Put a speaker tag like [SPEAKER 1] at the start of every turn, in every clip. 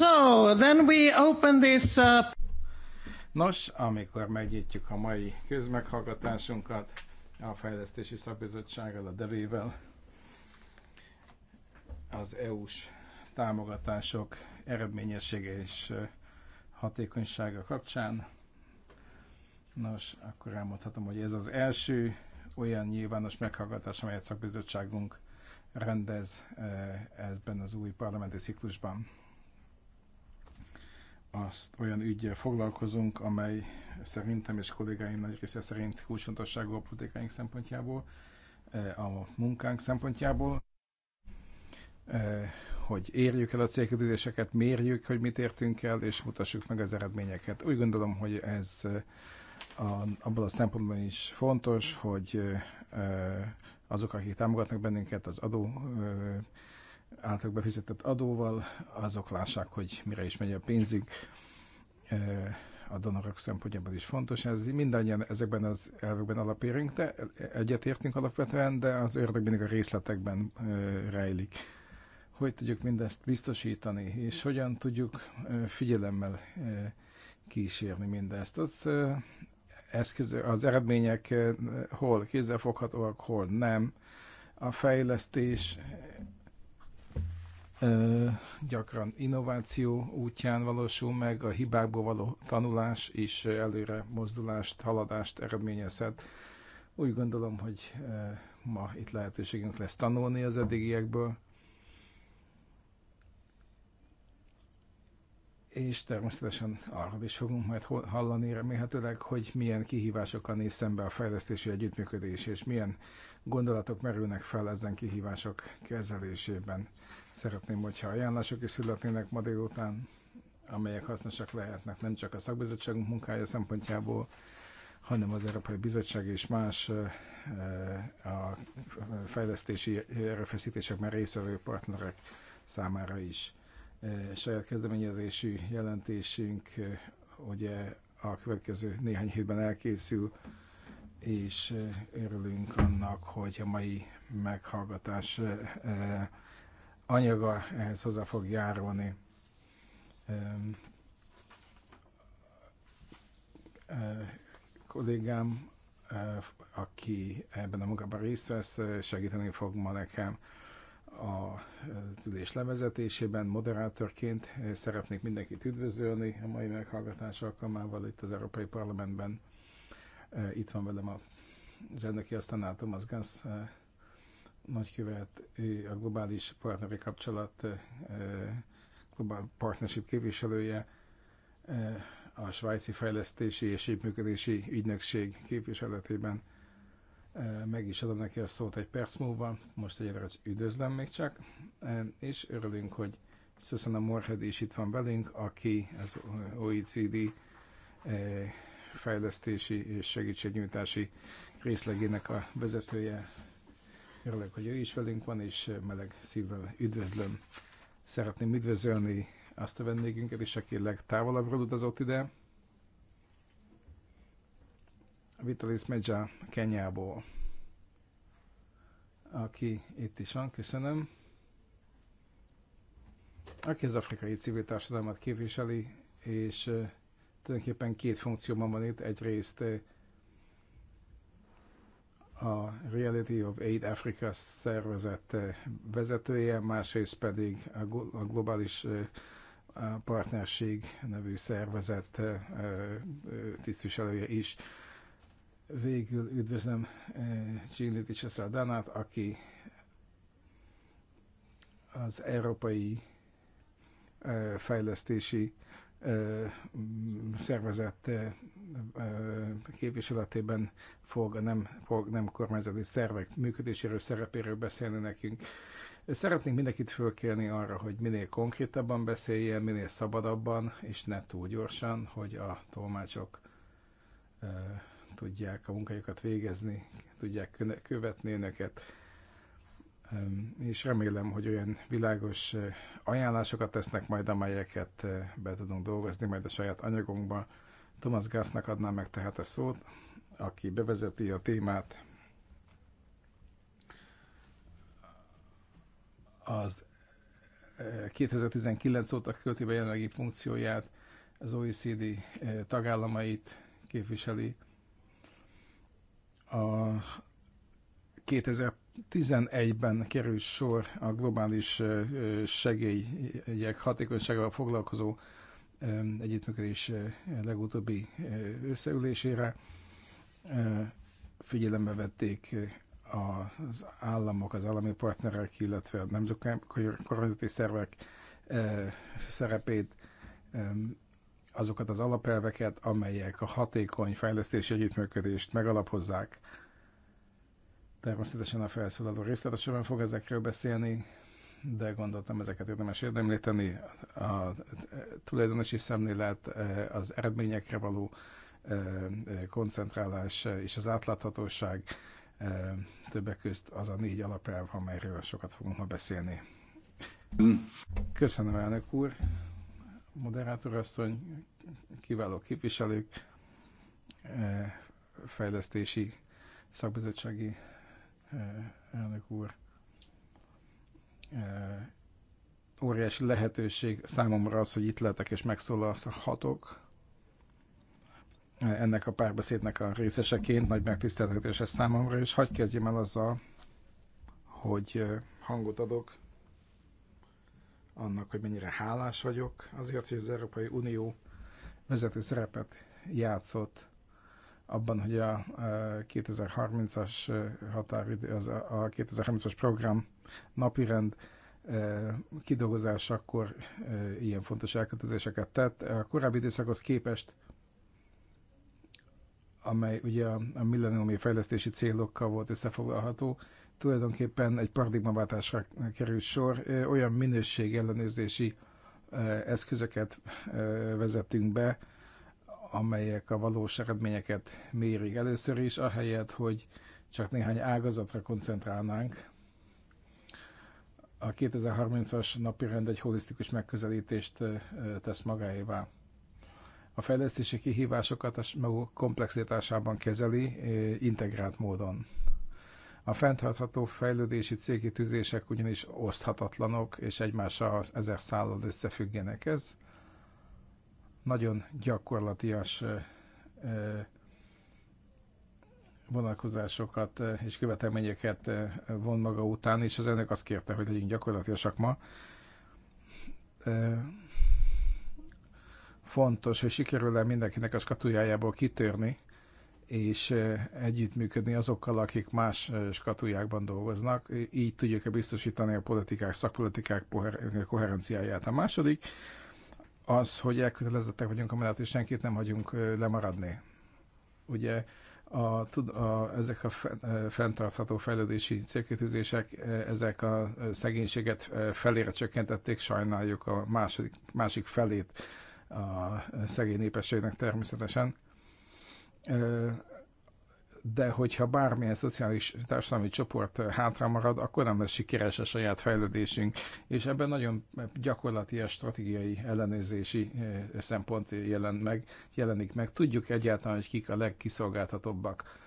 [SPEAKER 1] So, then we open this up. Uh, Nos, amikor megnyitjuk a mai közmeghallgatásunkat a Fejlesztési Szakbizottsággal, a devével, az EU-s támogatások eredményessége és hatékonysága kapcsán. Nos, akkor elmondhatom, hogy ez az első olyan nyilvános meghallgatás, amelyet szakbizottságunk rendez ebben az új parlamenti ciklusban azt olyan ügyjel foglalkozunk, amely szerintem és kollégáim nagy része szerint kulcsfontosságú a politikáink szempontjából, e, a munkánk szempontjából, e, hogy érjük el a célkérdéseket, mérjük, hogy mit értünk el, és mutassuk meg az eredményeket. Úgy gondolom, hogy ez e, a, abban a szempontban is fontos, hogy azok, akik támogatnak bennünket, az adó általuk befizetett adóval, azok lássák, hogy mire is megy a pénzük, a donorok szempontjából is fontos. Ez mindannyian ezekben az elvekben alapérünk, de egyetértünk alapvetően, de az ördög mindig a részletekben rejlik. Hogy tudjuk mindezt biztosítani, és hogyan tudjuk figyelemmel kísérni mindezt. Az eszköz, az eredmények hol kézzelfoghatóak, hol nem. A fejlesztés gyakran innováció útján valósul meg, a hibákból való tanulás is előre mozdulást, haladást eredményezhet. Úgy gondolom, hogy ma itt lehetőségünk lesz tanulni az eddigiekből, és természetesen arról is fogunk majd hallani remélhetőleg, hogy milyen kihívásokkal néz szembe a fejlesztési együttműködés, és milyen gondolatok merülnek fel ezen kihívások kezelésében. Szeretném, hogyha ajánlások is születnének ma délután, amelyek hasznosak lehetnek nem csak a szakbizottságunk munkája szempontjából, hanem az Európai Bizottság és más a fejlesztési erőfeszítések már részvevő partnerek számára is. Saját kezdeményezésű jelentésünk ugye a következő néhány hétben elkészül, és örülünk annak, hogy a mai meghallgatás anyaga ehhez hozzá fog járulni. E, kollégám, e, aki ebben a munkában részt vesz, segíteni fog ma nekem a tudés levezetésében. Moderátorként szeretnék mindenkit üdvözölni a mai meghallgatás alkalmával itt az Európai Parlamentben. E, itt van velem az elnöki asztalnál Thomas Gans nagykövet, ő a globális partneri kapcsolat, global partnership képviselője, a svájci fejlesztési és épműködési ügynökség képviseletében meg is adom neki a szót egy perc múlva, most egyre üdvözlöm még csak, és örülünk, hogy Susanna Morhead is itt van velünk, aki az OECD fejlesztési és segítségnyújtási részlegének a vezetője Örülök, hogy ő is velünk van, és meleg szívvel üdvözlöm. Szeretném üdvözölni azt a vendégünket is, aki legtávolabbról utazott ide. Vitalis Medja Kenyából, aki itt is van, köszönöm. Aki az afrikai civil társadalmat képviseli, és tulajdonképpen két funkcióban van itt. Egyrészt a Reality of Aid Africa szervezet eh, vezetője, másrészt pedig a Globális eh, Partnerség nevű szervezet eh, tisztviselője is. Végül üdvözlöm Csillit Cseszárdánát, aki az Európai Fejlesztési szervezet képviseletében fog a nem, fog nem kormányzati szervek működéséről, szerepéről beszélni nekünk. Szeretnénk mindenkit fölkérni arra, hogy minél konkrétabban beszéljen, minél szabadabban, és ne túl gyorsan, hogy a tolmácsok tudják a munkájukat végezni, tudják követni önöket és remélem, hogy olyan világos eh, ajánlásokat tesznek majd, amelyeket eh, be tudunk dolgozni majd a saját anyagunkba. Thomas Gassnak adnám meg tehát a szót, aki bevezeti a témát az 2019 eh, óta be jelenlegi funkcióját, az OECD tagállamait képviseli. A 2000 2011 ben kerül sor a globális segélyek hatékonyságával foglalkozó együttműködés legutóbbi összeülésére. Figyelembe vették az államok, az állami partnerek, illetve a nemzetközi szervek szerepét, azokat az alapelveket, amelyek a hatékony fejlesztési együttműködést megalapozzák Természetesen a felszólaló részletesebben fog ezekről beszélni, de gondoltam ezeket érdemes érdemlíteni. A tulajdonosi szemlélet, e, az eredményekre való e, e, koncentrálás és az átláthatóság többek közt az a négy alapelv, amelyről sokat fogunk ma beszélni. Köszönöm, elnök úr, asszony, kiváló képviselők, fejlesztési szakbizottsági elnök úr. Óriási lehetőség számomra az, hogy itt lehetek és megszólalhatok ennek a párbeszédnek a részeseként, nagy megtiszteltetés ez számomra, és hagyd kezdjem el azzal, hogy hangot adok annak, hogy mennyire hálás vagyok azért, hogy az Európai Unió vezető szerepet játszott abban, hogy a 2030-as határidő, az a 2030-as program napirend kidolgozásakor ilyen fontos elkötelezéseket tett. A korábbi időszakhoz képest, amely ugye a millenniumi fejlesztési célokkal volt összefoglalható, tulajdonképpen egy paradigmaváltásra került sor, olyan minőség ellenőrzési eszközöket vezettünk be, amelyek a valós eredményeket mérik először is, ahelyett, hogy csak néhány ágazatra koncentrálnánk. A 2030-as napi rend egy holisztikus megközelítést tesz magáévá. A fejlesztési kihívásokat a maguk komplexitásában kezeli integrált módon. A fenntartható fejlődési tűzések ugyanis oszthatatlanok és egymással ezer szállal összefüggenek. Ez nagyon gyakorlatias vonalkozásokat és követelményeket von maga után, és az ennek azt kérte, hogy legyünk gyakorlatilag ma. Fontos, hogy sikerül-e mindenkinek a skatujájából kitörni, és együttműködni azokkal, akik más skatujákban dolgoznak. Így tudjuk -e biztosítani a politikák, szakpolitikák koherenciáját. A második, az, hogy elkötelezettek vagyunk a mellett, és senkit nem hagyunk lemaradni. Ugye a, tud, a, ezek a fenntartható fejlődési célkitűzések, ezek a szegénységet felére csökkentették, sajnáljuk a második, másik felét a szegény népességnek természetesen de hogyha bármilyen szociális társadalmi csoport hátra marad, akkor nem lesz sikeres a saját fejlődésünk, és ebben nagyon gyakorlati és stratégiai ellenőrzési eh, szempont jelen meg, jelenik meg. Tudjuk egyáltalán, hogy kik a legkiszolgáltatottabbak,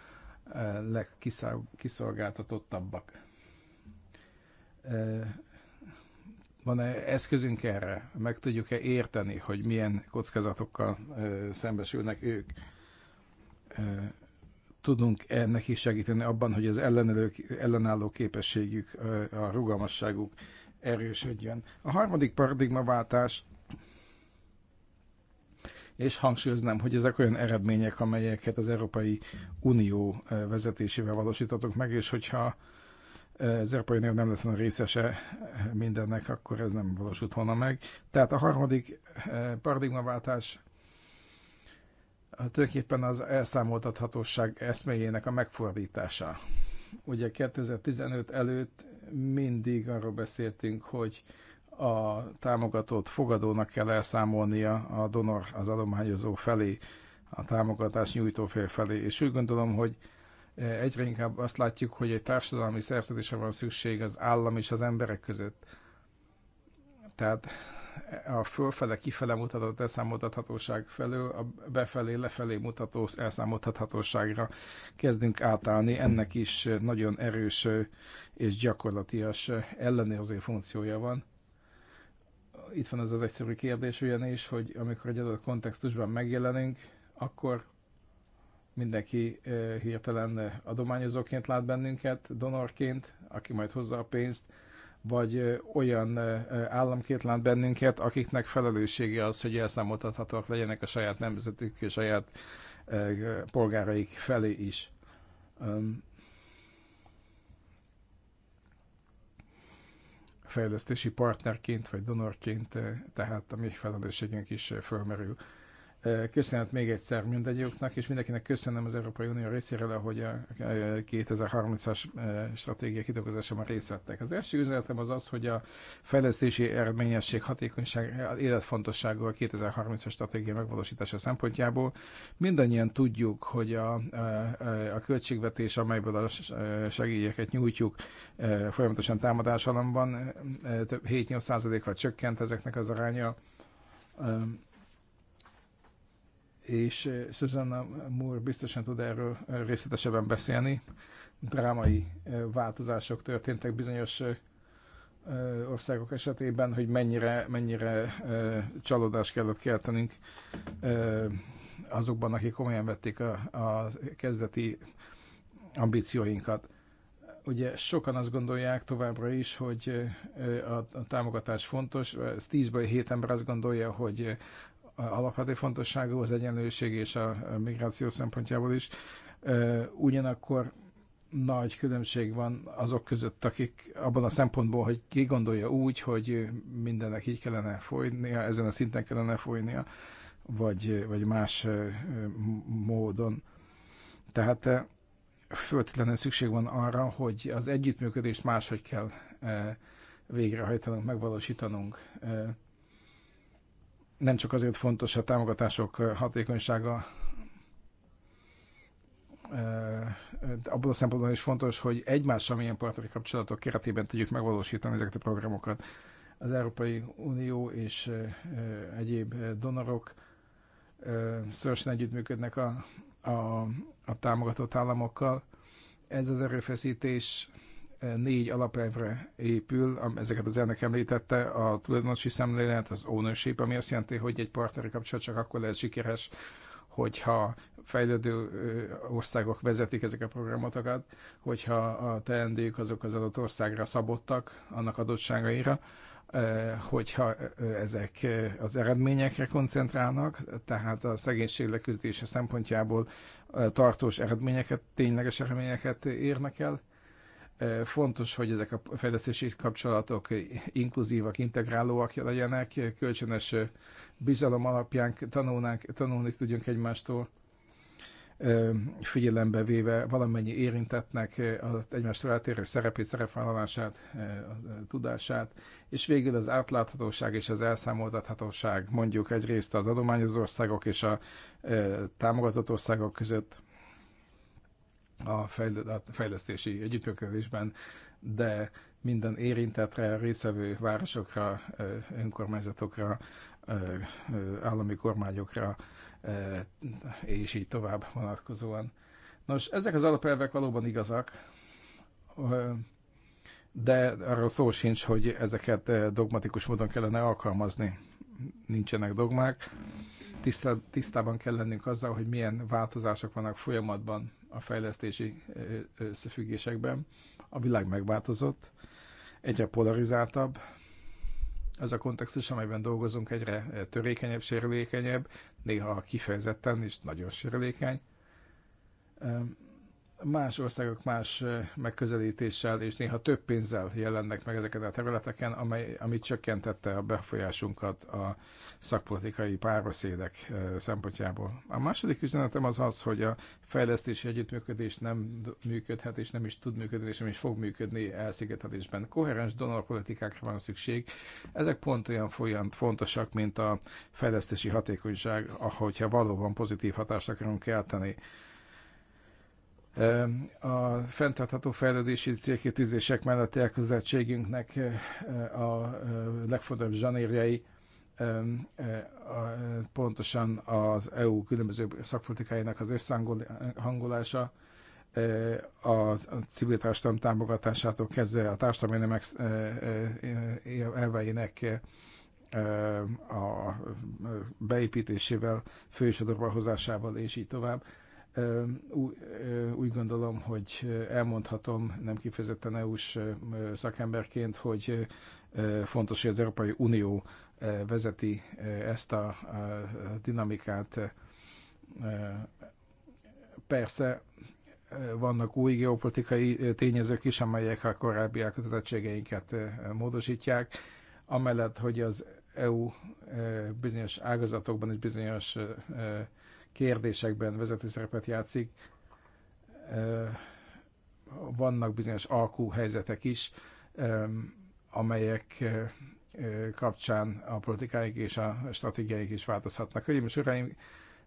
[SPEAKER 1] eh, legkiszolgáltatottabbak. Eh, van-e eszközünk erre? Meg tudjuk-e érteni, hogy milyen kockázatokkal szembesülnek ők? tudunk ennek is segíteni abban, hogy az ellenelők, ellenálló képességük, a rugalmasságuk erősödjön. A harmadik paradigmaváltás, és hangsúlyoznám, hogy ezek olyan eredmények, amelyeket az Európai Unió vezetésével valósítottunk meg, és hogyha az Európai Unió nem lesz a részese mindennek, akkor ez nem valósult volna meg. Tehát a harmadik paradigmaváltás tulajdonképpen az elszámoltathatóság eszméjének a megfordítása. Ugye 2015 előtt mindig arról beszéltünk, hogy a támogatót fogadónak kell elszámolnia a donor, az adományozó felé, a támogatás nyújtó fél felé. És úgy gondolom, hogy e, egyre inkább azt látjuk, hogy egy társadalmi szerződésre van szükség az állam és az emberek között. Tehát a fölfele kifele mutató elszámoltathatóság felől a befelé lefelé mutató elszámoltathatóságra kezdünk átállni. Ennek is nagyon erős és gyakorlatias ellenőrző funkciója van. Itt van ez az egyszerű kérdés ugyanis, hogy amikor egy adott kontextusban megjelenünk, akkor mindenki hirtelen adományozóként lát bennünket, donorként, aki majd hozza a pénzt, vagy olyan államként lát bennünket, akiknek felelőssége az, hogy elszámoltathatóak legyenek a saját nemzetük, a saját polgáraik felé is. Fejlesztési partnerként vagy donorként, tehát a mi felelősségünk is fölmerül. Köszönet még egyszer mindegyiknek, és mindenkinek köszönöm az Európai Unió részéről, hogy a 2030-as stratégia kidolgozásában részt vettek. Az első üzenetem az az, hogy a fejlesztési eredményesség, hatékonyság, életfontosságú a 2030-as stratégia megvalósítása szempontjából. Mindannyian tudjuk, hogy a, a, a költségvetés, amelyből a segélyeket nyújtjuk, folyamatosan támadás alamban 7-8 kal csökkent ezeknek az aránya és eh, Susanna Moore biztosan tud erről eh, részletesebben beszélni. Drámai eh, változások történtek bizonyos országok esetében, hogy mennyire, mennyire csalódást kellett keltenünk azokban, akik komolyan vették a, a kezdeti ambícióinkat. Ugye sokan azt gondolják továbbra is, hogy a, a támogatás fontos. Ez 10-ből 7 ember azt gondolja, hogy alapvető fontosságú az egyenlőség és a migráció szempontjából is. Ugyanakkor nagy különbség van azok között, akik abban a szempontból, hogy ki gondolja úgy, hogy mindennek így kellene folynia, ezen a szinten kellene folynia, vagy, vagy más módon. Tehát föltétlenül szükség van arra, hogy az együttműködést máshogy kell végrehajtanunk, megvalósítanunk nem csak azért fontos a támogatások hatékonysága, abból a szempontból is fontos, hogy egymással milyen partneri kapcsolatok keretében tudjuk megvalósítani ezeket a programokat. Az Európai Unió és egyéb donorok szorosan együttműködnek a, a, a támogatott államokkal. Ez az erőfeszítés négy alapelvre épül, ezeket az elnök említette, a tulajdonosi szemlélet, az ownership, ami azt jelenti, hogy egy partneri kapcsolat csak akkor lehet sikeres, hogyha fejlődő országok vezetik ezek a programotokat, hogyha a teendők azok az adott országra szabottak, annak adottságaira, hogyha ezek az eredményekre koncentrálnak, tehát a szegénység leküzdése szempontjából tartós eredményeket, tényleges eredményeket érnek el, Fontos, hogy ezek a fejlesztési kapcsolatok inkluzívak, integrálóak legyenek, kölcsönös bizalom alapján tanulnánk, tanulni tudjunk egymástól, figyelembe véve valamennyi érintetnek az egymástól eltérő szerepét, szerepvállalását, tudását, és végül az átláthatóság és az elszámoltathatóság mondjuk egyrészt az adományozó országok és a támogatott országok között a fejlesztési együttműködésben, de minden érintetre, részevő városokra, önkormányzatokra, állami kormányokra, és így tovább vonatkozóan. Nos, ezek az alapelvek valóban igazak, de arról szó sincs, hogy ezeket dogmatikus módon kellene alkalmazni. Nincsenek dogmák. Tisztában kell lennünk azzal, hogy milyen változások vannak folyamatban a fejlesztési összefüggésekben. A világ megváltozott, egyre polarizáltabb, ez a kontextus, amelyben dolgozunk, egyre törékenyebb, sérülékenyebb, néha kifejezetten is nagyon sérülékeny Más országok más megközelítéssel és néha több pénzzel jelennek meg ezeken a területeken, amely, ami csökkentette a befolyásunkat a szakpolitikai párbeszédek szempontjából. A második üzenetem az az, hogy a fejlesztési együttműködés nem működhet és nem is tud működni és nem is fog működni elszigetelésben. Koherens donorpolitikákra van szükség. Ezek pont olyan folyamat fontosak, mint a fejlesztési hatékonyság, ahogyha valóban pozitív hatást akarunk kelteni a fenntartható fejlődési célkitűzések mellett elközettségünknek a legfontosabb zsanérjei pontosan az EU különböző szakpolitikájának az összehangolása, a civil társadalom támogatásától kezdve a társadalmi nemek elveinek a beépítésével, fősodorba hozásával és így tovább úgy gondolom, hogy elmondhatom, nem kifejezetten EU-s szakemberként, hogy fontos, hogy az Európai Unió vezeti ezt a dinamikát. Persze vannak új geopolitikai tényezők is, amelyek a korábbi elkötelezettségeinket módosítják, amellett, hogy az EU bizonyos ágazatokban és bizonyos kérdésekben vezető szerepet játszik. Vannak bizonyos alkú helyzetek is, amelyek kapcsán a politikáik és a stratégiáik is változhatnak. Hogy most uraim,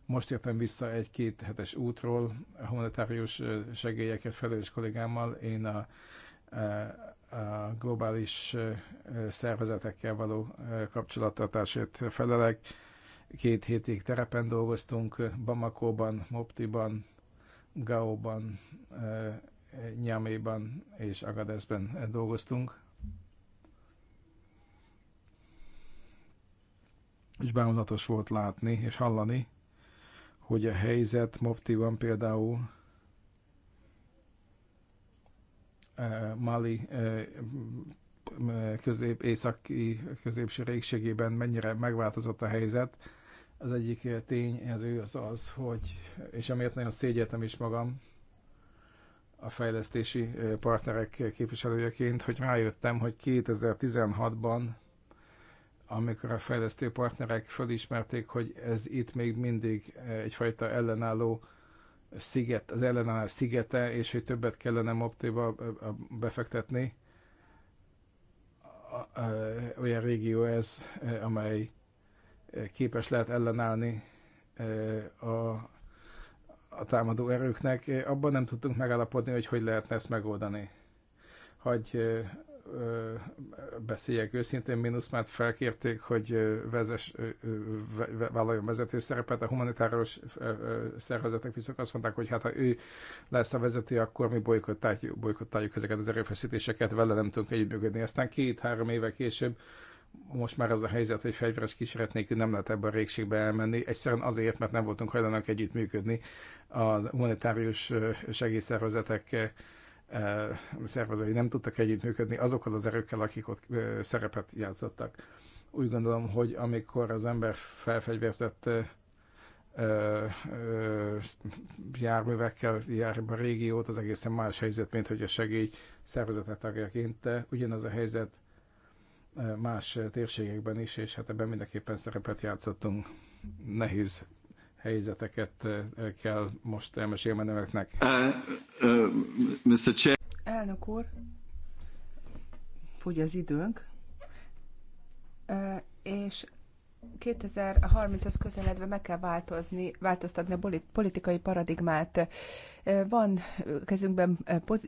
[SPEAKER 1] most jöttem vissza egy-két hetes útról a humanitárius segélyeket felelős kollégámmal. Én a, a, a globális szervezetekkel való kapcsolattartásért felelek Két hétig terepen dolgoztunk, Bamakóban, Moptiban, Gaoban, eh, Nyaméban és Agadezben dolgoztunk. És bámulatos volt látni és hallani, hogy a helyzet Moptiban például eh, Mali eh, közép, északi középső régségében mennyire megváltozott a helyzet, az egyik tényező az az, hogy, és amiért nagyon szégyeltem is magam a fejlesztési partnerek képviselőjeként, hogy rájöttem, hogy 2016-ban, amikor a fejlesztő partnerek felismerték, hogy ez itt még mindig egyfajta ellenálló sziget, az ellenálló szigete, és hogy többet kellene Moptéba befektetni, olyan régió ez, amely képes lehet ellenállni a, a támadó erőknek. Abban nem tudtunk megállapodni, hogy hogy lehetne ezt megoldani. Hogy beszéljek őszintén, mert felkérték, hogy vezes, vállaljon vezető szerepet. A humanitáros szervezetek viszont azt mondták, hogy hát ha ő lesz a vezető, akkor mi bolykottáljuk, bolykottáljuk ezeket az erőfeszítéseket, vele nem tudunk együttműködni. Aztán két-három éve később most már az a helyzet, hogy fegyveres kísérlet nélkül nem lehet ebben a régségbe elmenni, egyszerűen azért, mert nem voltunk hajlanak együttműködni a monetárius segélyszervezetek szervezői nem tudtak együttműködni azokkal az erőkkel, akik ott szerepet játszottak. Úgy gondolom, hogy amikor az ember felfegyverzett járművekkel jár a régiót, az egészen más helyzet, mint hogy a segély szervezete tagjaként. Ugyanaz a helyzet más térségekben is, és hát ebben mindenképpen szerepet játszottunk. Nehéz helyzeteket kell most a neveknek.
[SPEAKER 2] Uh, uh, Mr. Elnök úr, fogy az időnk, és 2030-hoz közeledve meg kell változni, változtatni a politikai paradigmát. Van kezünkben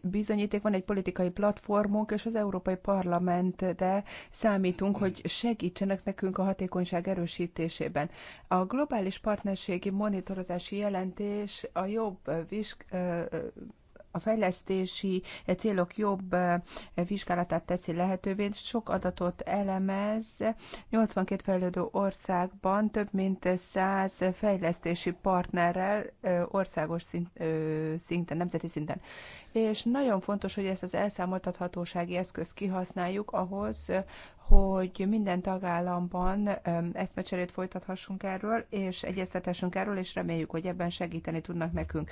[SPEAKER 2] bizonyíték, van egy politikai platformunk, és az Európai Parlament, de számítunk, hogy segítsenek nekünk a hatékonyság erősítésében. A globális partnerségi monitorozási jelentés a jobb visk a fejlesztési célok jobb eh, vizsgálatát teszi lehetővé, sok adatot elemez. 82 fejlődő országban több mint 100 fejlesztési partnerrel eh, országos szint, eh, szinten, nemzeti szinten. És nagyon fontos, hogy ezt az elszámoltathatósági eszközt kihasználjuk ahhoz, hogy minden tagállamban eszmecserét folytathassunk erről, és egyeztethessünk erről, és reméljük, hogy ebben segíteni tudnak nekünk.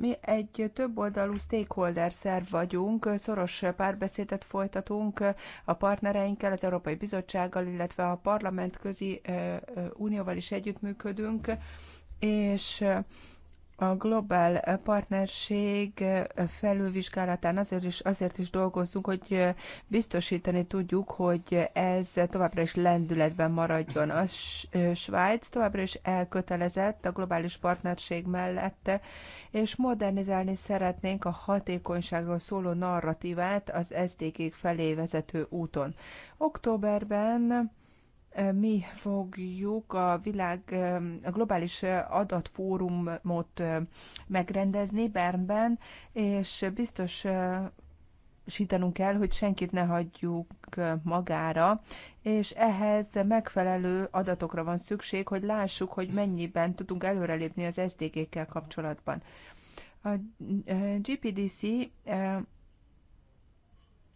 [SPEAKER 2] Mi egy többoldalú stakeholder szerv vagyunk, szoros párbeszédet folytatunk a partnereinkkel, az Európai Bizottsággal, illetve a parlamentközi unióval is együttműködünk, és a globál partnerség felülvizsgálatán azért is, azért is dolgozunk, hogy biztosítani tudjuk, hogy ez továbbra is lendületben maradjon. A Svájc továbbra is elkötelezett a globális partnerség mellette, és modernizálni szeretnénk a hatékonyságról szóló narratívát az SDG felé vezető úton. Októberben mi fogjuk a világ, a globális adatfórumot megrendezni Bernben, és biztos sítanunk kell, hogy senkit ne hagyjuk magára, és ehhez megfelelő adatokra van szükség, hogy lássuk, hogy mennyiben tudunk előrelépni az SDG-kkel kapcsolatban. A GPDC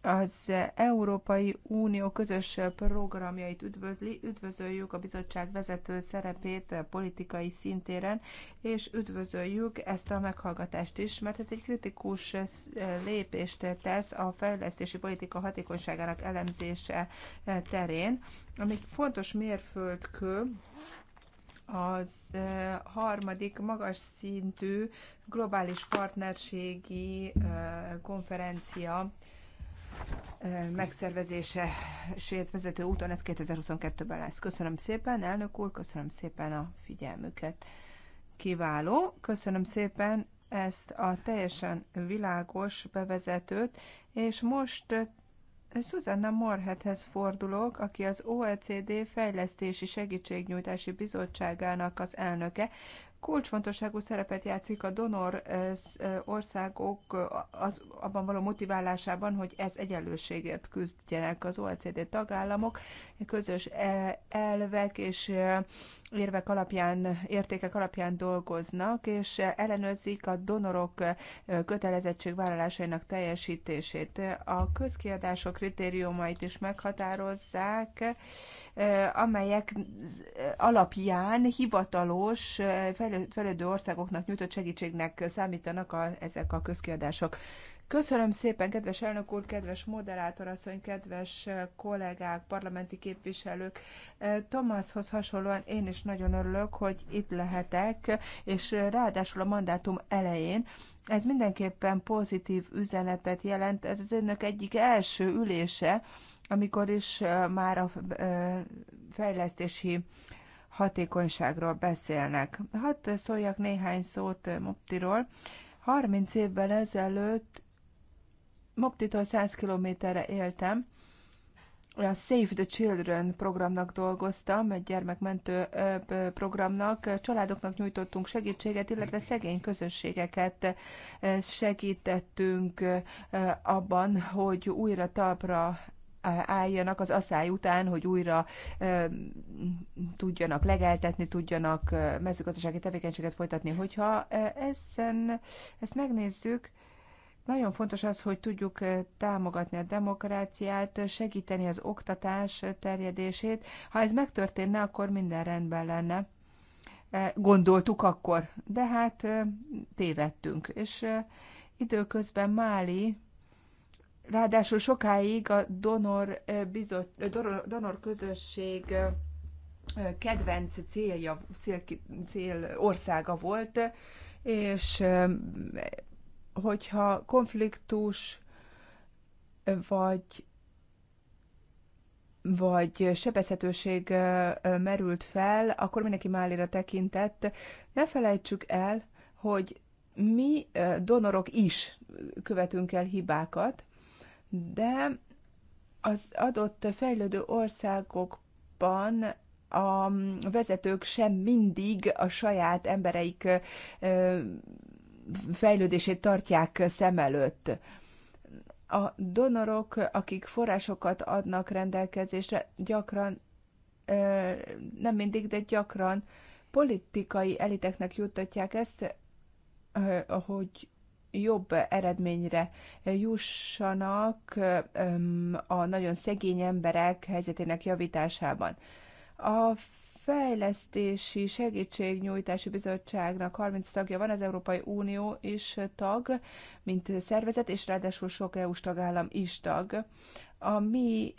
[SPEAKER 2] az Európai Unió közös programjait üdvözli, üdvözöljük a bizottság vezető szerepét politikai szintéren, és üdvözöljük ezt a meghallgatást is, mert ez egy kritikus lépést tesz a fejlesztési politika hatékonyságának elemzése terén, ami fontos mérföldkő, az eh, harmadik magas szintű globális partnerségi eh, konferencia megszervezése megszervezését vezető úton, ez 2022-ben lesz. Köszönöm szépen, elnök úr, köszönöm szépen a figyelmüket. Kiváló, köszönöm szépen ezt a teljesen világos bevezetőt, és most eh, Susanna Morhethez fordulok, aki az OECD Fejlesztési Segítségnyújtási Bizottságának az elnöke kulcsfontosságú szerepet játszik a donor országok az, abban való motiválásában, hogy ez egyenlőségért küzdjenek az OECD tagállamok, közös e, elvek és érvek alapján, értékek alapján dolgoznak, és ellenőrzik a donorok kötelezettségvállalásainak teljesítését. A közkiadások kritériumait is meghatározzák, amelyek alapján hivatalos fejlődő országoknak nyújtott segítségnek számítanak a, ezek a közkiadások. Köszönöm szépen, kedves elnök úr, kedves moderátorasszony, kedves eh, kollégák, parlamenti képviselők. Eh, Tomaszhoz hasonlóan én is nagyon örülök, hogy itt lehetek, és eh, ráadásul a mandátum elején. Ez mindenképpen pozitív üzenetet jelent, ez az önök egyik első ülése, amikor is már a fejlesztési hatékonyságról beszélnek. Hadd szóljak néhány szót Moptiról. 30 évvel ezelőtt Moptitól 100 kilométerre éltem, a Save the Children programnak dolgoztam, egy gyermekmentő programnak. Családoknak nyújtottunk segítséget, illetve szegény közösségeket segítettünk abban, hogy újra talpra álljanak az asszály után, hogy újra e, tudjanak legeltetni, tudjanak mezőgazdasági tevékenységet folytatni. Hogyha ezen, ezt megnézzük, nagyon fontos az, hogy tudjuk eh, támogatni a demokráciát, segíteni az oktatás terjedését. Ha ez megtörténne, akkor minden rendben lenne. Eh, gondoltuk akkor, de hát eh, tévedtünk. És időközben Máli ráadásul sokáig a donor, bizot, donor, donor közösség kedvenc célja, cél, cél országa volt, és hogyha konfliktus vagy vagy sebezhetőség merült fel, akkor mindenki málira tekintett. Ne felejtsük el, hogy mi donorok is követünk el hibákat, de az adott fejlődő országokban a vezetők sem mindig a saját embereik fejlődését tartják szem előtt. A donorok, akik forrásokat adnak rendelkezésre, gyakran, nem mindig, de gyakran politikai eliteknek juttatják ezt, hogy jobb eredményre jussanak a nagyon szegény emberek helyzetének javításában. A Fejlesztési Segítségnyújtási Bizottságnak 30 tagja van, az Európai Unió is tag, mint szervezet, és ráadásul sok EU-s tagállam is tag. A mi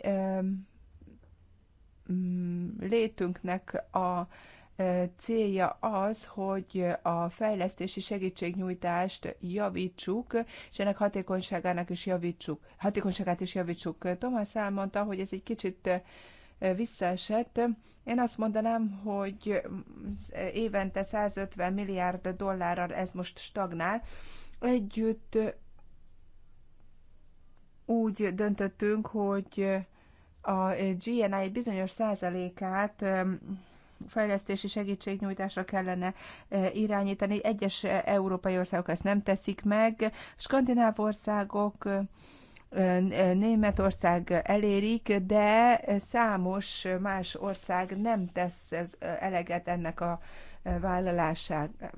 [SPEAKER 2] mm, létünknek a e, célja az, hogy a fejlesztési segítségnyújtást javítsuk, és ennek hatékonyságának is javítsuk, hatékonyságát is javítsuk. Tomás elmondta, hogy ez egy kicsit visszaesett. Én azt mondanám, hogy évente 150 milliárd dollárral ez most stagnál. Együtt úgy döntöttünk, hogy a GNI bizonyos százalékát fejlesztési segítségnyújtásra kellene e, irányítani. Egyes európai országok ezt nem teszik meg. Skandináv országok Németország elérik, de számos más ország nem tesz eleget ennek a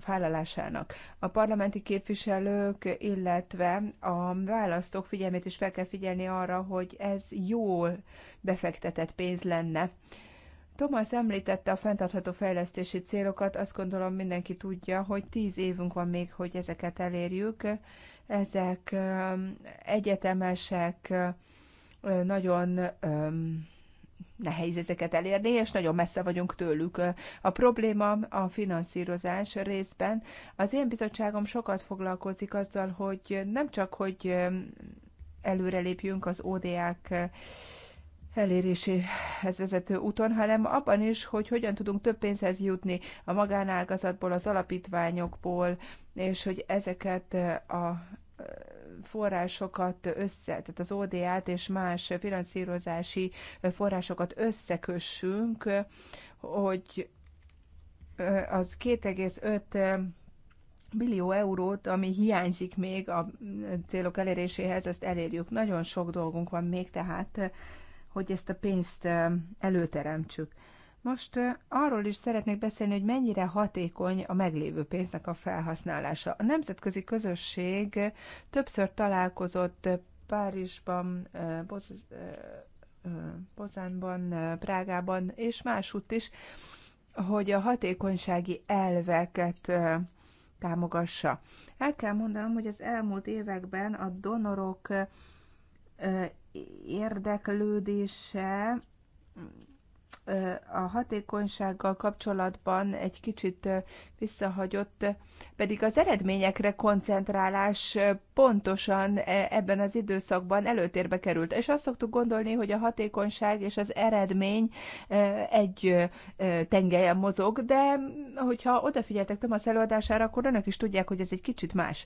[SPEAKER 2] vállalásának. A parlamenti képviselők, illetve a választók figyelmét is fel kell figyelni arra, hogy ez jól befektetett pénz lenne. Thomas említette a fenntartható fejlesztési célokat, azt gondolom mindenki tudja, hogy tíz évünk van még, hogy ezeket elérjük ezek egyetemesek, nagyon nehéz ezeket elérni, és nagyon messze vagyunk tőlük. A probléma a finanszírozás részben. Az én bizottságom sokat foglalkozik azzal, hogy nem csak, hogy előrelépjünk az ODA-k eléréséhez vezető úton, hanem abban is, hogy hogyan tudunk több pénzhez jutni a magánágazatból, az alapítványokból, és hogy ezeket eh, a eh, forrásokat össze, tehát az ODA-t és más finanszírozási eh, forrásokat összekössünk, hogy az 2,5 millió eurót, ami hiányzik még a célok eléréséhez, ezt elérjük. Nagyon sok dolgunk van még tehát hogy ezt a pénzt előteremtsük. Most arról is szeretnék beszélni, hogy mennyire hatékony a meglévő pénznek a felhasználása. A nemzetközi közösség többször találkozott Párizsban, Boz, Bozánban, Prágában és máshogy is, hogy a hatékonysági elveket támogassa. El kell mondanom, hogy az elmúlt években a donorok érdeklődése a hatékonysággal kapcsolatban egy kicsit visszahagyott, pedig az eredményekre koncentrálás pontosan e, ebben az időszakban előtérbe került. És azt szoktuk gondolni, hogy a hatékonyság és az eredmény egy tengelyen mozog, de hogyha odafigyeltek nem az előadására, akkor önök is tudják, hogy ez egy kicsit más.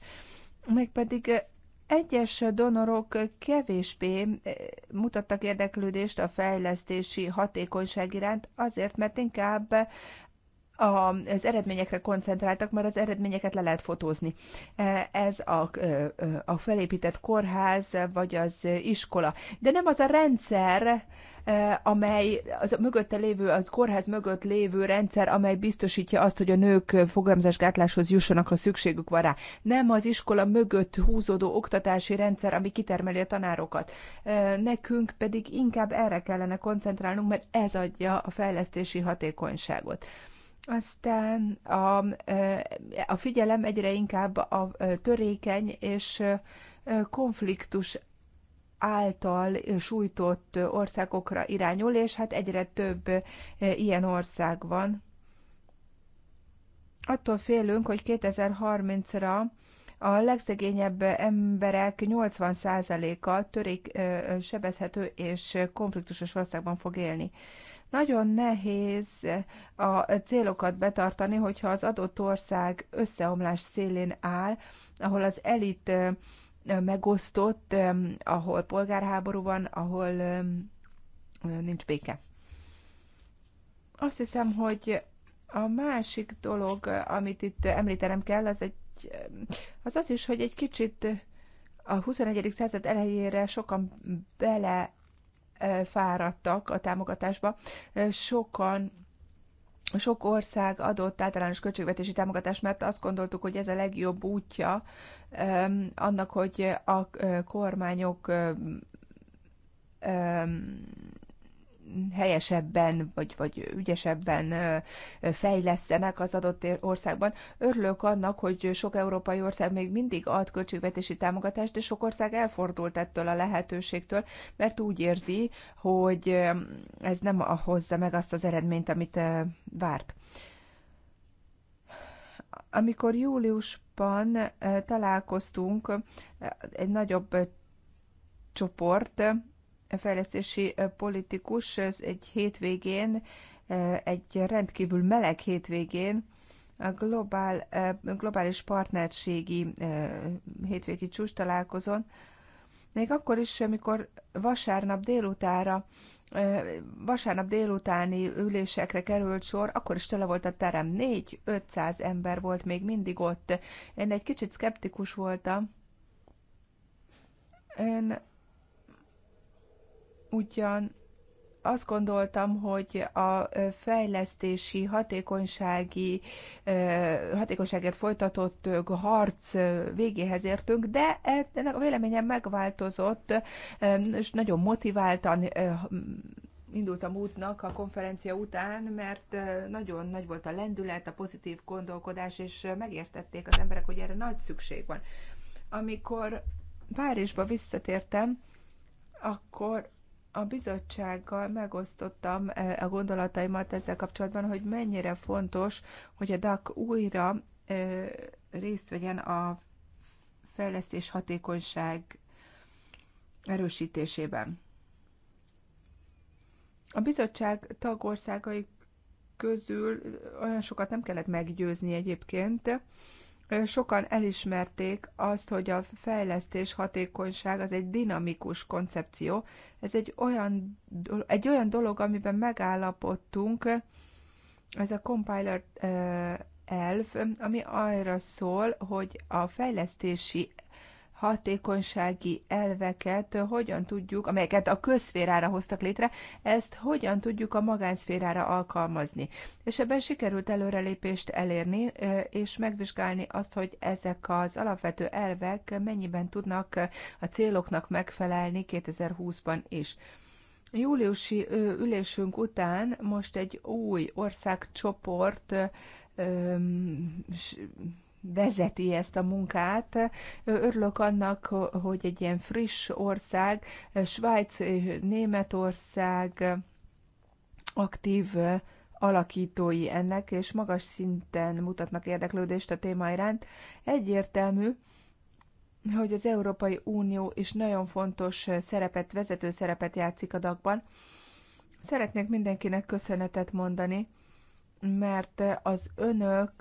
[SPEAKER 2] Meg pedig egyes donorok kevésbé eh, mutattak érdeklődést a fejlesztési hatékonyság iránt, azért, mert inkább az eredményekre koncentráltak, mert az eredményeket le lehet fotózni. Eh, ez a, eh, a felépített kórház, vagy az iskola. De nem az a rendszer, amely az a mögötte lévő, az kórház mögött lévő rendszer, amely biztosítja azt, hogy a nők fogamzásgátláshoz jussanak, ha szükségük van rá. Nem az iskola mögött húzódó oktatási rendszer, ami kitermeli a tanárokat. Nekünk pedig inkább erre kellene koncentrálnunk, mert ez adja a fejlesztési hatékonyságot. Aztán a, a figyelem egyre inkább a törékeny és konfliktus által sújtott országokra irányul, és hát egyre több e, ilyen ország van. Attól félünk, hogy 2030-ra a legszegényebb emberek 80%-a törék, e, sebezhető és konfliktusos országban fog élni. Nagyon nehéz a célokat betartani, hogyha az adott ország összeomlás szélén áll, ahol az elit e, megosztott, ahol polgárháború van, ahol nincs béke. Azt hiszem, hogy a másik dolog, amit itt említenem kell, az egy, az, az is, hogy egy kicsit a 21. század elejére sokan belefáradtak eh, a támogatásba, eh, sokan sok ország adott általános költségvetési támogatást, mert azt gondoltuk, hogy ez a legjobb útja annak, hogy a kormányok helyesebben vagy, vagy ügyesebben fejlesztenek az adott országban. Örülök annak, hogy sok európai ország még mindig ad költségvetési támogatást, de sok ország elfordult ettől a lehetőségtől, mert úgy érzi, hogy ez nem hozza meg azt az eredményt, amit várt amikor júliusban találkoztunk egy nagyobb csoport fejlesztési politikus egy hétvégén, egy rendkívül meleg hétvégén a globál, globális partnerségi hétvégi csúcs találkozón, még akkor is, amikor vasárnap délutára vasárnap délutáni ülésekre került sor, akkor is tele volt a terem. 4-500 ember volt még mindig ott. Én egy kicsit skeptikus voltam. Én ugyan azt gondoltam, hogy a fejlesztési, hatékonysági, hatékonyságért folytatott harc végéhez értünk, de ennek a véleményem megváltozott, és nagyon motiváltan indultam útnak a konferencia után, mert nagyon nagy volt a lendület, a pozitív gondolkodás, és megértették az emberek, hogy erre nagy szükség van. Amikor Párizsba visszatértem, akkor a bizottsággal megosztottam e, a gondolataimat ezzel kapcsolatban, hogy mennyire fontos, hogy a DAC újra e, részt vegyen a fejlesztés hatékonyság erősítésében. A bizottság tagországai közül olyan sokat nem kellett meggyőzni egyébként, sokan elismerték azt, hogy a fejlesztés hatékonyság az egy dinamikus koncepció. Ez egy olyan, egy olyan dolog, amiben megállapodtunk, ez a compiler Elf, ami arra szól, hogy a fejlesztési hatékonysági elveket hogyan tudjuk, amelyeket a közszférára hoztak létre, ezt hogyan tudjuk a magánszférára alkalmazni. És ebben sikerült előrelépést elérni, és megvizsgálni azt, hogy ezek az alapvető elvek mennyiben tudnak a céloknak megfelelni 2020-ban is. Júliusi ülésünk után most egy új országcsoport vezeti ezt a munkát. Örülök annak, hogy egy ilyen friss ország, Svájc, Németország aktív alakítói ennek, és magas szinten mutatnak érdeklődést a téma iránt. Egyértelmű, hogy az Európai Unió is nagyon fontos szerepet, vezető szerepet játszik a dagban. Szeretnék mindenkinek köszönetet mondani, mert az önök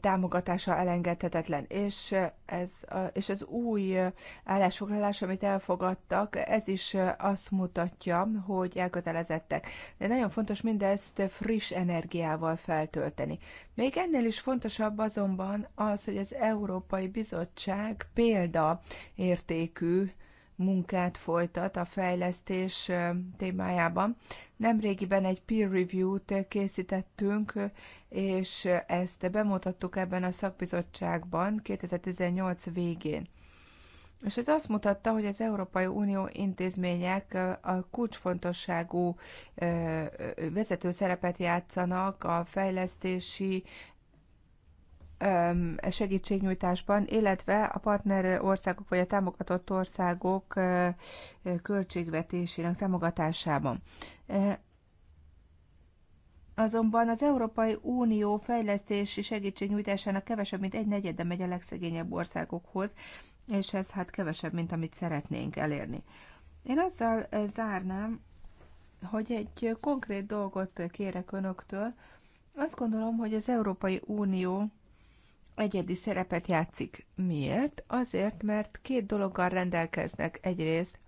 [SPEAKER 2] támogatása elengedhetetlen. És ez, és az új állásfoglalás, amit elfogadtak, ez is azt mutatja, hogy elkötelezettek. De nagyon fontos mindezt friss energiával feltölteni. Még ennél is fontosabb azonban az, hogy az Európai Bizottság példaértékű munkát folytat a fejlesztés témájában. Nemrégiben egy peer review-t készítettünk, és ezt bemutattuk ebben a szakbizottságban 2018 végén. És ez azt mutatta, hogy az Európai Unió intézmények a kulcsfontosságú vezető szerepet játszanak a fejlesztési segítségnyújtásban, illetve a partner országok vagy a támogatott országok költségvetésének támogatásában. Azonban az Európai Unió fejlesztési segítségnyújtásának kevesebb, mint egy negyede megy a legszegényebb országokhoz, és ez hát kevesebb, mint amit szeretnénk elérni. Én azzal zárnám, hogy egy konkrét dolgot kérek önöktől. Azt gondolom, hogy az Európai Unió egyedi szerepet játszik. Miért? Azért, mert két dologgal rendelkeznek. Egyrészt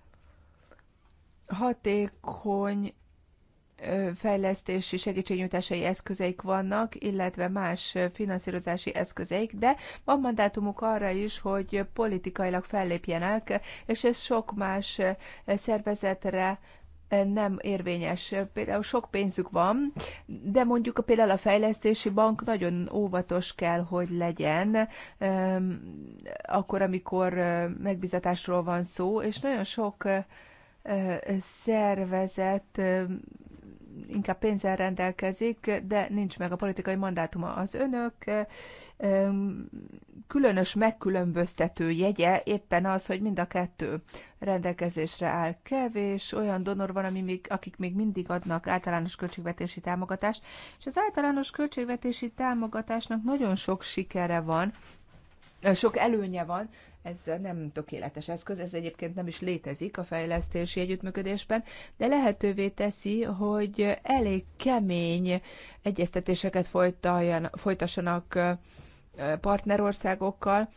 [SPEAKER 2] hatékony fejlesztési segítségnyújtásai eszközeik vannak, illetve más finanszírozási eszközeik, de van mandátumuk arra is, hogy politikailag fellépjenek, és ez sok más szervezetre nem érvényes. Például sok pénzük van, de mondjuk például a fejlesztési bank nagyon óvatos kell, hogy legyen, akkor, amikor megbizatásról van szó, és nagyon sok szervezet inkább pénzzel rendelkezik, de nincs meg a politikai mandátuma. Az önök különös megkülönböztető jegye éppen az, hogy mind a kettő rendelkezésre áll. Kevés olyan donor van, ami még, akik még mindig adnak általános költségvetési támogatást, és az általános költségvetési támogatásnak nagyon sok sikere van, sok előnye van, ez nem tökéletes eszköz, ez egyébként nem is létezik a fejlesztési együttműködésben, de lehetővé teszi, hogy elég kemény egyeztetéseket folytassanak partnerországokkal,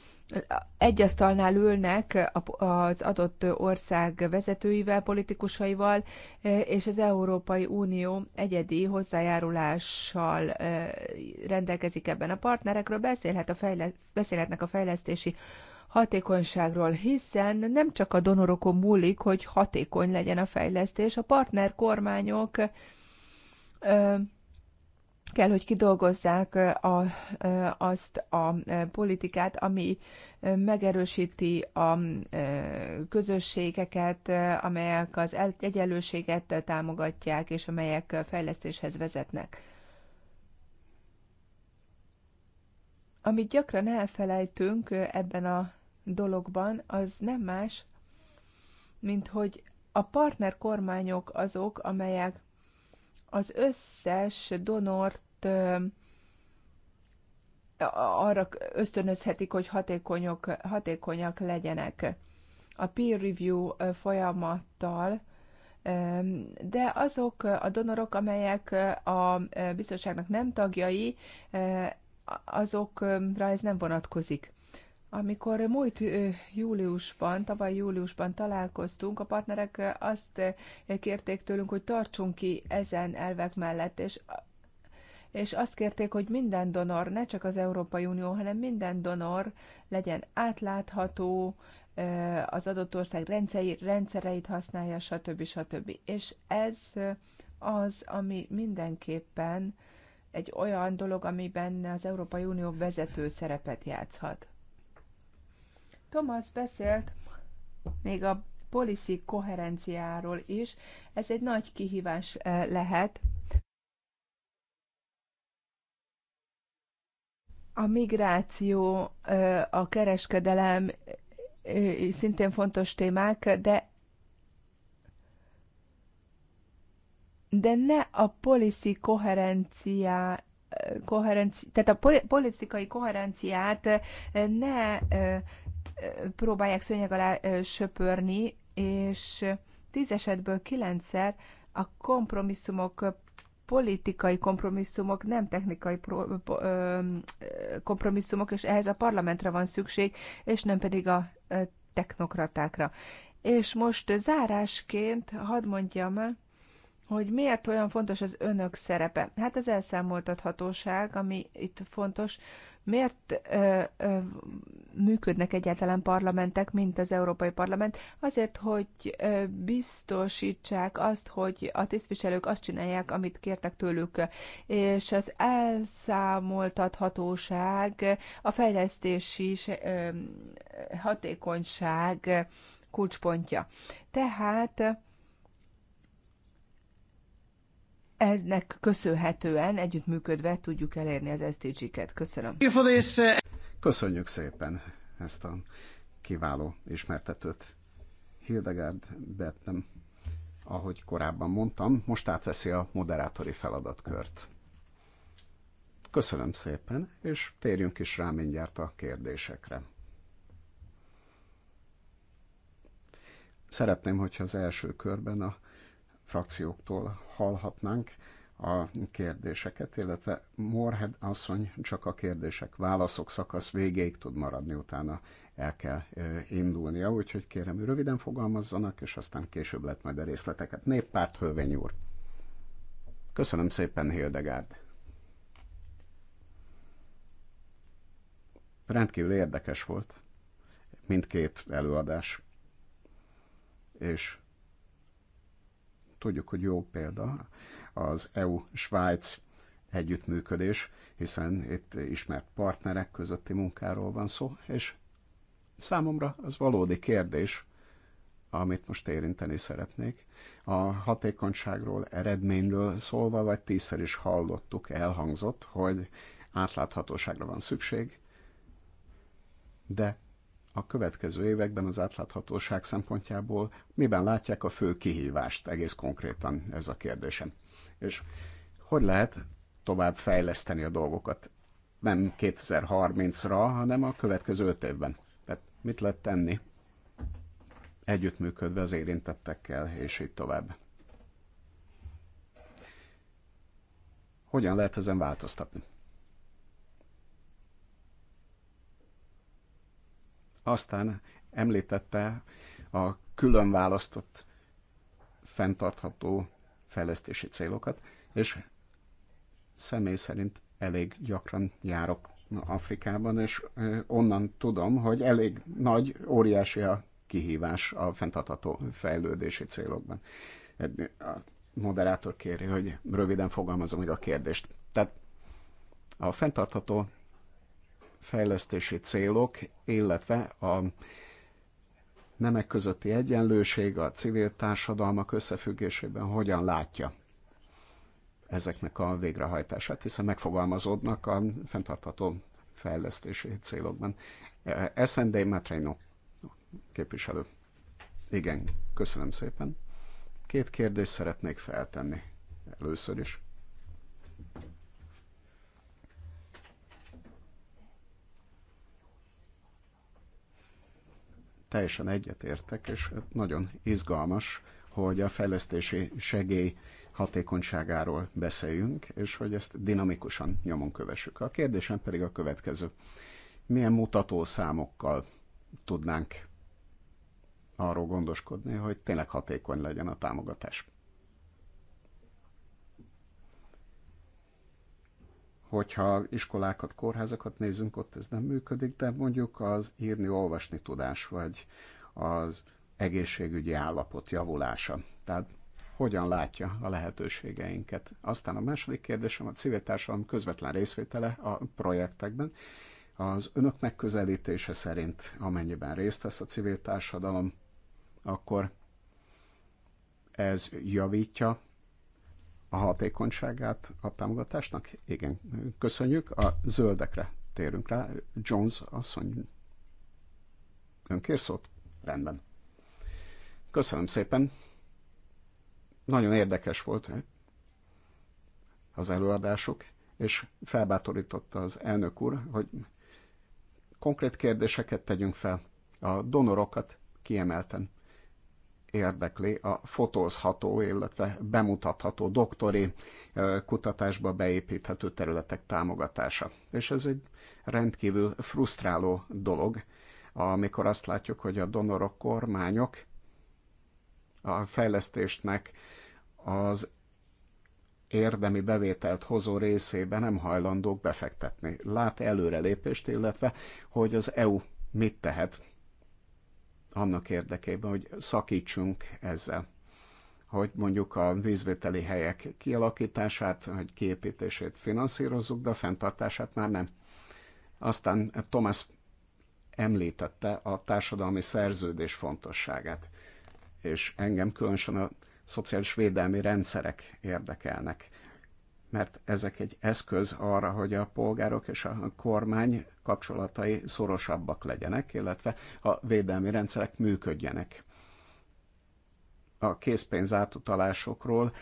[SPEAKER 2] egy asztalnál ülnek az adott ország vezetőivel, politikusaival, és az Európai Unió egyedi hozzájárulással rendelkezik ebben. A partnerekről beszélhet a fejle- beszélhetnek a fejlesztési hatékonyságról, hiszen nem csak a donorokon múlik, hogy hatékony legyen a fejlesztés, a partner kormányok kell, hogy kidolgozzák a, azt a politikát, ami megerősíti a közösségeket, amelyek az egyenlőséget támogatják, és amelyek fejlesztéshez vezetnek. Amit gyakran elfelejtünk ebben a dologban az nem más, mint hogy a partner kormányok azok, amelyek az összes donort arra ösztönözhetik, hogy hatékonyok, hatékonyak legyenek a peer review folyamattal, de azok a donorok, amelyek a biztonságnak nem tagjai, azokra ez nem vonatkozik. Amikor múlt júliusban, tavaly júliusban találkoztunk, a partnerek azt kérték tőlünk, hogy tartsunk ki ezen elvek mellett, és és azt kérték, hogy minden donor, ne csak az Európai Unió, hanem minden donor legyen átlátható, az adott ország rendszerei, rendszereit használja, stb. stb. És ez az, ami mindenképpen egy olyan dolog, amiben az Európai Unió vezető szerepet játszhat. Thomas beszélt még a policy koherenciáról is. Ez egy nagy kihívás eh, lehet. A migráció, eh, a kereskedelem eh, szintén fontos témák, de de ne a policy koherenciá koherenci, tehát a politikai koherenciát ne próbálják szőnyeg alá söpörni, és tíz esetből kilencszer a kompromisszumok, politikai kompromisszumok, nem technikai pro, ö, kompromisszumok, és ehhez a parlamentre van szükség, és nem pedig a technokratákra. És most zárásként hadd mondjam el, hogy miért olyan fontos az önök szerepe. Hát az elszámoltathatóság, ami itt fontos, Miért ö, ö, működnek egyáltalán parlamentek, mint az Európai Parlament? Azért, hogy ö, biztosítsák azt, hogy a tisztviselők azt csinálják, amit kértek tőlük, és az elszámoltathatóság, a fejlesztési ö, hatékonyság kulcspontja. Tehát ennek köszönhetően együttműködve tudjuk elérni az SDG-ket. Köszönöm.
[SPEAKER 3] Uh, Köszönjük szépen ezt a kiváló ismertetőt. Hildegard Bettem, ahogy korábban mondtam, most átveszi a moderátori feladatkört. Köszönöm szépen, és térjünk is rá mindjárt a kérdésekre. Szeretném, hogyha az első körben a frakcióktól hallhatnánk a kérdéseket, illetve Morhed asszony csak a kérdések, válaszok szakasz végéig tud maradni, utána el kell indulnia, úgyhogy kérem, röviden fogalmazzanak, és aztán később lett majd a részleteket. Néppárt Hölvény úr. Köszönöm szépen, Hildegárd. Rendkívül érdekes volt mindkét előadás, és Tudjuk, hogy jó példa az EU-Svájc együttműködés, hiszen itt ismert partnerek közötti munkáról van szó, és számomra az valódi kérdés, amit most érinteni szeretnék. A hatékonyságról, eredményről szólva, vagy tízszer is hallottuk, elhangzott, hogy átláthatóságra van szükség, de a következő években az átláthatóság szempontjából miben látják a fő kihívást egész konkrétan ez a kérdésem. És hogy lehet tovább fejleszteni a dolgokat? Nem 2030-ra, hanem a következő öt évben. Tehát mit lehet tenni együttműködve az érintettekkel, és így tovább. Hogyan lehet ezen változtatni? Aztán említette a külön választott fenntartható fejlesztési célokat, és személy szerint elég gyakran járok Afrikában, és onnan tudom, hogy elég nagy, óriási a kihívás a fenntartható fejlődési célokban. A moderátor kéri, hogy röviden fogalmazom meg a kérdést. Tehát a fenntartható fejlesztési célok, illetve a nemek közötti egyenlőség a civil társadalmak összefüggésében hogyan látja ezeknek a végrehajtását, hiszen megfogalmazódnak a fenntartható fejlesztési célokban. SND Matrino képviselő. Igen, köszönöm szépen. Két kérdést szeretnék feltenni először is. teljesen egyetértek, és nagyon izgalmas, hogy a fejlesztési segély hatékonyságáról beszéljünk, és hogy ezt dinamikusan nyomon kövessük. A kérdésem pedig a következő. Milyen mutatószámokkal tudnánk arról gondoskodni, hogy tényleg hatékony legyen a támogatás? Hogyha iskolákat, kórházakat nézünk, ott ez nem működik, de mondjuk az írni-olvasni tudás, vagy az egészségügyi állapot javulása. Tehát hogyan látja a lehetőségeinket. Aztán a második kérdésem a civil társadalom közvetlen részvétele a projektekben. Az önök megközelítése szerint, amennyiben részt vesz a civil társadalom, akkor ez javítja a hatékonyságát a támogatásnak? Igen, köszönjük. A zöldekre térünk rá. Jones asszony, ön kér szót? Rendben. Köszönöm szépen. Nagyon érdekes volt az előadások, és felbátorította az elnök úr, hogy konkrét kérdéseket tegyünk fel. A donorokat kiemelten érdekli a fotózható, illetve bemutatható doktori kutatásba beépíthető területek támogatása. És ez egy rendkívül frusztráló dolog, amikor azt látjuk, hogy a donorok, kormányok a fejlesztésnek az érdemi bevételt hozó részébe nem hajlandók befektetni. Lát előrelépést, illetve hogy az EU mit tehet annak érdekében, hogy szakítsunk ezzel hogy mondjuk a vízvételi helyek kialakítását, hogy kiépítését finanszírozzuk, de a fenntartását már nem. Aztán Thomas említette a társadalmi szerződés fontosságát, és engem különösen a szociális védelmi rendszerek érdekelnek mert ezek egy eszköz arra, hogy a polgárok és a kormány kapcsolatai szorosabbak legyenek, illetve a védelmi rendszerek működjenek. A készpénz átutalásokról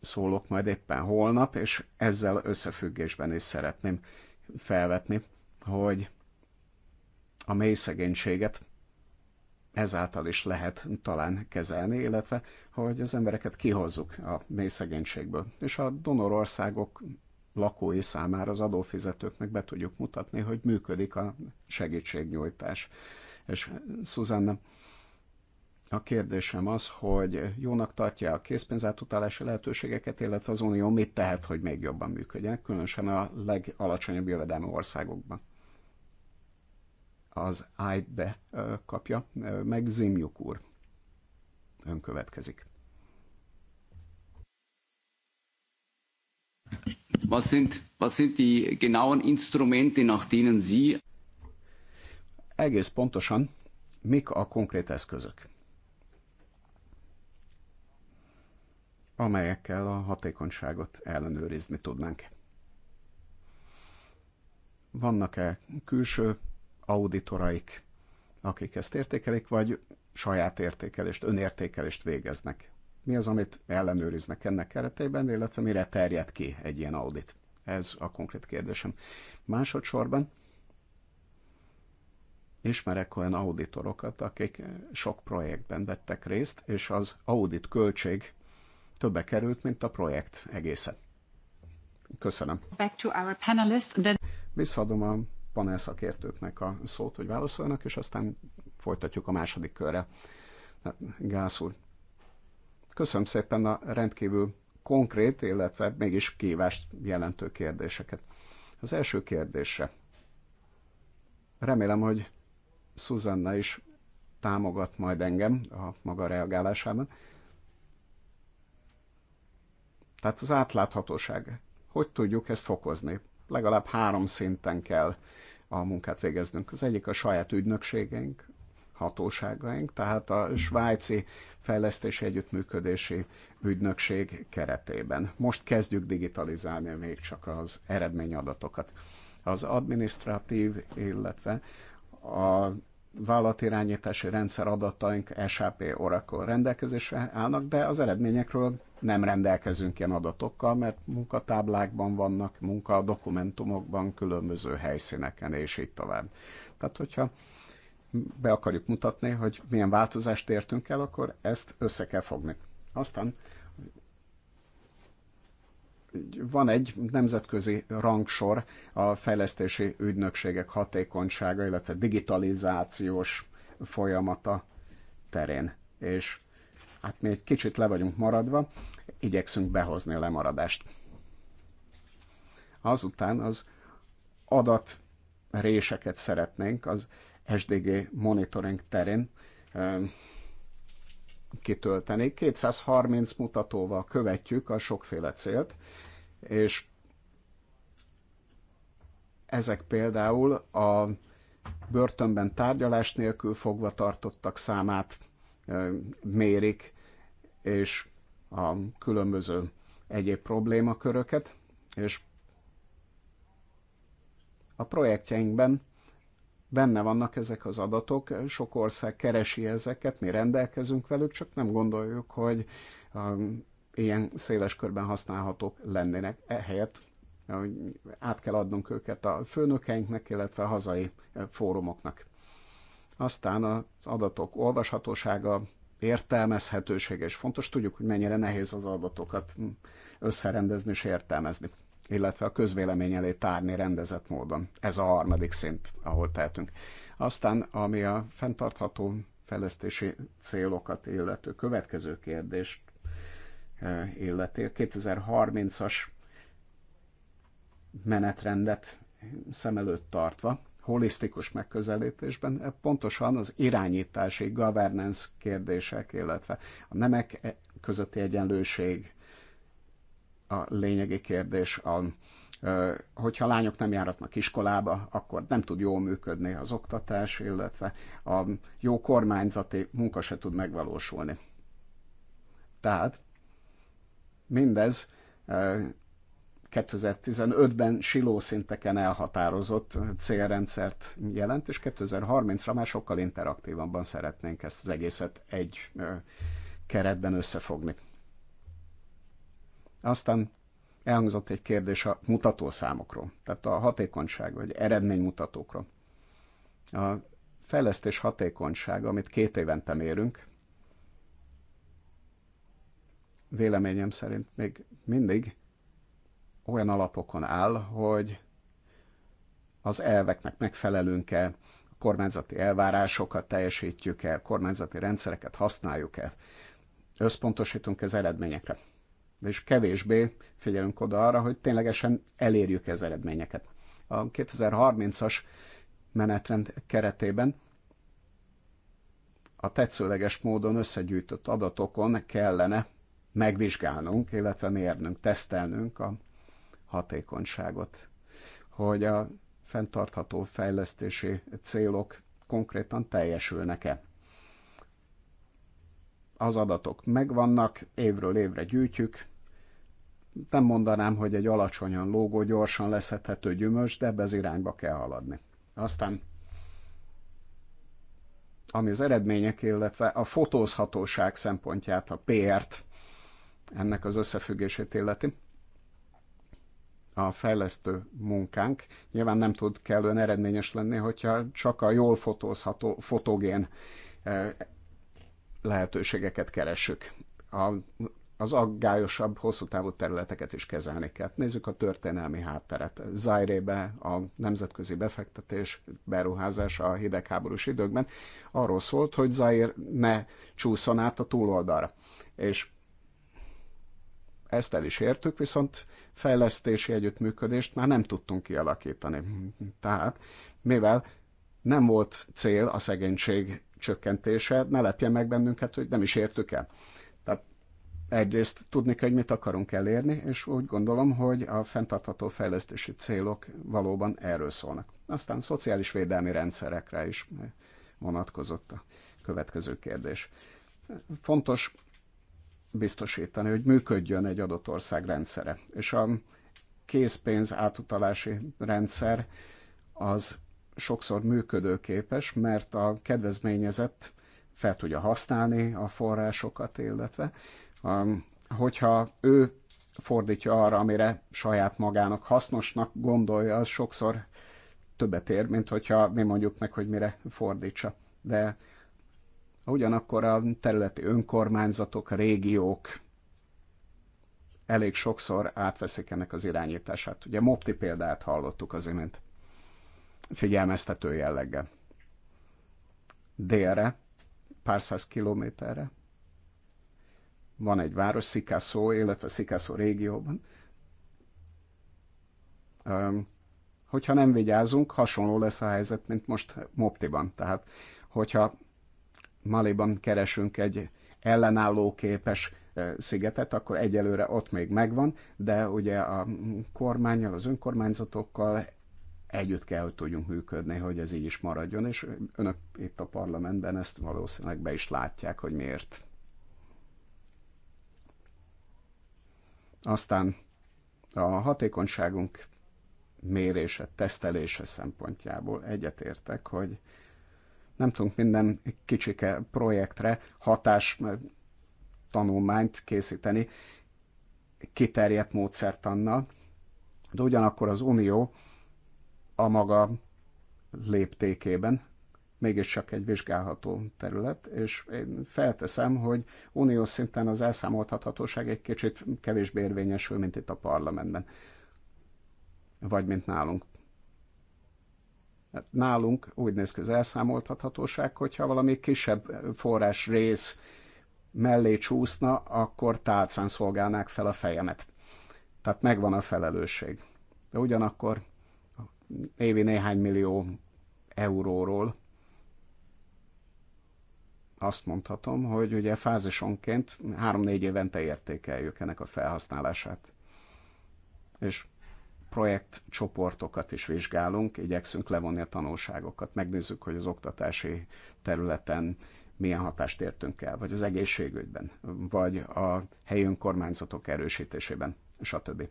[SPEAKER 3] szólok majd éppen holnap, és ezzel összefüggésben is szeretném felvetni, hogy a mély szegénységet ezáltal is lehet talán kezelni, illetve hogy az embereket kihozzuk a mély szegénységből. És a donorországok lakói számára az adófizetőknek be tudjuk mutatni, hogy működik a segítségnyújtás. És Szuzanna, a kérdésem az, hogy jónak tartja a készpénzátutalási lehetőségeket, illetve az Unió mit tehet, hogy még jobban működjenek, különösen a legalacsonyabb jövedelmi országokban az ájtbe kapja, meg Zimjuk úr. Ön következik. Was sind, was sind die genauen Instrumente, nach denen Sie... Egész pontosan, mik a konkrét eszközök, amelyekkel a hatékonyságot ellenőrizni tudnánk? Vannak-e külső auditoraik, akik ezt értékelik, vagy saját értékelést, önértékelést végeznek. Mi az, amit ellenőriznek ennek keretében, illetve mire terjed ki egy ilyen audit? Ez a konkrét kérdésem. Másodszorban ismerek olyan auditorokat, akik sok projektben vettek részt, és az audit költség többe került, mint a projekt egészen. Köszönöm. Back to our then... Visszadom a szakértőknek a szót, hogy válaszoljanak, és aztán folytatjuk a második körre. Gász úr. Köszönöm szépen a rendkívül konkrét, illetve mégis kívást jelentő kérdéseket. Az első kérdésre. Remélem, hogy Szuzanna is támogat majd engem a maga reagálásában. Tehát az átláthatóság. Hogy tudjuk ezt fokozni? legalább három szinten kell a munkát végeznünk. Az egyik a saját ügynökségeink, hatóságaink, tehát a svájci fejlesztési együttműködési ügynökség keretében. Most kezdjük digitalizálni még csak az eredményadatokat. Az administratív, illetve a vállalatirányítási rendszer adataink SAP Oracle rendelkezésre állnak, de az eredményekről nem rendelkezünk ilyen adatokkal, mert munkatáblákban vannak, munkadokumentumokban, különböző helyszíneken, és így tovább. Tehát, hogyha be akarjuk mutatni, hogy milyen változást értünk el, akkor ezt össze kell fogni. Aztán van egy nemzetközi rangsor a fejlesztési ügynökségek hatékonysága, illetve digitalizációs folyamata terén. És hát mi egy kicsit le vagyunk maradva, igyekszünk behozni a lemaradást. Azután az adat réseket szeretnénk az SDG monitoring terén ehm, kitölteni. 230 mutatóval követjük a sokféle célt, és ezek például a börtönben tárgyalás nélkül fogva tartottak számát mérik, és a különböző egyéb problémaköröket, és a projektjeinkben benne vannak ezek az adatok, sok ország keresi ezeket, mi rendelkezünk velük, csak nem gondoljuk, hogy ilyen széles körben használhatók lennének. Ehelyett át kell adnunk őket a főnökeinknek, illetve a hazai eh, fórumoknak. Aztán az adatok olvashatósága, értelmezhetősége és fontos. Tudjuk, hogy mennyire nehéz az adatokat hm, összerendezni és értelmezni, illetve a közvélemény elé tárni rendezett módon. Ez a harmadik szint, ahol tehetünk. Aztán, ami a fenntartható fejlesztési célokat illető következő kérdés, illeti. 2030-as menetrendet szem előtt tartva, holisztikus megközelítésben pontosan az irányítási governance kérdések, illetve a nemek közötti egyenlőség a lényegi kérdés. A, hogyha lányok nem járatnak iskolába, akkor nem tud jól működni az oktatás, illetve a jó kormányzati munka se tud megvalósulni. Tehát Mindez 2015-ben siló szinteken elhatározott célrendszert jelent, és 2030-ra már sokkal interaktívabban szeretnénk ezt az egészet egy keretben összefogni. Aztán elhangzott egy kérdés a mutatószámokról, tehát a hatékonyság vagy eredménymutatókról. A fejlesztés hatékonysága, amit két évente mérünk, véleményem szerint még mindig olyan alapokon áll, hogy az elveknek megfelelünk-e, a kormányzati elvárásokat teljesítjük-e, kormányzati rendszereket használjuk-e, összpontosítunk az eredményekre. És kevésbé figyelünk oda arra, hogy ténylegesen elérjük az eredményeket. A 2030-as menetrend keretében a tetszőleges módon összegyűjtött adatokon kellene megvizsgálnunk, illetve mérnünk, tesztelnünk a hatékonyságot, hogy a fenntartható fejlesztési célok konkrétan teljesülnek-e. Az adatok megvannak, évről évre gyűjtjük, nem mondanám, hogy egy alacsonyan lógó, gyorsan leszedhető gyümölcs, de ebbe az irányba kell haladni. Aztán ami az eredmények, illetve a fotózhatóság szempontját, a PR-t ennek az összefüggését illeti, a fejlesztő munkánk nyilván nem tud kellően eredményes lenni, hogyha csak a jól fotózható, fotogén e, lehetőségeket keresünk. A, az aggályosabb, hosszú távú területeket is kezelni kell. Hát nézzük a történelmi hátteret. Zajrébe a nemzetközi befektetés, beruházás a hidegháborús időkben arról szólt, hogy Zair ne csúszon át a túloldalra. És ezt el is értük, viszont fejlesztési együttműködést már nem tudtunk kialakítani. Tehát, mivel nem volt cél a szegénység csökkentése, ne lepje meg bennünket, hogy nem is értük el. Tehát egyrészt tudni kell, hogy mit akarunk elérni, és úgy gondolom, hogy a fenntartható fejlesztési célok valóban erről szólnak. Aztán szociális védelmi rendszerekre is vonatkozott a következő kérdés. Fontos biztosítani, hogy működjön egy adott ország rendszere. És a készpénz átutalási rendszer az sokszor működőképes, mert a kedvezményezett fel tudja használni a forrásokat, illetve um, hogyha ő fordítja arra, amire saját magának hasznosnak gondolja, az sokszor többet ér, mint hogyha mi mondjuk meg, hogy mire fordítsa. De Ugyanakkor a területi önkormányzatok, régiók elég sokszor átveszik ennek az irányítását. Ugye Mopti példát hallottuk az imént. Figyelmeztető jelleggel. Délre, pár száz kilométerre van egy város, Szikászó, illetve Szikászó régióban. Hogyha nem vigyázunk, hasonló lesz a helyzet, mint most Moptiban. Tehát, hogyha Maliban keresünk egy ellenálló képes e, szigetet, akkor egyelőre ott még megvan, de ugye a kormányjal, az önkormányzatokkal együtt kell, hogy tudjunk működni, hogy ez így is maradjon, és önök itt a parlamentben ezt valószínűleg be is látják, hogy miért. Aztán a hatékonyságunk mérése, tesztelése szempontjából egyetértek, hogy nem tudunk minden kicsike projektre hatás tanulmányt készíteni kiterjedt módszertannal, de ugyanakkor az Unió a maga léptékében mégiscsak egy vizsgálható terület, és én felteszem, hogy Unió szinten az elszámoltathatóság egy kicsit kevésbé érvényesül, mint itt a parlamentben, vagy mint nálunk. Hát nálunk úgy néz ki az elszámoltathatóság, hogyha valami kisebb forrás rész mellé csúszna, akkor tálcán szolgálnák fel a fejemet. Tehát megvan a felelősség. De ugyanakkor évi néhány millió euróról azt mondhatom, hogy ugye fázisonként három-négy évente értékeljük ennek a felhasználását. És projektcsoportokat is vizsgálunk, igyekszünk levonni a tanulságokat, megnézzük, hogy az oktatási területen milyen hatást értünk el, vagy az egészségügyben, vagy a helyi önkormányzatok erősítésében, stb.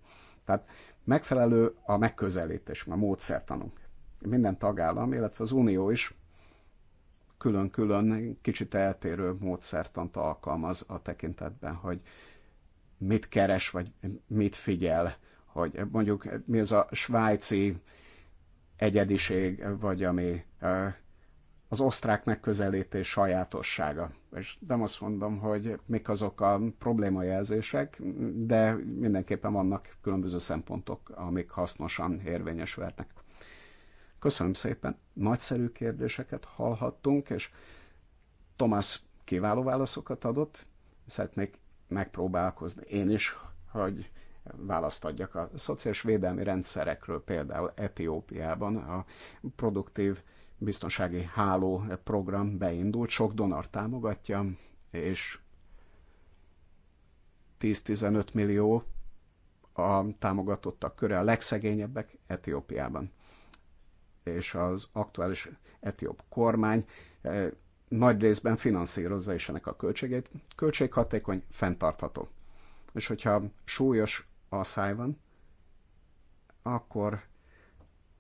[SPEAKER 3] Tehát megfelelő a megközelítésünk, a módszertanunk. Minden tagállam, illetve az Unió is külön-külön kicsit eltérő módszertant alkalmaz a tekintetben, hogy mit keres, vagy mit figyel hogy mondjuk mi az a svájci egyediség, vagy ami az osztrák megközelítés sajátossága. És nem azt mondom, hogy mik azok a problémajelzések, de mindenképpen vannak különböző szempontok, amik hasznosan érvényesülhetnek. Köszönöm szépen, nagyszerű kérdéseket hallhattunk, és Tomás kiváló válaszokat adott. Szeretnék megpróbálkozni én is, hogy választ adjak. A szociális védelmi rendszerekről például Etiópiában a produktív biztonsági háló program beindult, sok donor támogatja, és 10-15 millió a támogatottak köre a legszegényebbek Etiópiában. És az aktuális etióp kormány eh, nagy részben finanszírozza is ennek a költségét. Költséghatékony, fenntartható. És hogyha súlyos a szájban, akkor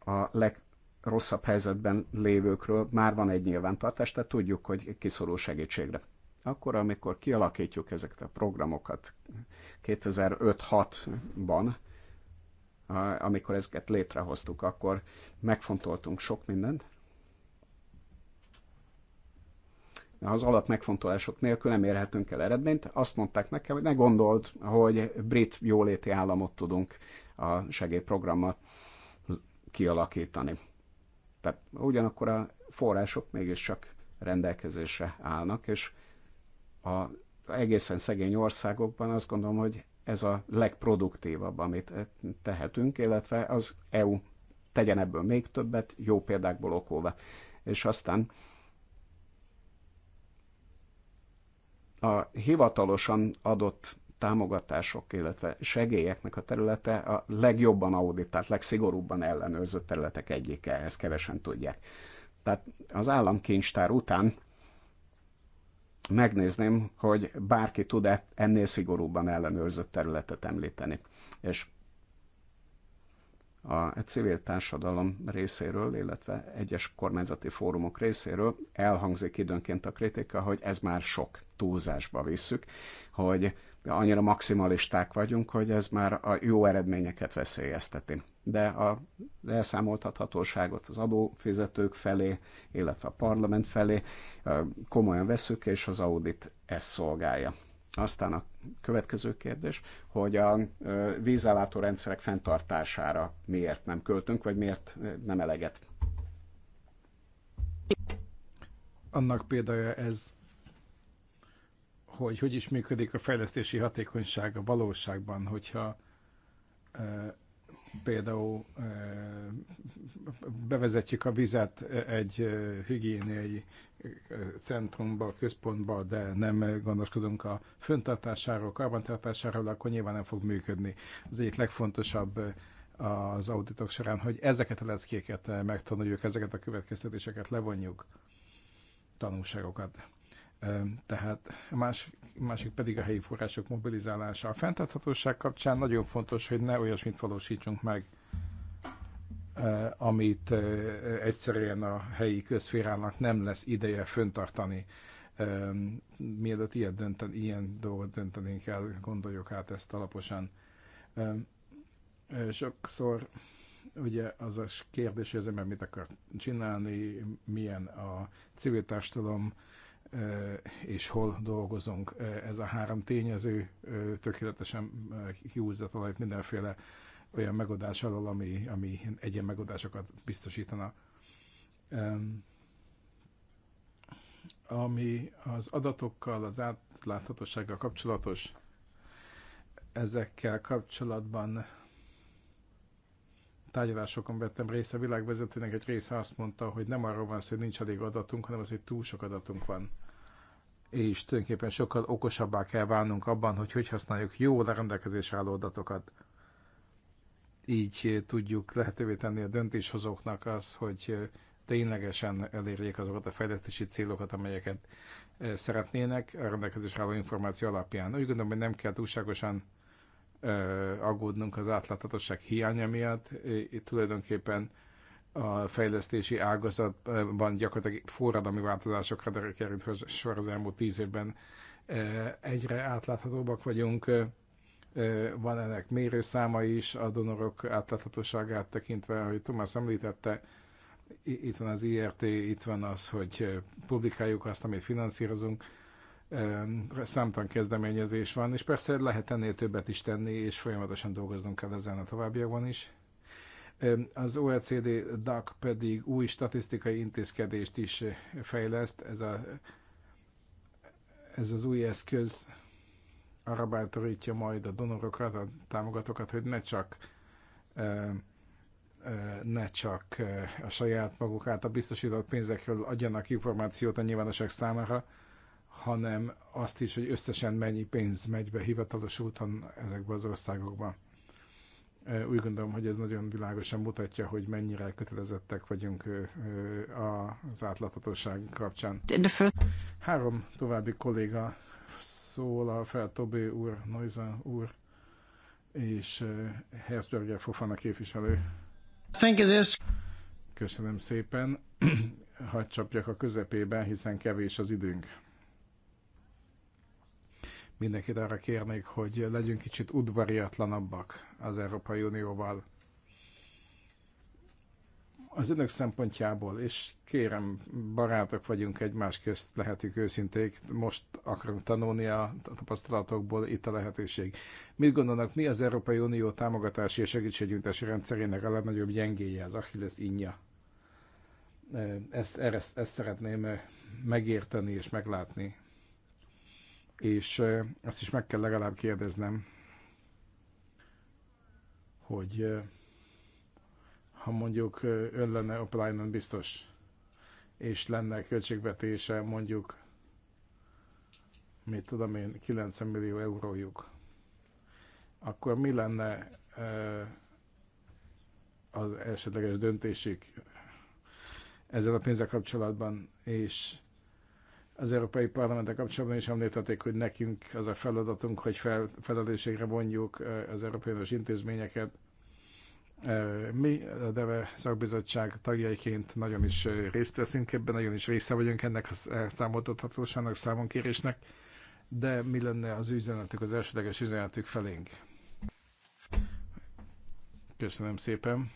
[SPEAKER 3] a legrosszabb helyzetben lévőkről már van egy nyilvántartás, tehát tudjuk, hogy kiszorul segítségre. Akkor, amikor kialakítjuk ezeket a programokat 2005-6-ban, amikor ezeket létrehoztuk, akkor megfontoltunk sok mindent, az alapmegfontolások nélkül nem érhetünk el eredményt. Azt mondták nekem, hogy ne gondold, hogy brit jóléti államot tudunk a segélyprogrammal kialakítani. Tehát ugyanakkor a források mégiscsak rendelkezésre állnak, és a egészen szegény országokban azt gondolom, hogy ez a legproduktívabb, amit tehetünk, illetve az EU tegyen ebből még többet, jó példákból okolva. És aztán a hivatalosan adott támogatások, illetve segélyeknek a területe a legjobban auditált, legszigorúbban ellenőrzött területek egyike, ezt kevesen tudják. Tehát az államkincstár után megnézném, hogy bárki tud-e ennél szigorúbban ellenőrzött területet említeni. És a civil társadalom részéről, illetve egyes kormányzati fórumok részéről elhangzik időnként a kritika, hogy ez már sok túlzásba visszük, hogy annyira maximalisták vagyunk, hogy ez már a jó eredményeket veszélyezteti. De az elszámoltathatóságot az adófizetők felé, illetve a parlament felé komolyan veszük, és az audit ezt szolgálja. Aztán a következő kérdés, hogy a vízellátó rendszerek fenntartására miért nem költünk, vagy miért nem eleget?
[SPEAKER 1] Annak példája ez, hogy hogy is működik a fejlesztési hatékonyság a valóságban, hogyha e, például e, bevezetjük a vizet egy e, higiéniai centrumba, központba, de nem gondoskodunk a föntartásáról, karbantartásáról, akkor nyilván nem fog működni. Az egyik legfontosabb az auditok során, hogy ezeket a leckéket megtanuljuk, ezeket a következtetéseket levonjuk, tanulságokat. Tehát a másik, másik pedig a helyi források mobilizálása. A fenntarthatóság kapcsán nagyon fontos, hogy ne olyasmit valósítsunk meg, amit egyszerűen a helyi közférának nem lesz ideje föntartani. Mielőtt ilyet dönten, ilyen dolgot döntenénk el, gondoljuk át ezt alaposan. Sokszor ugye az a kérdés, hogy az ember mit akar csinálni, milyen a civil társadalom és hol dolgozunk. Ez a három tényező tökéletesen talajt mindenféle olyan megoldás alól, ami, ami egyen megoldásokat biztosítana. Ami az adatokkal, az átláthatósággal kapcsolatos, ezekkel kapcsolatban tárgyalásokon vettem részt, a világvezetőnek egy része azt mondta, hogy nem arról van szó, hogy nincs elég adatunk, hanem az, hogy túl sok adatunk van és tulajdonképpen sokkal okosabbá kell válnunk abban, hogy hogy használjuk jó a álló adatokat. Így tudjuk lehetővé tenni a döntéshozóknak az, hogy ténylegesen elérjék azokat a fejlesztési célokat, amelyeket eh, szeretnének a rendelkezés álló információ alapján. Úgy gondolom, hogy nem kell túlságosan eh, aggódnunk az átláthatóság hiánya miatt. Itt tulajdonképpen a fejlesztési ágazatban gyakorlatilag forradalmi változásokra került sor az elmúlt tíz évben. E, egyre átláthatóbbak vagyunk, e, e, van ennek mérőszáma is a donorok átláthatóságát tekintve, ahogy Tomás említette, itt van az IRT, itt van az, hogy publikáljuk azt, amit finanszírozunk, számtalan kezdeményezés van, és persze lehet ennél többet is tenni, és folyamatosan dolgoznunk kell ezen a továbbiakban is az OECD DAC pedig új statisztikai intézkedést is fejleszt. Ez, a, ez az új eszköz arra bátorítja majd a donorokat, a támogatókat, hogy ne csak ne csak a saját maguk által biztosított pénzekről adjanak információt a nyilvánosság számára, hanem azt is, hogy összesen mennyi pénz megy be hivatalos úton ezekbe az országokba. Úgy gondolom, hogy ez nagyon világosan mutatja, hogy mennyire kötelezettek vagyunk az átláthatóság kapcsán. Három további kolléga szól, a Fel Tobé úr, Noizen úr és Herzberger Fofana képviselő. Köszönöm szépen. Hadd csapjak a közepébe, hiszen kevés az időnk. Mindenkit arra kérnék, hogy legyünk kicsit udvariatlanabbak az Európai Unióval az önök szempontjából, és kérem, barátok vagyunk egymás közt, lehetünk őszinték, most akarunk tanulni a tapasztalatokból, itt a lehetőség. Mit gondolnak, mi az Európai Unió támogatási és segítségnyújtási rendszerének a legnagyobb gyengéje, az Achilles inja? Ezt, ezt, ezt szeretném megérteni és meglátni és azt is meg kell legalább kérdeznem, hogy ha mondjuk ön lenne a plánon biztos, és lenne költségvetése mondjuk, mit tudom én, 90 millió eurójuk, akkor mi lenne az esetleges döntésük ezzel a pénzzel kapcsolatban, és az Európai Parlamentek kapcsolatban is említették, hogy nekünk az a feladatunk, hogy fel, felelősségre vonjuk az Európai Uniós intézményeket. Mi a DEVE szakbizottság tagjaiként nagyon is részt veszünk ebben, nagyon is része vagyunk ennek a számoltathatóságnak, számonkérésnek, de mi lenne az üzenetük, az elsődleges üzenetük felénk? Köszönöm szépen!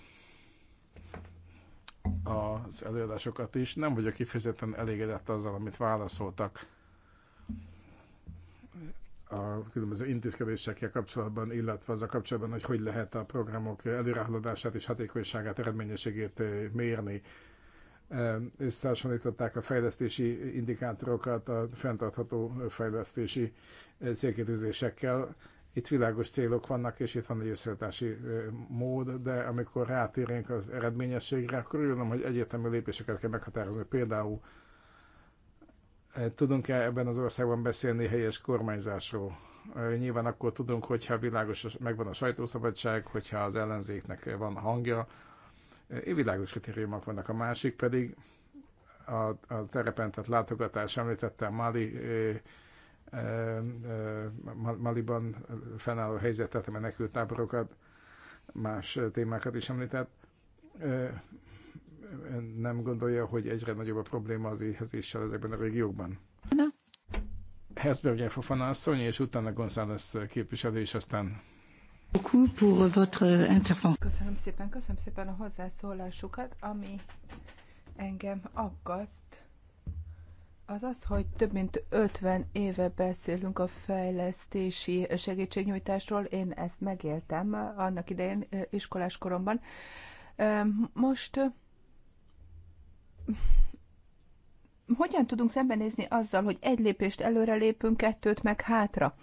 [SPEAKER 1] az előadásokat is. Nem vagyok kifejezetten elégedett azzal, amit válaszoltak a különböző intézkedésekkel kapcsolatban, illetve az a kapcsolatban, hogy hogy lehet a programok előrehaladását és hatékonyságát, eredményességét eh, mérni. Eh, összehasonlították a fejlesztési indikátorokat a fenntartható fejlesztési eh, célkitűzésekkel. Itt világos célok vannak, és itt van egy összeállítási mód, de amikor rátérünk az eredményességre, akkor örülöm, hogy egyértelmű lépéseket kell meghatározni. Például tudunk-e ebben az országban beszélni helyes kormányzásról? Nyilván akkor tudunk, hogyha világos, megvan a sajtószabadság, hogyha az ellenzéknek van hangja. Világos kritériumok vannak. A másik pedig a, a terepen, tehát látogatás, említettem Mali Maliban fennálló helyzetet, a menekült táborokat, más témákat is említett. Nem gondolja, hogy egyre nagyobb a probléma az éhezéssel ezekben a régiókban? Herzberger Fofana asszony, és utána González képviselő, és aztán
[SPEAKER 2] Köszönöm szépen, köszönöm szépen a hozzászólásukat, ami engem aggaszt az az, hogy több mint 50 éve beszélünk a fejlesztési segítségnyújtásról. Én ezt megéltem annak idején iskolás koromban. Most hogyan tudunk szembenézni azzal, hogy egy lépést előre lépünk, kettőt meg hátra?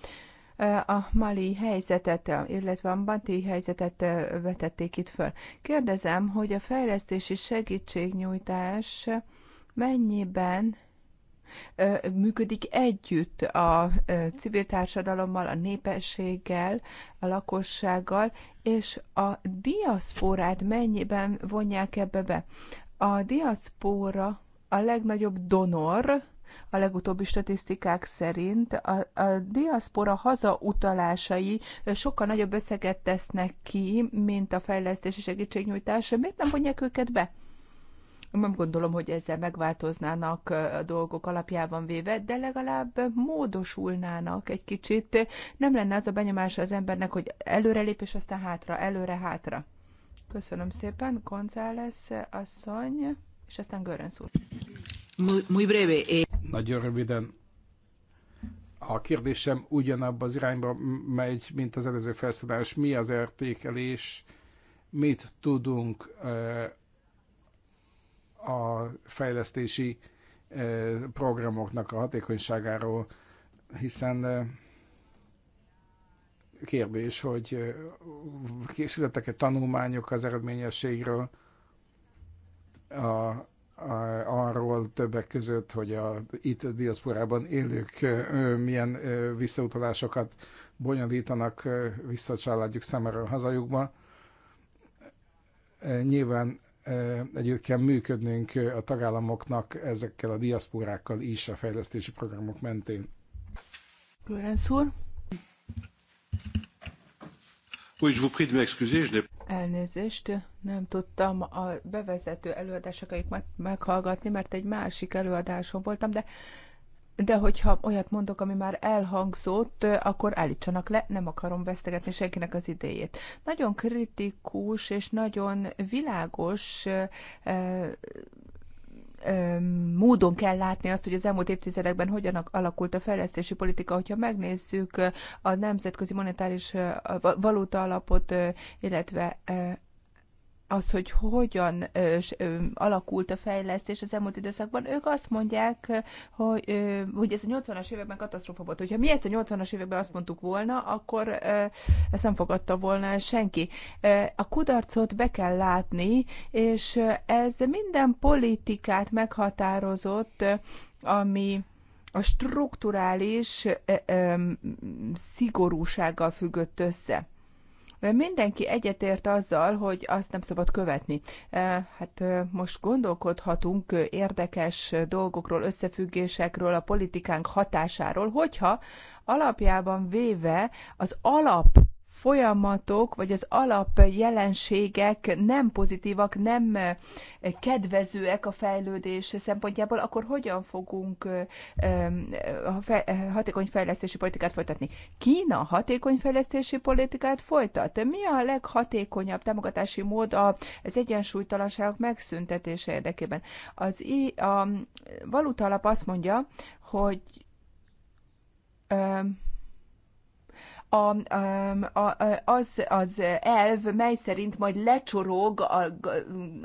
[SPEAKER 2] a mali helyzetet, illetve a banti helyzetet vetették itt föl. Kérdezem, hogy a fejlesztési segítségnyújtás mennyiben működik együtt a civil társadalommal, a népességgel, a lakossággal, és a diaszporát mennyiben vonják ebbe be. A diaszpóra a legnagyobb donor, a legutóbbi statisztikák szerint a, a diaszpora hazautalásai sokkal nagyobb összeget tesznek ki, mint a fejlesztési segítségnyújtás. Miért nem vonják őket be? Nem gondolom, hogy ezzel megváltoznának a dolgok alapjában véve, de legalább módosulnának egy kicsit. Nem lenne az a benyomása az embernek, hogy előrelépés, aztán hátra, előre-hátra. Köszönöm szépen, González asszony, és aztán Görönsz úr.
[SPEAKER 1] Muy, muy breve. Eh. Nagyon röviden. A kérdésem ugyanabban az irányba megy, mint az előző felszólás. Mi az értékelés? Mit tudunk a fejlesztési eh, programoknak a hatékonyságáról, hiszen eh, kérdés, hogy eh, készítettek-e tanulmányok az eredményességről, a, a, arról többek között, hogy a, itt a diaszporában élők milyen visszautalásokat bonyolítanak vissza a családjuk számára a hazajukba. nyilván egyébként működnünk a tagállamoknak ezekkel a diaszporákkal is a fejlesztési programok mentén.
[SPEAKER 2] Görenc úr. Oui, je vous prie de m'excuser, je Elnézést, nem tudtam a bevezető előadásokat meghallgatni, mert egy másik előadáson voltam, de de hogyha olyat mondok, ami már elhangzott, akkor állítsanak le, nem akarom vesztegetni senkinek az idejét. Nagyon kritikus és nagyon világos módon kell látni azt, hogy az elmúlt évtizedekben hogyan alakult a fejlesztési politika. Hogyha megnézzük a nemzetközi monetáris valóta alapot, illetve az, hogy hogyan alakult a fejlesztés az elmúlt időszakban, ők azt mondják, hogy, hogy ez a 80-as években katasztrófa volt. Hogyha mi ezt a 80-as években azt mondtuk volna, akkor ezt nem fogadta volna senki. A kudarcot be kell látni, és ez minden politikát meghatározott, ami a strukturális szigorúsággal függött össze. Mindenki egyetért azzal, hogy azt nem szabad követni. E, hát e, most gondolkodhatunk érdekes dolgokról, összefüggésekről, a politikánk hatásáról, hogyha alapjában véve az alap folyamatok, vagy az alapjelenségek nem pozitívak, nem eh, kedvezőek a fejlődés szempontjából, akkor hogyan fogunk eh, eh, hatékony fejlesztési politikát folytatni? Kína hatékony fejlesztési politikát folytat? Mi a leghatékonyabb támogatási mód az egyensúlytalanságok megszüntetése érdekében? Az I, a valuta alap azt mondja, hogy Um, a, a, az az elv, mely szerint majd lecsorog a,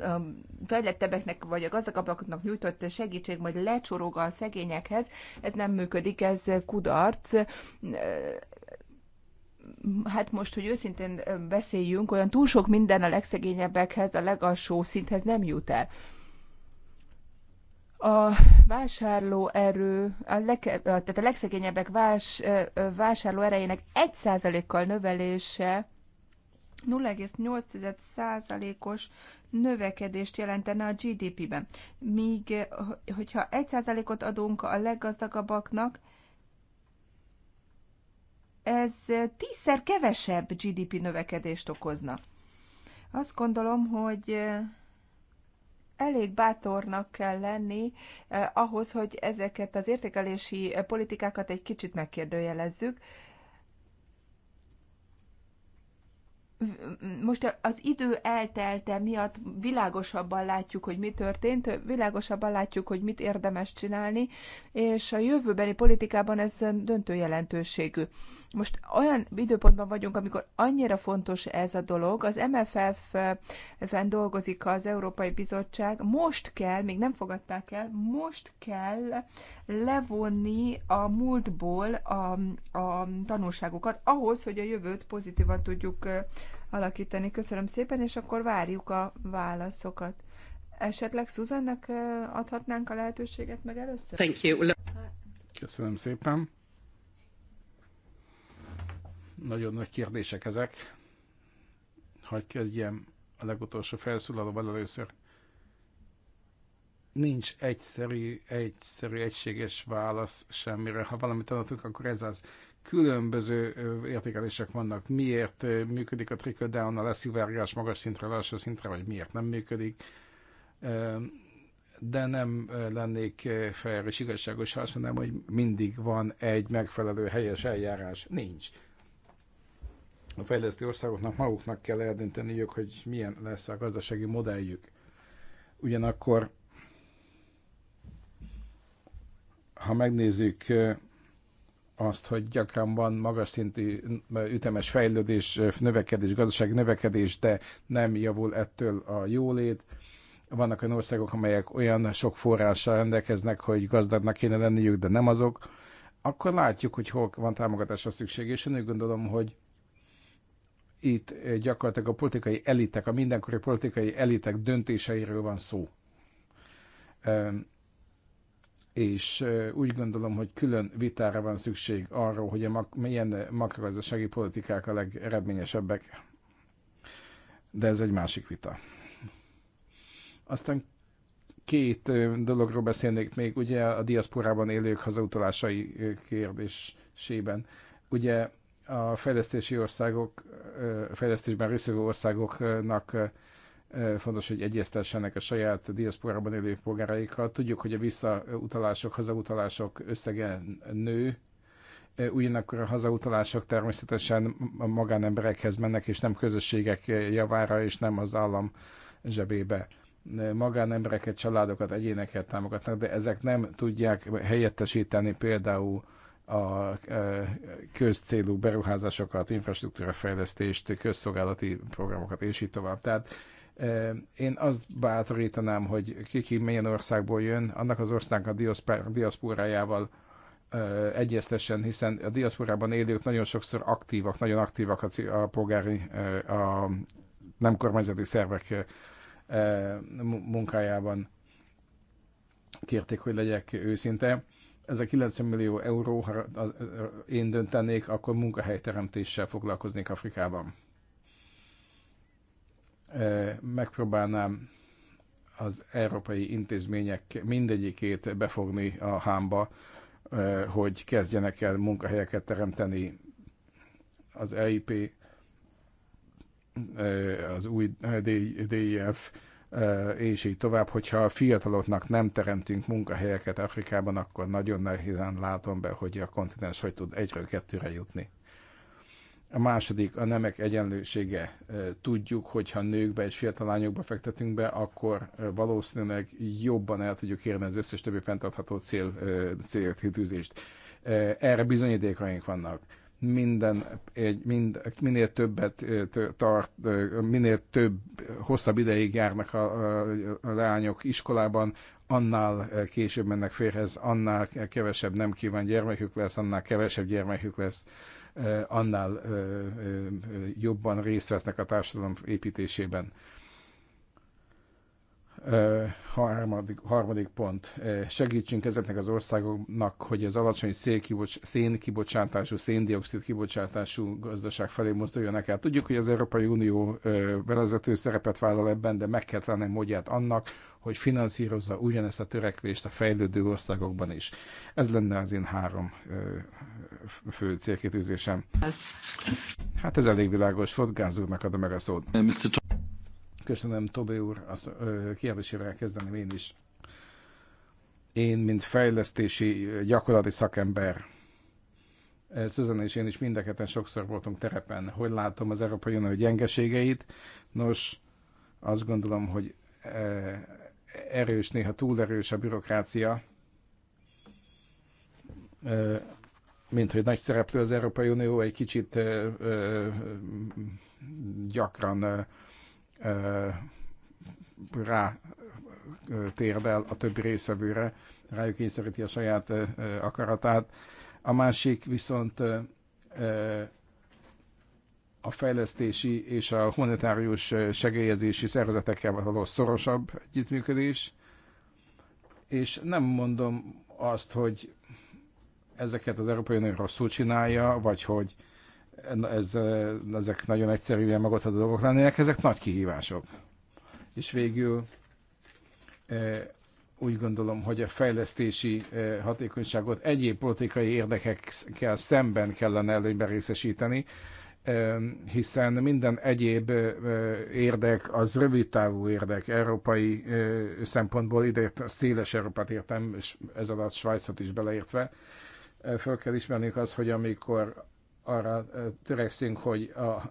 [SPEAKER 2] a fejlettebbeknek vagy a gazdagabbaknak nyújtott segítség, majd lecsorog a szegényekhez, ez nem működik, ez kudarc hát most, hogy őszintén beszéljünk, olyan túl sok minden a legszegényebbekhez, a legalsó szinthez nem jut el a vásárlóerő, a, leke, tehát a legszegényebbek vás, vásárló erejének 1%-kal növelése 0,8%-os növekedést jelentene a GDP-ben. Míg, hogyha 1%-ot adunk a leggazdagabbaknak, ez tízszer kevesebb GDP növekedést okozna. Azt gondolom, hogy elég bátornak kell lenni eh, ahhoz, hogy ezeket az értékelési politikákat egy kicsit megkérdőjelezzük, most az idő eltelte miatt világosabban látjuk, hogy mi történt, világosabban látjuk, hogy mit érdemes csinálni, és a jövőbeni politikában ez döntő jelentőségű. Most olyan időpontban vagyunk, amikor annyira fontos ez a dolog, az MFF-en dolgozik az Európai Bizottság, most kell, még nem fogadták el, most kell levonni a múltból a, a tanulságokat ahhoz, hogy a jövőt pozitívan tudjuk alakítani. Köszönöm szépen, és akkor várjuk a válaszokat. Esetleg Susannak adhatnánk a lehetőséget meg először? Thank you.
[SPEAKER 1] Köszönöm szépen. Nagyon nagy kérdések ezek. Hagy kezdjem a legutolsó felszólalóval először. Nincs egyszerű, egyszerű, egységes válasz semmire. Ha valamit tanultunk, akkor ez az különböző értékelések vannak. Miért működik a trickle down, a leszivárgás magas szintre, alsó szintre, vagy miért nem működik. De nem lennék fair és igazságos, ha azt mondanám, hogy mindig van egy megfelelő helyes eljárás. Nincs. A fejlesztő országoknak maguknak kell eldönteniük, hogy milyen lesz a gazdasági modelljük. Ugyanakkor, ha megnézzük azt, hogy gyakran van magas szintű ütemes fejlődés, növekedés, gazdasági növekedés, de nem javul ettől a jólét. Vannak olyan országok, amelyek olyan sok forrással rendelkeznek, hogy gazdagnak kéne lenniük, de nem azok. Akkor látjuk, hogy hol van támogatásra szükség, és én úgy gondolom, hogy itt gyakorlatilag a politikai elitek, a mindenkori politikai elitek döntéseiről van szó és úgy gondolom, hogy külön vitára van szükség arról, hogy a mak- milyen makrogazdasági politikák a legeredményesebbek, de ez egy másik vita. Aztán két dologról beszélnék még, ugye a diaszporában élők hazautalásai kérdésében. Ugye a fejlesztési országok, fejlesztésben részvevő országoknak fontos, hogy egyeztessenek a saját diaszporában élő polgáraikkal. Tudjuk, hogy a visszautalások, hazautalások összege nő, ugyanakkor a hazautalások természetesen a magánemberekhez mennek, és nem közösségek javára, és nem az állam zsebébe. Magánembereket, családokat, egyéneket támogatnak, de ezek nem tudják helyettesíteni például a közcélú beruházásokat, infrastruktúrafejlesztést, közszolgálati programokat, és így tovább. Tehát én azt bátorítanám, hogy ki, ki milyen országból jön, annak az országnak a diaszpórájával egyeztessen, hiszen a diaszporában élők nagyon sokszor aktívak, nagyon aktívak a, a polgári, a nem kormányzati szervek munkájában. Kérték, hogy legyek őszinte. Ez a 90 millió euró, ha én döntenék, akkor munkahelyteremtéssel foglalkoznék Afrikában megpróbálnám az európai intézmények mindegyikét befogni a hámba, hogy kezdjenek el munkahelyeket teremteni az EIP, az új DIF, és így tovább, hogyha a fiataloknak nem teremtünk munkahelyeket Afrikában, akkor nagyon nehézen látom be, hogy a kontinens hogy tud egyről kettőre jutni. A második a nemek egyenlősége. Tudjuk, hogy ha nőkbe és fiatal lányokba fektetünk be, akkor valószínűleg jobban el tudjuk érni az összes többi fenntartható cél, célkitűzést. Erre bizonyítékaink vannak. Minden, egy, mind, minél többet tart, minél több hosszabb ideig járnak a, a, a lányok iskolában, annál később mennek férhez, annál kevesebb nem kíván gyermekük lesz, annál kevesebb gyermekük lesz annál jobban részt vesznek a társadalom építésében harmadik, harmadik pont. Segítsünk ezeknek az országoknak, hogy az alacsony szélkibocs, szénkibocsátású, széndiokszid kibocsátású gazdaság felé mozduljanak el. Tudjuk, hogy az Európai Unió vezető szerepet vállal ebben, de meg kell tenni módját annak, hogy finanszírozza ugyanezt a törekvést a fejlődő országokban is. Ez lenne az én három fő célkitűzésem. Hát ez elég világos volt, úrnak adom meg a szót. Köszönöm, Tobé úr, a kérdésével kezdeném én is. Én, mint fejlesztési gyakorlati szakember, Szüzen és én is mindeketen sokszor voltunk terepen. Hogy látom az Európai Unió gyengeségeit? Nos, azt gondolom, hogy erős, néha túl erős a bürokrácia, mint hogy nagy szereplő az Európai Unió, egy kicsit gyakran rá térdel a többi részevőre, rájuk kényszeríti a saját akaratát. A másik viszont a fejlesztési és a humanitárius segélyezési szervezetekkel való szorosabb együttműködés, és nem mondom azt, hogy ezeket az Európai Unió rosszul csinálja, vagy hogy ez, ezek nagyon egyszerűen magadható dolgok lennének, ezek nagy kihívások. És végül úgy gondolom, hogy a fejlesztési hatékonyságot egyéb politikai érdekekkel szemben kellene előnyben részesíteni, hiszen minden egyéb érdek az rövid távú érdek, európai szempontból ide széles Európát értem, és ez alatt Svájcot is beleértve, föl kell ismernünk az, hogy amikor arra törekszünk, hogy a,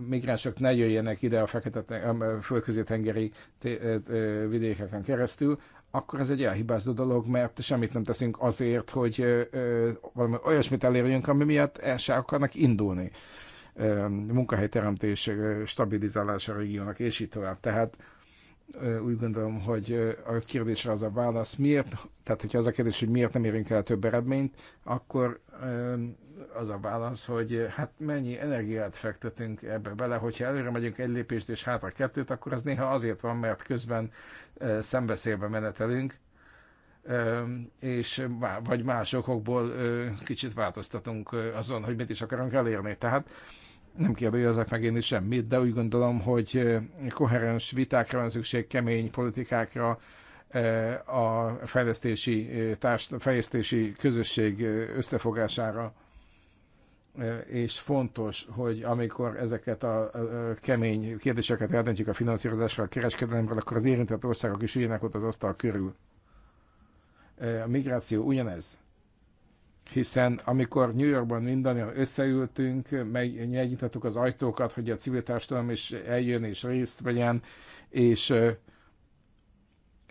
[SPEAKER 1] migránsok ne jöjjenek ide a, fekete, a földközi-tengeri vidékeken keresztül, akkor ez egy elhibázó dolog, mert semmit nem teszünk azért, hogy valami olyasmit elérjünk, ami miatt el se akarnak indulni. munkahelyteremtés, stabilizálása a régiónak, és így tovább. Tehát úgy gondolom, hogy a kérdésre az a válasz, miért, tehát hogyha az a kérdés, hogy miért nem érünk el több eredményt, akkor az a válasz, hogy eh, hát mennyi energiát fektetünk ebbe bele, hogyha előre megyünk egy lépést és hátra kettőt, akkor az néha azért van, mert közben eh, szembeszélbe menetelünk, eh, és vagy más okokból kicsit változtatunk azon, hogy mit is akarunk elérni. Tehát nem kérdőjezek meg én is semmit, de úgy gondolom, hogy koherens vitákra van szükség, kemény politikákra, a fejlesztési, társ, fejlesztési közösség összefogására és fontos, hogy amikor ezeket a kemény kérdéseket eldöntjük a finanszírozásra, a kereskedelemről, akkor az érintett országok is üljenek ott az asztal körül. A migráció ugyanez. Hiszen amikor New Yorkban mindannyian összeültünk, megnyitottuk az ajtókat, hogy a civil társadalom is eljön és részt vegyen, és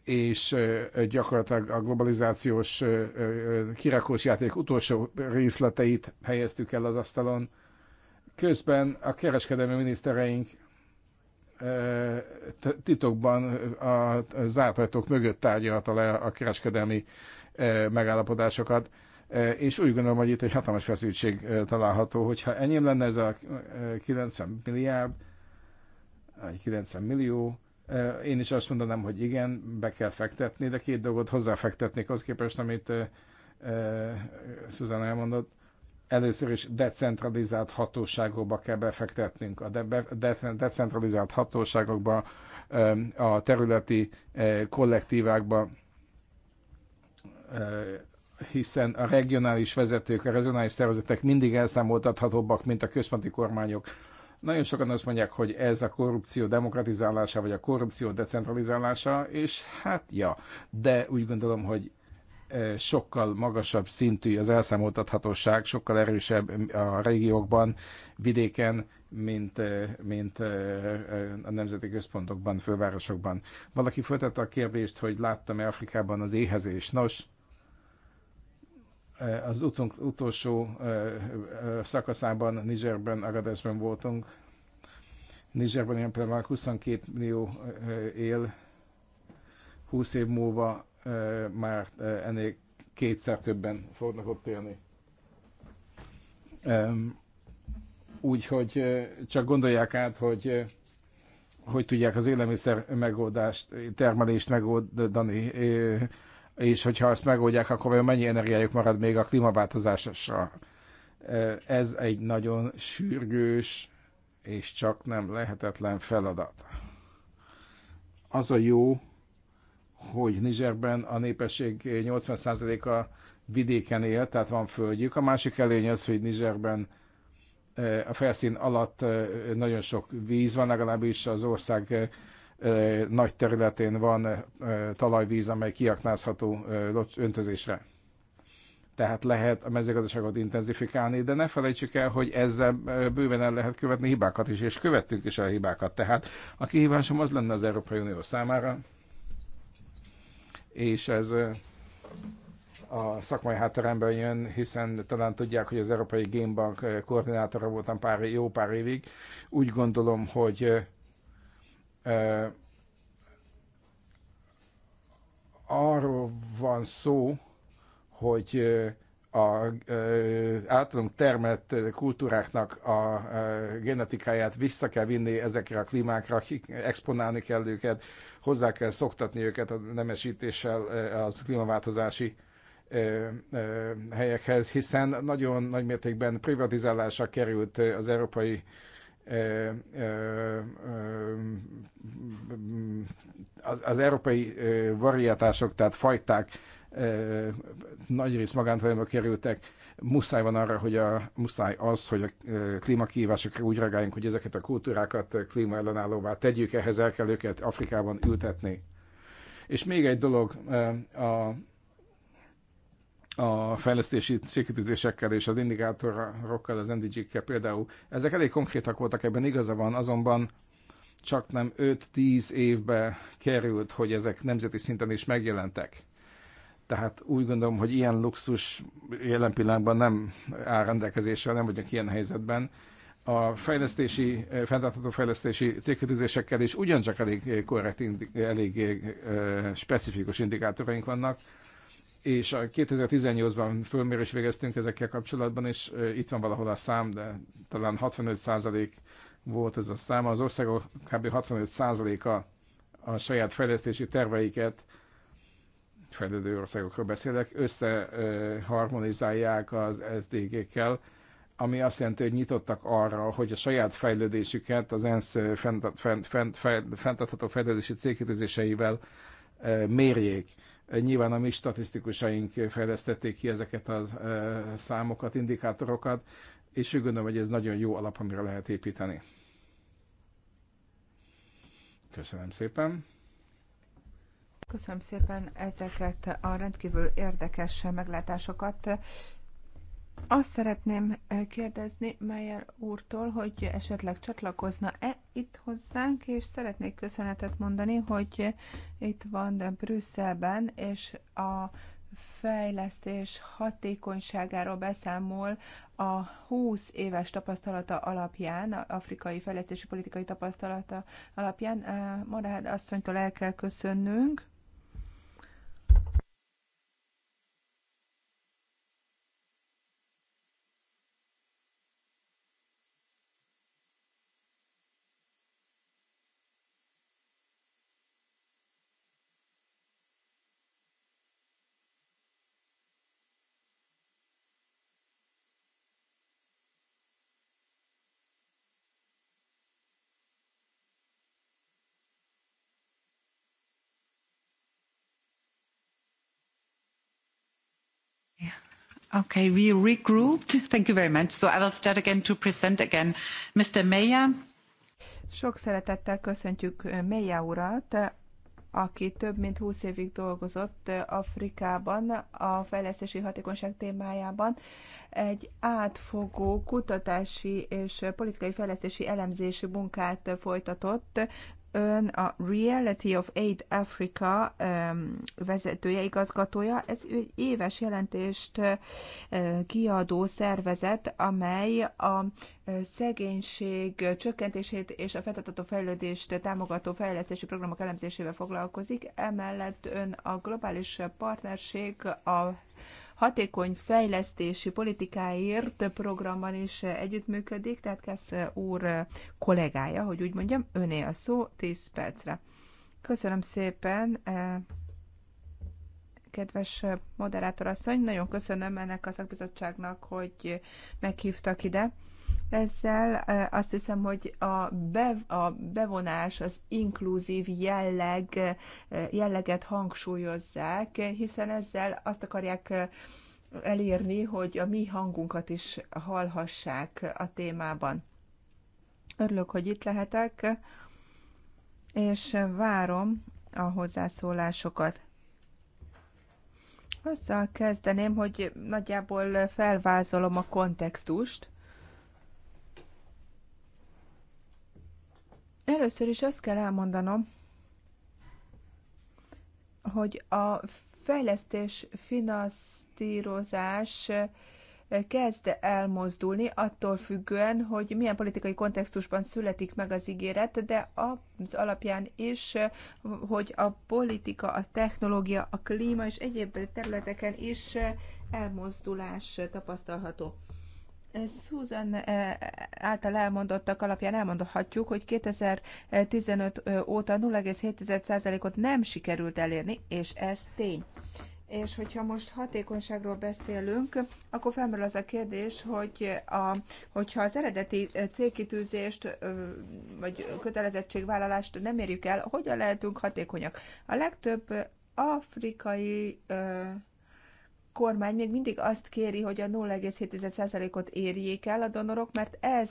[SPEAKER 1] és gyakorlatilag a globalizációs kirakós játék utolsó részleteit helyeztük el az asztalon. Közben a kereskedelmi minisztereink titokban a zárt ajtók mögött tárgyalta le a kereskedelmi megállapodásokat, és úgy gondolom, hogy itt egy hatalmas feszültség található, hogyha enyém lenne ez a 90 milliárd, 90 millió, én is azt mondanám, hogy igen, be kell fektetni, de két dolgot hozzáfektetnék az képest, amit Susan elmondott. Először is decentralizált hatóságokba kell befektetnünk. A decentralizált hatóságokba, a területi kollektívákba, hiszen a regionális vezetők, a regionális szervezetek mindig elszámoltathatóbbak, mint a központi kormányok nagyon sokan azt mondják, hogy ez a korrupció demokratizálása, vagy a korrupció decentralizálása, és hát ja, de úgy gondolom, hogy sokkal magasabb szintű az elszámoltathatóság, sokkal erősebb a régiókban, vidéken, mint, mint a nemzeti központokban, fővárosokban. Valaki föltette a kérdést, hogy láttam-e Afrikában az éhezést. Nos, Eh, az utunk, utolsó eh, eh, szakaszában, Nigerben, Agadesben voltunk. Nigerben ilyen például 22 millió él, 20 év múlva már ennél kétszer többen fognak ott élni. Úgyhogy csak gondolják át, hogy hogy tudják az élelmiszer megoldást, termelést megoldani és hogyha azt megoldják, akkor vajon mennyi energiájuk marad még a klímaváltozásra? Ez egy nagyon sürgős és csak nem lehetetlen feladat. Az a jó, hogy Nizserben a népesség 80%-a vidéken él, tehát van földjük. A másik előny az, hogy Nizserben a felszín alatt nagyon sok víz van, legalábbis az ország nagy területén van talajvíz, amely kiaknázható öntözésre. Tehát lehet a mezőgazdaságot intenzifikálni, de ne felejtsük el, hogy ezzel bőven el lehet követni hibákat is, és követtünk is el hibákat. Tehát a kihívásom az lenne az Európai Unió számára, és ez a szakmai hátteremben jön, hiszen talán tudják, hogy az Európai Gémbank koordinátora voltam pár, jó pár évig. Úgy gondolom, hogy Arról van szó, hogy az általunk termett kultúráknak a genetikáját vissza kell vinni ezekre a klímákra, exponálni kell őket, hozzá kell szoktatni őket a nemesítéssel az klímaváltozási helyekhez, hiszen nagyon nagy mértékben privatizálásra került az európai az, az európai variátások, tehát fajták nagy rész magántulajdonba kerültek. Muszáj van arra, hogy a, muszáj az, hogy a klímakihívásokra úgy reagáljunk, hogy ezeket a kultúrákat klímaellenállóvá tegyük, ehhez el kell őket Afrikában ültetni. És még egy dolog, a a fejlesztési célkitűzésekkel és az indikátorokkal, az NDG-kkel például. Ezek elég konkrétak voltak, ebben igaza van, azonban csak nem 5-10 évbe került, hogy ezek nemzeti szinten is megjelentek. Tehát úgy gondolom, hogy ilyen luxus jelen pillanatban nem áll rendelkezésre, nem vagyok ilyen helyzetben. A fejlesztési, eh, fenntartható fejlesztési célkötőzésekkel is ugyancsak elég korrekt, elég eh, specifikus indikátoraink vannak, és a 2018-ban fölmérés végeztünk ezekkel kapcsolatban, és itt van valahol a szám, de talán 65% volt ez a szám. Az országok kb. 65%-a a saját fejlesztési terveiket, fejlődő országokról beszélek, összeharmonizálják az SDG-kkel, ami azt jelenti, hogy nyitottak arra, hogy a saját fejlődésüket az ENSZ fenntartható fejlődési célkitűzéseivel mérjék Nyilván a mi statisztikusaink fejlesztették ki ezeket a számokat, indikátorokat, és úgy gondolom, hogy ez nagyon jó alap, amire lehet építeni. Köszönöm szépen.
[SPEAKER 2] Köszönöm szépen ezeket a rendkívül érdekes meglátásokat. Azt szeretném kérdezni Meyer úrtól, hogy esetleg csatlakozna-e itt hozzánk, és szeretnék köszönetet mondani, hogy itt van Brüsszelben, és a fejlesztés hatékonyságáról beszámol a 20 éves tapasztalata alapján, a afrikai fejlesztési politikai tapasztalata alapján. Marád asszonytól el kell köszönnünk Okay, we regrouped. Thank you very much. So I will start again to present again Mr. Meyer. Sok szeretettel köszöntjük eh, Meyer urat, aki több mint 20 évig dolgozott eh, Afrikában a fejlesztési hatékonyság témájában. Egy átfogó kutatási és politikai fejlesztési elemzési munkát folytatott ön a Reality of Aid Africa vezetője, igazgatója. Ez egy éves jelentést kiadó szervezet, amely a szegénység csökkentését és a fenntartható fejlődést támogató fejlesztési programok elemzésével foglalkozik. Emellett ön a globális partnerség, a hatékony fejlesztési politikáért programban is együttműködik, tehát Kesz úr kollégája, hogy úgy mondjam, öné a szó 10 percre. Köszönöm szépen, eh, kedves moderátorasszony, nagyon köszönöm ennek a szakbizottságnak, hogy meghívtak ide. Ezzel azt hiszem, hogy a, be, a bevonás, az inkluzív jelleg, jelleget hangsúlyozzák, hiszen ezzel azt akarják elérni, hogy a mi hangunkat is hallhassák a témában. Örülök, hogy itt lehetek, és várom a hozzászólásokat. Azzal kezdeném, hogy nagyjából felvázolom a kontextust. Először is azt kell elmondanom, hogy a fejlesztés finanszírozás kezd elmozdulni, attól függően, hogy milyen politikai kontextusban születik meg az ígéret, de az alapján is, hogy a politika, a technológia, a klíma és egyéb területeken is elmozdulás tapasztalható. Susan eh, által elmondottak alapján elmondhatjuk, hogy 2015 eh, óta 0,7%-ot nem sikerült elérni, és ez tény. És hogyha most hatékonyságról beszélünk, akkor felmerül az a kérdés, hogy a, hogyha az eredeti eh, célkitűzést vagy kötelezettségvállalást nem érjük el, hogyan lehetünk hatékonyak? A legtöbb afrikai kormány még mindig azt kéri, hogy a 0,7%-ot érjék el a donorok, mert ez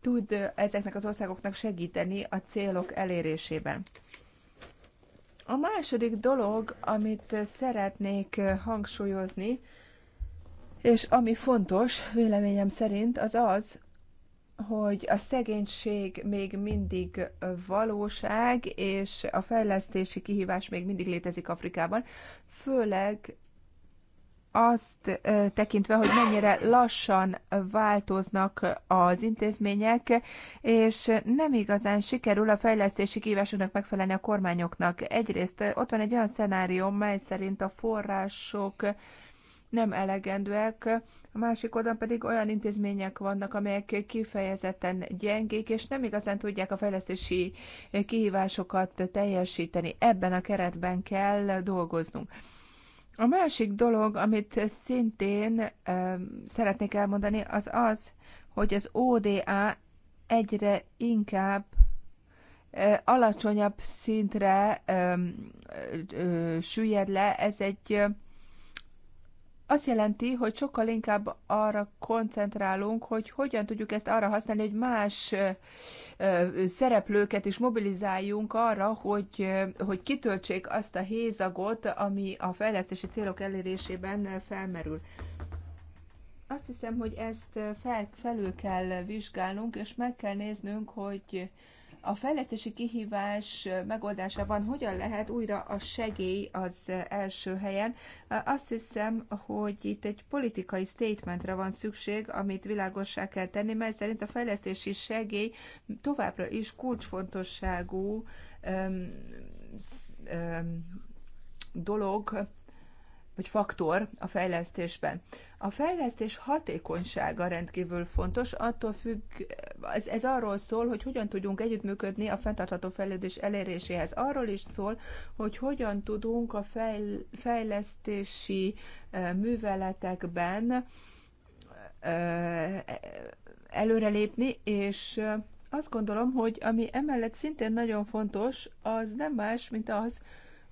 [SPEAKER 2] tud ezeknek az országoknak segíteni a célok elérésében. A második dolog, amit szeretnék hangsúlyozni, és ami fontos véleményem szerint, az az, hogy a szegénység még mindig valóság, és a fejlesztési kihívás még mindig létezik Afrikában, főleg azt tekintve, hogy mennyire lassan változnak az intézmények, és nem igazán sikerül a fejlesztési kívásoknak megfelelni a kormányoknak. Egyrészt ott van egy olyan szenárió, mely szerint a források nem elegendőek, a másik oldalon pedig olyan intézmények vannak, amelyek kifejezetten gyengék, és nem igazán tudják a fejlesztési kihívásokat teljesíteni. Ebben a keretben kell dolgoznunk. A másik dolog, amit szintén szeretnék elmondani, az az, hogy az ODA egyre inkább e, alacsonyabb szintre süllyed le. Ez egy azt jelenti, hogy sokkal inkább arra koncentrálunk, hogy hogyan tudjuk ezt arra használni, hogy más szereplőket is mobilizáljunk arra, hogy, hogy kitöltsék azt a hézagot, ami a fejlesztési célok elérésében felmerül. Azt hiszem, hogy ezt fel, felül kell vizsgálnunk, és meg kell néznünk, hogy a fejlesztési kihívás megoldásában hogyan lehet újra a segély az első helyen? Azt hiszem, hogy itt egy politikai statementre van szükség, amit világossá kell tenni, mert szerint a fejlesztési segély továbbra is kulcsfontosságú dolog vagy faktor a fejlesztésben. A fejlesztés hatékonysága rendkívül fontos, attól függ, ez, ez arról szól, hogy hogyan tudjunk együttműködni a fenntartható fejlődés eléréséhez. Arról is szól, hogy hogyan tudunk a fejl, fejlesztési műveletekben e, előrelépni, és azt gondolom, hogy ami emellett szintén nagyon fontos, az nem más, mint az,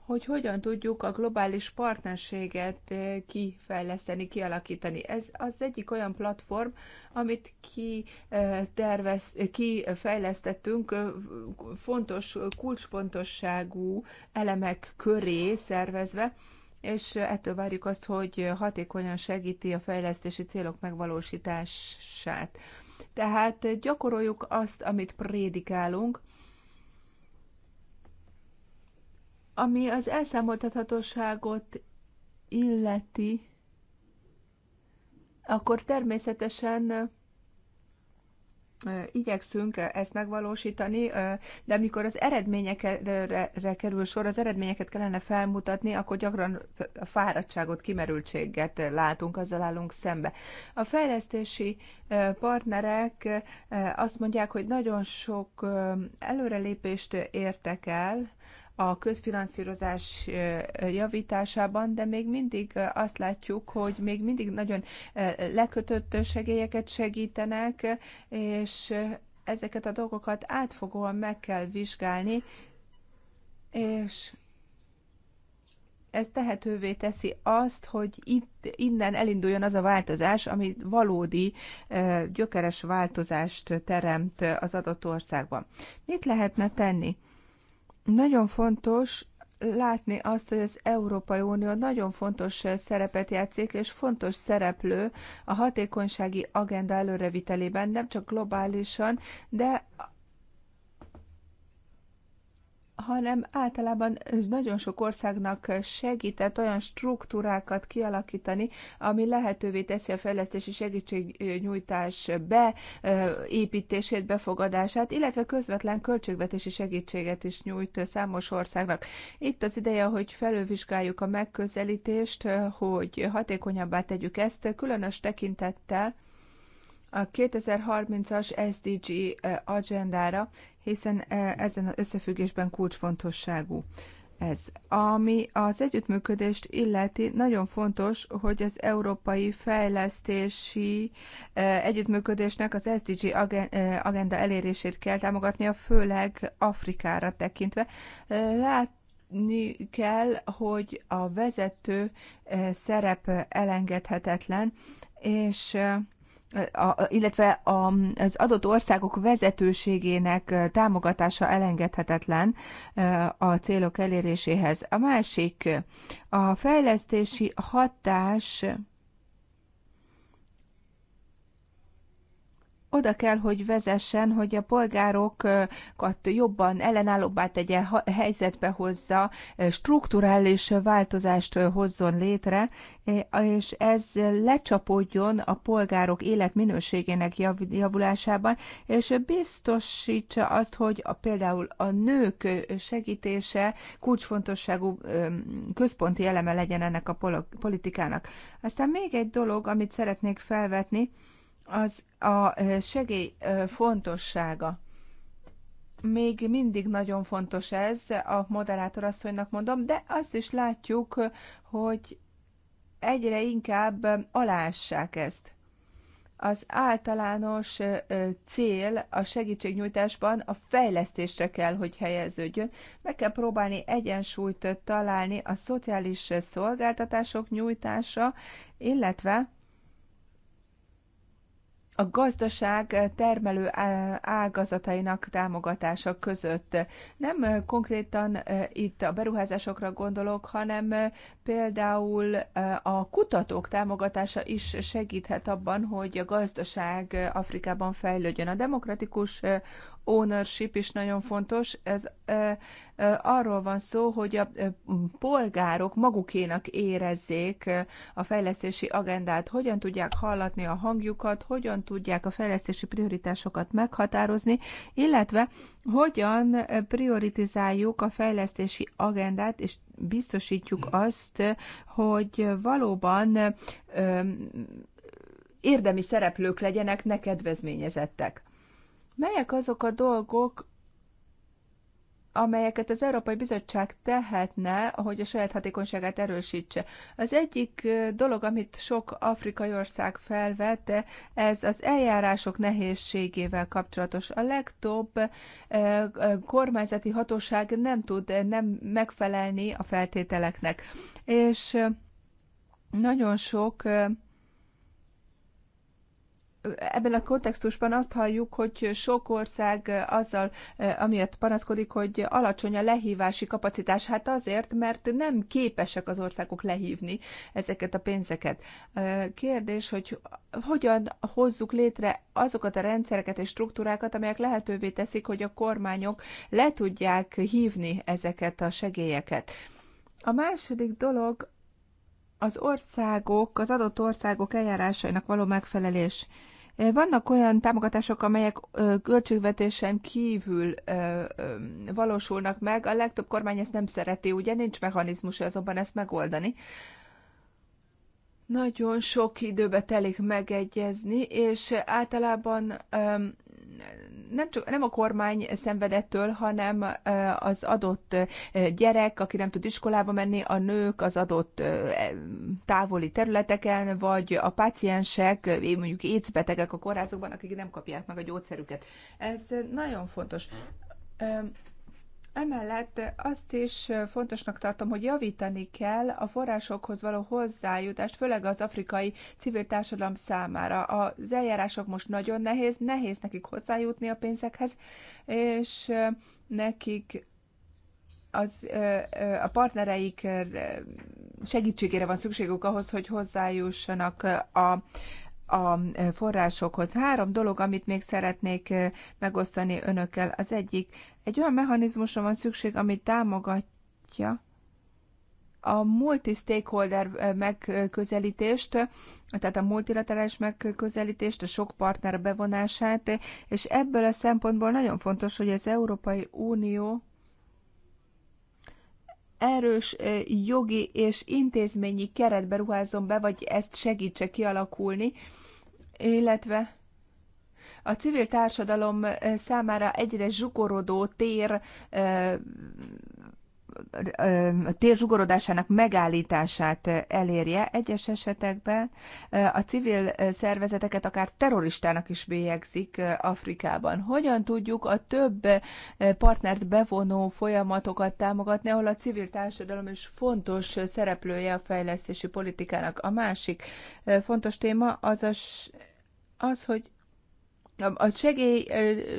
[SPEAKER 2] hogy hogyan tudjuk a globális partnerséget eh, kifejleszteni, kialakítani. Ez az egyik olyan platform, amit ki eh, tervez, eh, kifejlesztettünk fontos, kulcsfontosságú elemek köré szervezve, és ettől várjuk azt, hogy hatékonyan segíti a fejlesztési célok megvalósítását. Tehát gyakoroljuk azt, amit prédikálunk, Ami az elszámoltathatóságot illeti, akkor természetesen igyekszünk ezt megvalósítani, de amikor az eredményekre kerül sor, az eredményeket kellene felmutatni, akkor gyakran a fáradtságot, kimerültséget látunk, azzal állunk szembe. A fejlesztési partnerek azt mondják, hogy nagyon sok előrelépést értek el, a közfinanszírozás javításában, de még mindig azt látjuk, hogy még mindig nagyon lekötött segélyeket segítenek, és ezeket a dolgokat átfogóan meg kell vizsgálni, és ez tehetővé teszi azt, hogy itt, innen elinduljon az a változás, ami valódi, gyökeres változást teremt az adott országban. Mit lehetne tenni? Nagyon fontos látni azt, hogy az Európai Unió nagyon fontos szerepet játszik, és fontos szereplő a hatékonysági agenda előrevitelében, nem csak globálisan, de hanem általában nagyon sok országnak segített olyan struktúrákat kialakítani, ami lehetővé teszi a fejlesztési segítségnyújtás beépítését, befogadását, illetve közvetlen költségvetési segítséget is nyújt számos országnak. Itt az ideje, hogy felülvizsgáljuk a megközelítést, hogy hatékonyabbá tegyük ezt, különös tekintettel a 2030-as SDG agendára, hiszen e, ezen az összefüggésben kulcsfontosságú ez. Ami az együttműködést illeti, nagyon fontos, hogy az európai fejlesztési e, együttműködésnek az SDG e, agenda elérését kell támogatnia, főleg Afrikára tekintve. Lát kell, hogy a vezető szerep elengedhetetlen, és a, illetve a, az adott országok vezetőségének támogatása elengedhetetlen a célok eléréséhez. A másik, a fejlesztési hatás oda kell, hogy vezessen, hogy a polgárokat jobban ellenállóbbá tegye, helyzetbe hozza, strukturális változást hozzon létre, és ez lecsapódjon a polgárok életminőségének javulásában, és biztosítsa azt, hogy a, például a nők segítése kulcsfontosságú központi eleme legyen ennek a politikának. Aztán még egy dolog, amit szeretnék felvetni, az a segély fontossága. Még mindig nagyon fontos ez, a moderátor asszonynak mondom, de azt is látjuk, hogy egyre inkább alássák ezt. Az általános cél a segítségnyújtásban a fejlesztésre kell, hogy helyeződjön. Meg kell próbálni egyensúlyt találni a szociális szolgáltatások nyújtása, illetve a gazdaság termelő ágazatainak támogatása között. Nem konkrétan itt a beruházásokra gondolok, hanem például a kutatók támogatása is segíthet abban, hogy a gazdaság Afrikában fejlődjön. A demokratikus ownership is nagyon fontos. Ez e, e, arról van szó, hogy a e, polgárok magukénak érezzék a fejlesztési agendát, hogyan tudják hallatni a hangjukat, hogyan tudják a fejlesztési prioritásokat meghatározni, illetve hogyan prioritizáljuk a fejlesztési agendát, és biztosítjuk azt, hogy valóban érdemi szereplők legyenek, ne kedvezményezettek. Melyek azok a dolgok, amelyeket az Európai Bizottság tehetne, hogy a saját hatékonyságát erősítse. Az egyik dolog, amit sok afrikai ország felvette, ez az eljárások nehézségével kapcsolatos. A legtöbb kormányzati hatóság nem tud nem megfelelni a feltételeknek. És nagyon sok ebben a kontextusban azt halljuk, hogy sok ország azzal, amiatt panaszkodik, hogy alacsony a lehívási kapacitás. Hát azért, mert nem képesek az országok lehívni ezeket a pénzeket. Kérdés, hogy hogyan hozzuk létre azokat a rendszereket és struktúrákat, amelyek lehetővé teszik, hogy a kormányok le tudják hívni ezeket a segélyeket. A második dolog az országok, az adott országok eljárásainak való megfelelés. Vannak olyan támogatások, amelyek költségvetésen kívül valósulnak meg. A legtöbb kormány ezt nem szereti, ugye nincs mechanizmus azonban ezt megoldani. Nagyon sok időbe telik megegyezni, és általában nem, csak, nem a kormány szenvedettől, hanem az adott gyerek, aki nem tud iskolába menni, a nők az adott e, távoli területeken, vagy a páciensek, mondjuk étszbetegek a kórházokban, akik nem kapják meg a gyógyszerüket. Ez nagyon fontos. Emellett azt is fontosnak tartom, hogy javítani kell a forrásokhoz való hozzájutást, főleg az afrikai civil társadalom számára. Az eljárások most nagyon nehéz, nehéz nekik hozzájutni a pénzekhez, és nekik az, a partnereik segítségére van szükségük ahhoz, hogy hozzájussanak a, a forrásokhoz. Három dolog, amit még szeretnék megosztani önökkel. Az egyik egy olyan mechanizmusra van szükség, ami támogatja a multi-stakeholder megközelítést, tehát a multilaterális megközelítést, a sok partner bevonását, és ebből a szempontból nagyon fontos, hogy az Európai Unió erős jogi és intézményi keretbe ruházzon be, vagy ezt segítse kialakulni, illetve a civil társadalom számára egyre zsugorodó tér a tér zsugorodásának megállítását elérje. Egyes esetekben a civil szervezeteket akár terroristának is bélyegzik Afrikában. Hogyan tudjuk a több partnert bevonó folyamatokat támogatni, ahol a civil társadalom is fontos szereplője a fejlesztési politikának? A másik fontos téma az, a, az hogy a segély,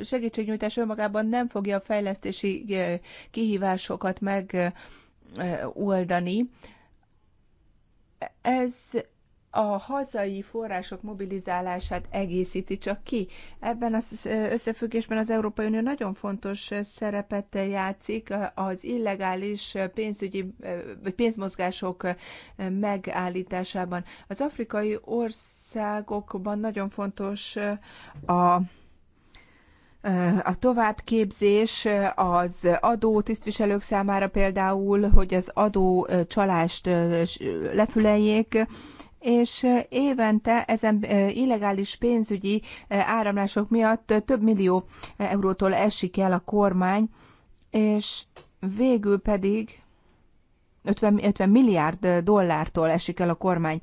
[SPEAKER 2] segítségnyújtás önmagában nem fogja a fejlesztési kihívásokat megoldani. Ez a hazai források mobilizálását egészíti csak ki. Ebben az összefüggésben az Európai Unió nagyon fontos szerepet játszik az illegális pénzügyi, pénzmozgások megállításában. Az afrikai ország országokban nagyon fontos a a továbbképzés az adó tisztviselők számára például, hogy az adó csalást lefüleljék, és évente ezen illegális pénzügyi áramlások miatt több millió eurótól esik el a kormány, és végül pedig 50, 50 milliárd dollártól esik el a kormány.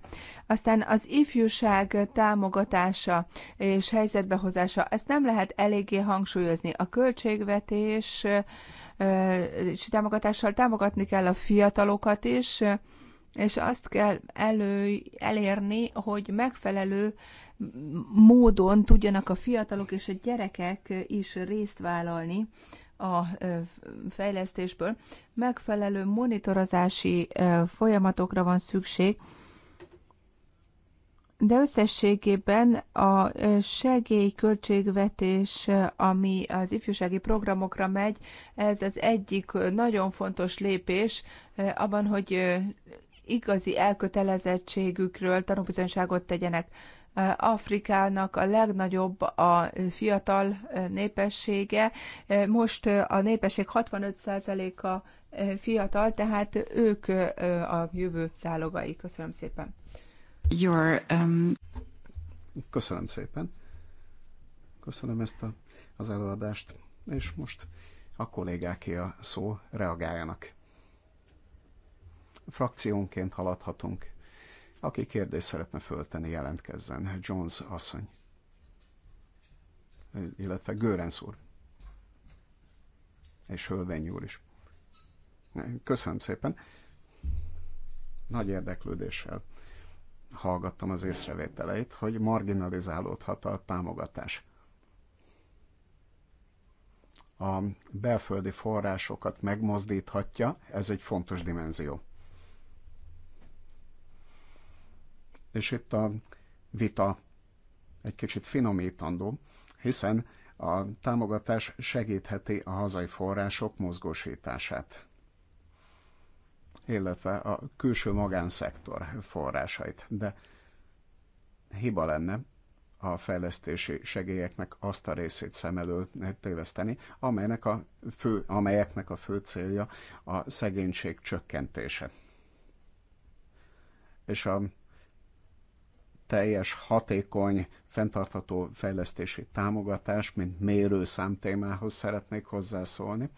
[SPEAKER 2] Aztán az ifjúság támogatása és helyzetbehozása, ezt nem lehet eléggé hangsúlyozni. A költségvetés és támogatással támogatni kell a fiatalokat is, és azt kell elő, elérni, hogy megfelelő módon tudjanak a fiatalok és a gyerekek is részt vállalni a fejlesztésből. Megfelelő monitorozási folyamatokra van szükség, de összességében a segélyköltségvetés, ami az ifjúsági programokra megy, ez az egyik nagyon fontos lépés abban, hogy igazi elkötelezettségükről tanúbizonyságot tegyenek. Afrikának a legnagyobb a fiatal népessége. Most a népesség 65%-a fiatal, tehát ők a jövő zálogai. Köszönöm szépen
[SPEAKER 3] your... Um... Köszönöm szépen. Köszönöm ezt a, az előadást. És most a kollégáké a szó, reagáljanak. Frakciónként haladhatunk. Aki kérdést szeretne föltenni, jelentkezzen. Jones asszony. Illetve Görenc úr. És Hölvény úr is. Köszönöm szépen. Nagy érdeklődéssel hallgattam az észrevételeit, hogy marginalizálódhat a támogatás. A belföldi forrásokat megmozdíthatja, ez egy fontos dimenzió. És itt a vita egy kicsit finomítandó, hiszen a támogatás segítheti a hazai források mozgósítását illetve a külső magánszektor forrásait. De hiba lenne a fejlesztési segélyeknek azt a részét szem elől téveszteni, amelynek a fő, amelyeknek a fő célja a szegénység csökkentése. És a teljes, hatékony, fenntartható fejlesztési támogatás, mint mérőszám témához szeretnék hozzászólni.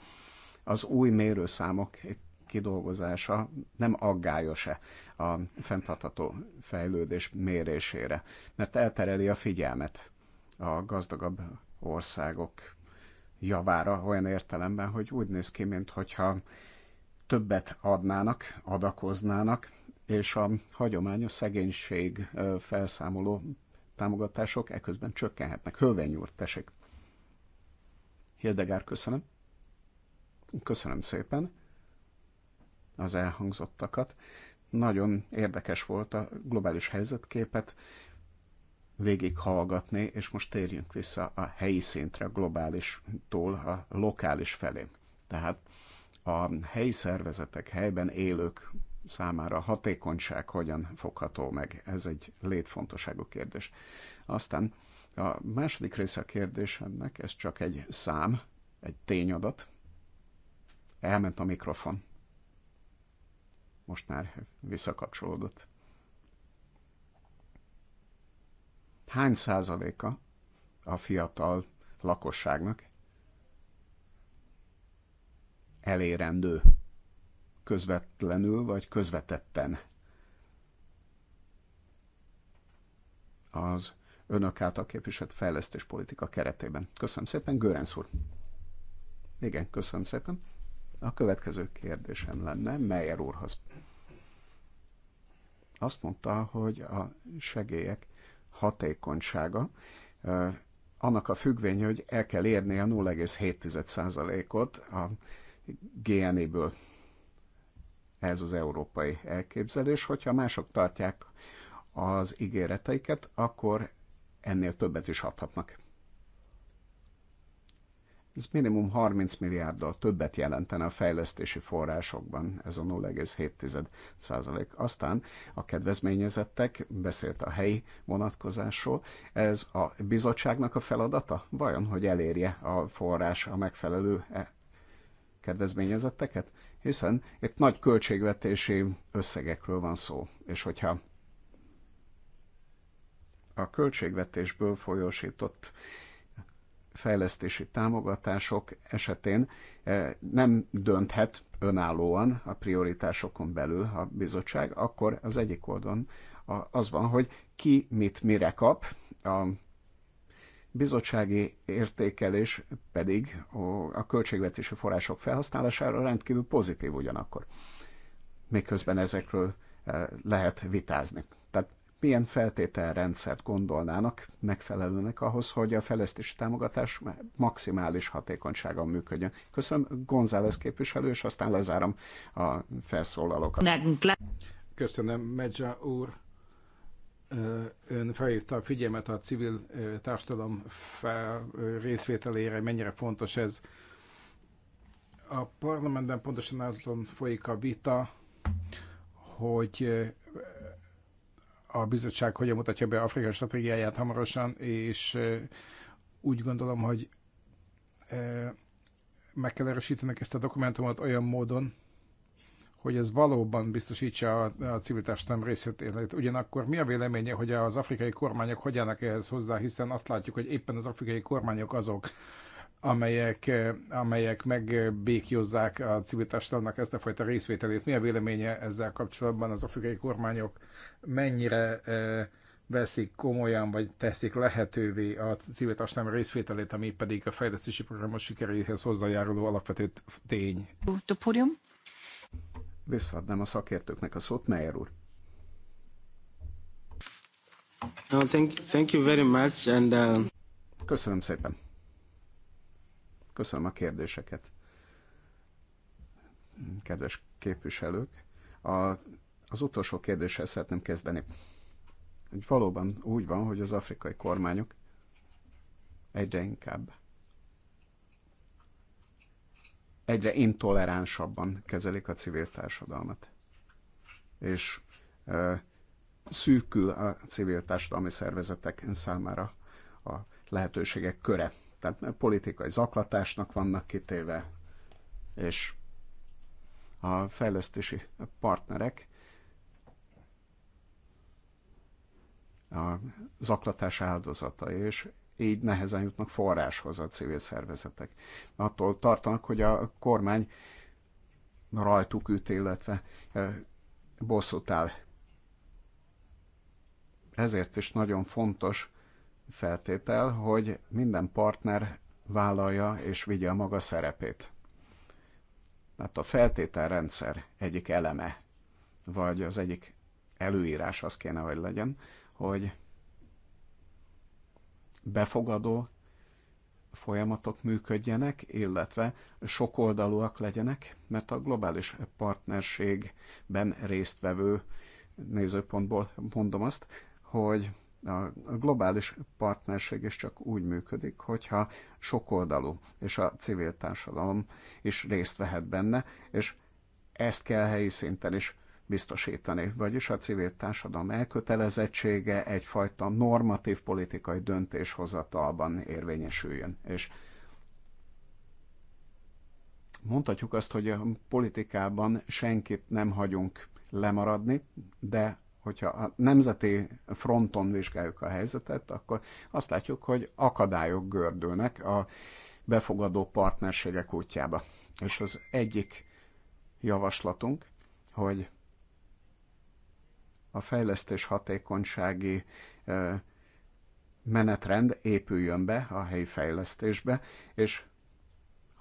[SPEAKER 3] Az új mérőszámok kidolgozása nem aggályos-e a fenntartható fejlődés mérésére, mert eltereli a figyelmet a gazdagabb országok javára olyan értelemben, hogy úgy néz ki, mintha többet adnának, adakoznának, és a hagyományos szegénység felszámoló támogatások eközben csökkenhetnek. Hölvény úr, tessék! Hildegár, köszönöm. Köszönöm szépen az elhangzottakat. Nagyon érdekes volt a globális helyzetképet végighallgatni, és most térjünk vissza a helyi szintre, globálistól a lokális felé. Tehát a helyi szervezetek, helyben élők számára a hatékonyság hogyan fogható meg? Ez egy létfontosságú kérdés. Aztán a második része a kérdésednek, ez csak egy szám, egy tényadat. Elment a mikrofon most már visszakapcsolódott. Hány százaléka a fiatal lakosságnak elérendő közvetlenül vagy közvetetten az önök által képviselt fejlesztéspolitika keretében. Köszönöm szépen, Görenc úr. Igen, köszönöm szépen. A következő kérdésem lenne Meyer úrhoz. Azt mondta, hogy a segélyek hatékonysága annak a függvénye, hogy el kell érni a 0,7%-ot a GNI-ből. Ez az európai elképzelés, hogyha mások tartják az ígéreteiket, akkor ennél többet is adhatnak. Ez minimum 30 milliárddal többet jelentene a fejlesztési forrásokban, ez a 0,7 százalék. Aztán a kedvezményezettek, beszélt a helyi vonatkozásról, ez a bizottságnak a feladata? Vajon, hogy elérje a forrás a megfelelő -e kedvezményezetteket? Hiszen itt nagy költségvetési összegekről van szó, és hogyha a költségvetésből folyósított fejlesztési támogatások esetén eh, nem dönthet önállóan a prioritásokon belül a bizottság, akkor az egyik oldalon az van, hogy ki mit mire kap, a bizottsági értékelés pedig a költségvetési források felhasználására rendkívül pozitív ugyanakkor. Miközben ezekről eh, lehet vitázni milyen feltételrendszert gondolnának megfelelőnek ahhoz, hogy a fejlesztési támogatás maximális hatékonysága működjön. Köszönöm, González képviselő, és aztán lezárom a felszólalókat. Köszönöm, Medzsa úr.
[SPEAKER 1] Ön felhívta a figyelmet a civil társadalom fel részvételére, mennyire fontos ez. A parlamentben pontosan azon folyik a vita, hogy a bizottság hogyan mutatja be Afrika stratégiáját hamarosan, és úgy gondolom, hogy meg kell erősítenek ezt a dokumentumot olyan módon, hogy ez valóban biztosítsa a, a civil társadalom részvételét. Ugyanakkor mi a véleménye, hogy az afrikai kormányok hogyanak ehhez hozzá, hiszen azt látjuk, hogy éppen az afrikai kormányok azok, amelyek, eh, amelyek megbékjozzák a civil társadalomnak ezt a fajta részvételét. Mi a véleménye ezzel kapcsolatban az afrikai kormányok mennyire eh, veszik komolyan, vagy teszik lehetővé a civil társadalom
[SPEAKER 3] részvételét, ami pedig a fejlesztési programok sikeréhez hozzájáruló alapvető tény. Podium. Visszaadnám a szakértőknek a szót, Meyer úr. No, thank, thank you very much, and, uh... Köszönöm szépen. Köszönöm a kérdéseket. Kedves képviselők, a, az utolsó kérdéssel szeretném kezdeni. Hogy valóban úgy van, hogy az afrikai kormányok egyre inkább egyre intoleránsabban kezelik a civil társadalmat. És e, szűkül a civil társadalmi szervezetek számára a lehetőségek köre tehát politikai zaklatásnak vannak kitéve, és a fejlesztési partnerek a zaklatás áldozatai, és így nehezen jutnak forráshoz a civil szervezetek. Attól tartanak, hogy a kormány rajtuk üt, illetve bosszút áll. Ezért is nagyon fontos feltétel, hogy minden partner vállalja és vigye a maga szerepét. Tehát a feltételrendszer egyik eleme, vagy az egyik előírás az kéne, hogy legyen, hogy befogadó folyamatok működjenek, illetve sokoldalúak legyenek, mert a globális partnerségben résztvevő nézőpontból mondom azt, hogy a globális partnerség is csak úgy működik, hogyha sokoldalú, és a civil társadalom is részt vehet benne, és ezt kell helyi szinten is biztosítani. Vagyis a civil társadalom elkötelezettsége egyfajta normatív politikai döntéshozatalban érvényesüljön. És mondhatjuk azt, hogy a politikában senkit nem hagyunk lemaradni, de hogyha a nemzeti fronton vizsgáljuk a helyzetet, akkor azt látjuk, hogy akadályok gördülnek a befogadó partnerségek útjába. És az egyik javaslatunk, hogy a fejlesztés hatékonysági menetrend épüljön be a helyi fejlesztésbe, és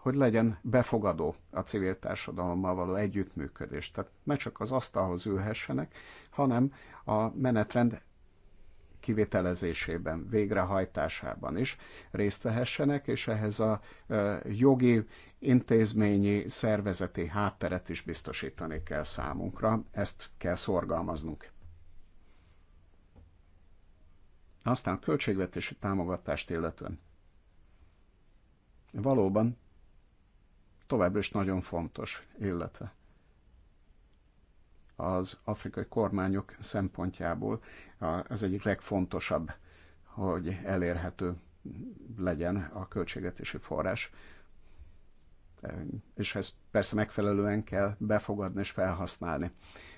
[SPEAKER 3] hogy legyen befogadó a civil társadalommal való együttműködés. Tehát ne csak az asztalhoz ülhessenek, hanem a menetrend kivitelezésében, végrehajtásában is részt vehessenek, és ehhez a jogi, intézményi, szervezeti hátteret is biztosítani kell számunkra, ezt kell szorgalmaznunk. Aztán a költségvetési támogatást illetően. Valóban továbbra is nagyon fontos, illetve az afrikai kormányok szempontjából az egyik legfontosabb, hogy elérhető legyen a költségvetési forrás. E, és ezt persze megfelelően kell befogadni és felhasználni.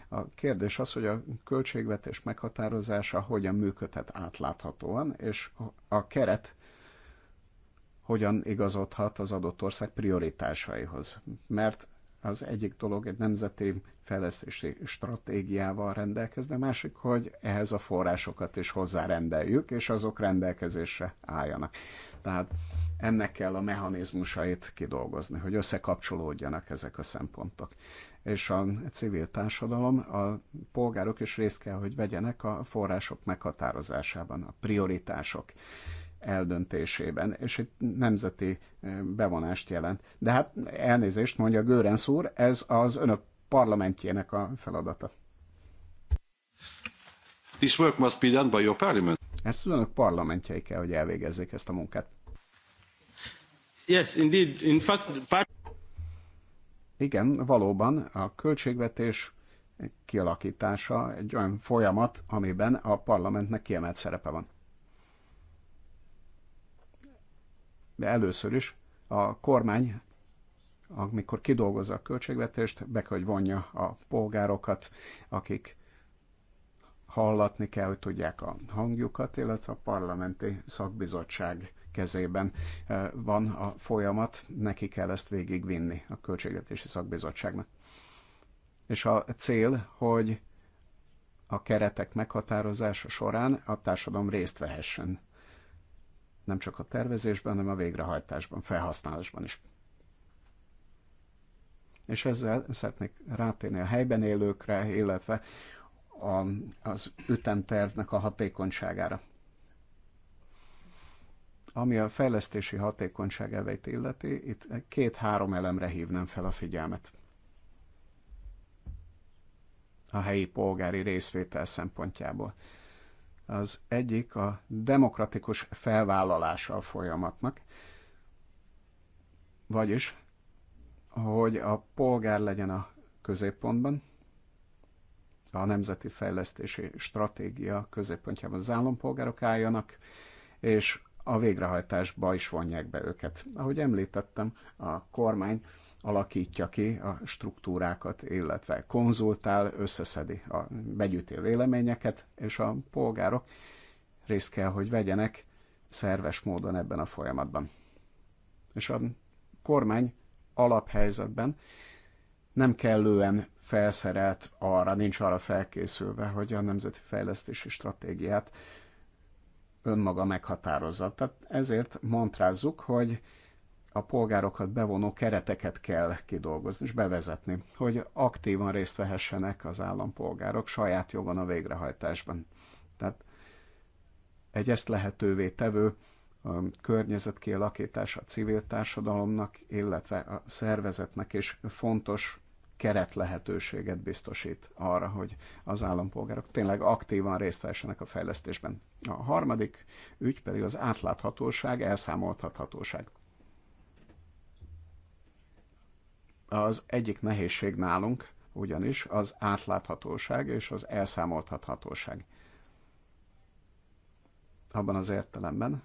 [SPEAKER 3] A kérdés az, hogy a költségvetés meghatározása hogyan működhet átláthatóan, és a keret hogyan igazodhat az adott ország prioritásaihoz. Mert az egyik dolog egy nemzeti fejlesztési stratégiával rendelkezne, másik, hogy ehhez a forrásokat is hozzárendeljük, és azok rendelkezésre álljanak. Tehát ennek kell a mechanizmusait kidolgozni, hogy összekapcsolódjanak ezek a szempontok. És a civil társadalom, a polgárok is részt kell, hogy vegyenek a források meghatározásában, a prioritások eldöntésében, és itt nemzeti eh, bevonást jelent. De hát elnézést mondja Görenc úr, ez az önök parlamentjének a feladata.
[SPEAKER 1] This work must be done by your parliament.
[SPEAKER 3] Ezt az önök parlamentjei kell, hogy elvégezzék ezt a munkát. Yes, indeed. In
[SPEAKER 1] fact, part...
[SPEAKER 3] Igen, valóban a költségvetés kialakítása egy olyan folyamat, amiben a parlamentnek kiemelt szerepe van. De először is a kormány, amikor kidolgozza a költségvetést, be kell, hogy vonja a polgárokat, akik hallatni kell, hogy tudják a hangjukat, illetve a parlamenti szakbizottság kezében eh, van a folyamat, neki kell ezt végigvinni a Költségvetési Szakbizottságnak. És a cél, hogy a keretek meghatározása során a társadalom részt vehessen nem csak a tervezésben, hanem a végrehajtásban, felhasználásban is. És ezzel szeretnék rátérni a helyben élőkre, illetve a, az ütemtervnek a hatékonyságára. Ami a fejlesztési hatékonyság elveit illeti, itt két-három elemre hívnám fel a figyelmet. A helyi polgári részvétel szempontjából az egyik a demokratikus felvállalása a folyamatnak, vagyis, hogy a polgár legyen a középpontban, a nemzeti fejlesztési stratégia középpontjában az állampolgárok álljanak, és a végrehajtásba is vonják be őket. Ahogy említettem, a kormány alakítja ki a struktúrákat, illetve konzultál, összeszedi, a, begyűjtő véleményeket, és a polgárok részt kell, hogy vegyenek szerves módon ebben a folyamatban. És a kormány alaphelyzetben nem kellően felszerelt arra, nincs arra felkészülve, hogy a nemzeti fejlesztési stratégiát önmaga meghatározza. Tehát ezért mantrázzuk, hogy a polgárokat bevonó kereteket kell kidolgozni és bevezetni, hogy aktívan részt vehessenek az állampolgárok saját jogon a végrehajtásban. Tehát egy ezt lehetővé tevő környezet kialakítása a civil társadalomnak, illetve a szervezetnek is fontos keret lehetőséget biztosít arra, hogy az állampolgárok tényleg aktívan részt vehessenek a fejlesztésben. A harmadik ügy pedig az átláthatóság, elszámoltathatóság. Az egyik nehézség nálunk ugyanis az átláthatóság és az elszámoltathatóság. Abban az értelemben,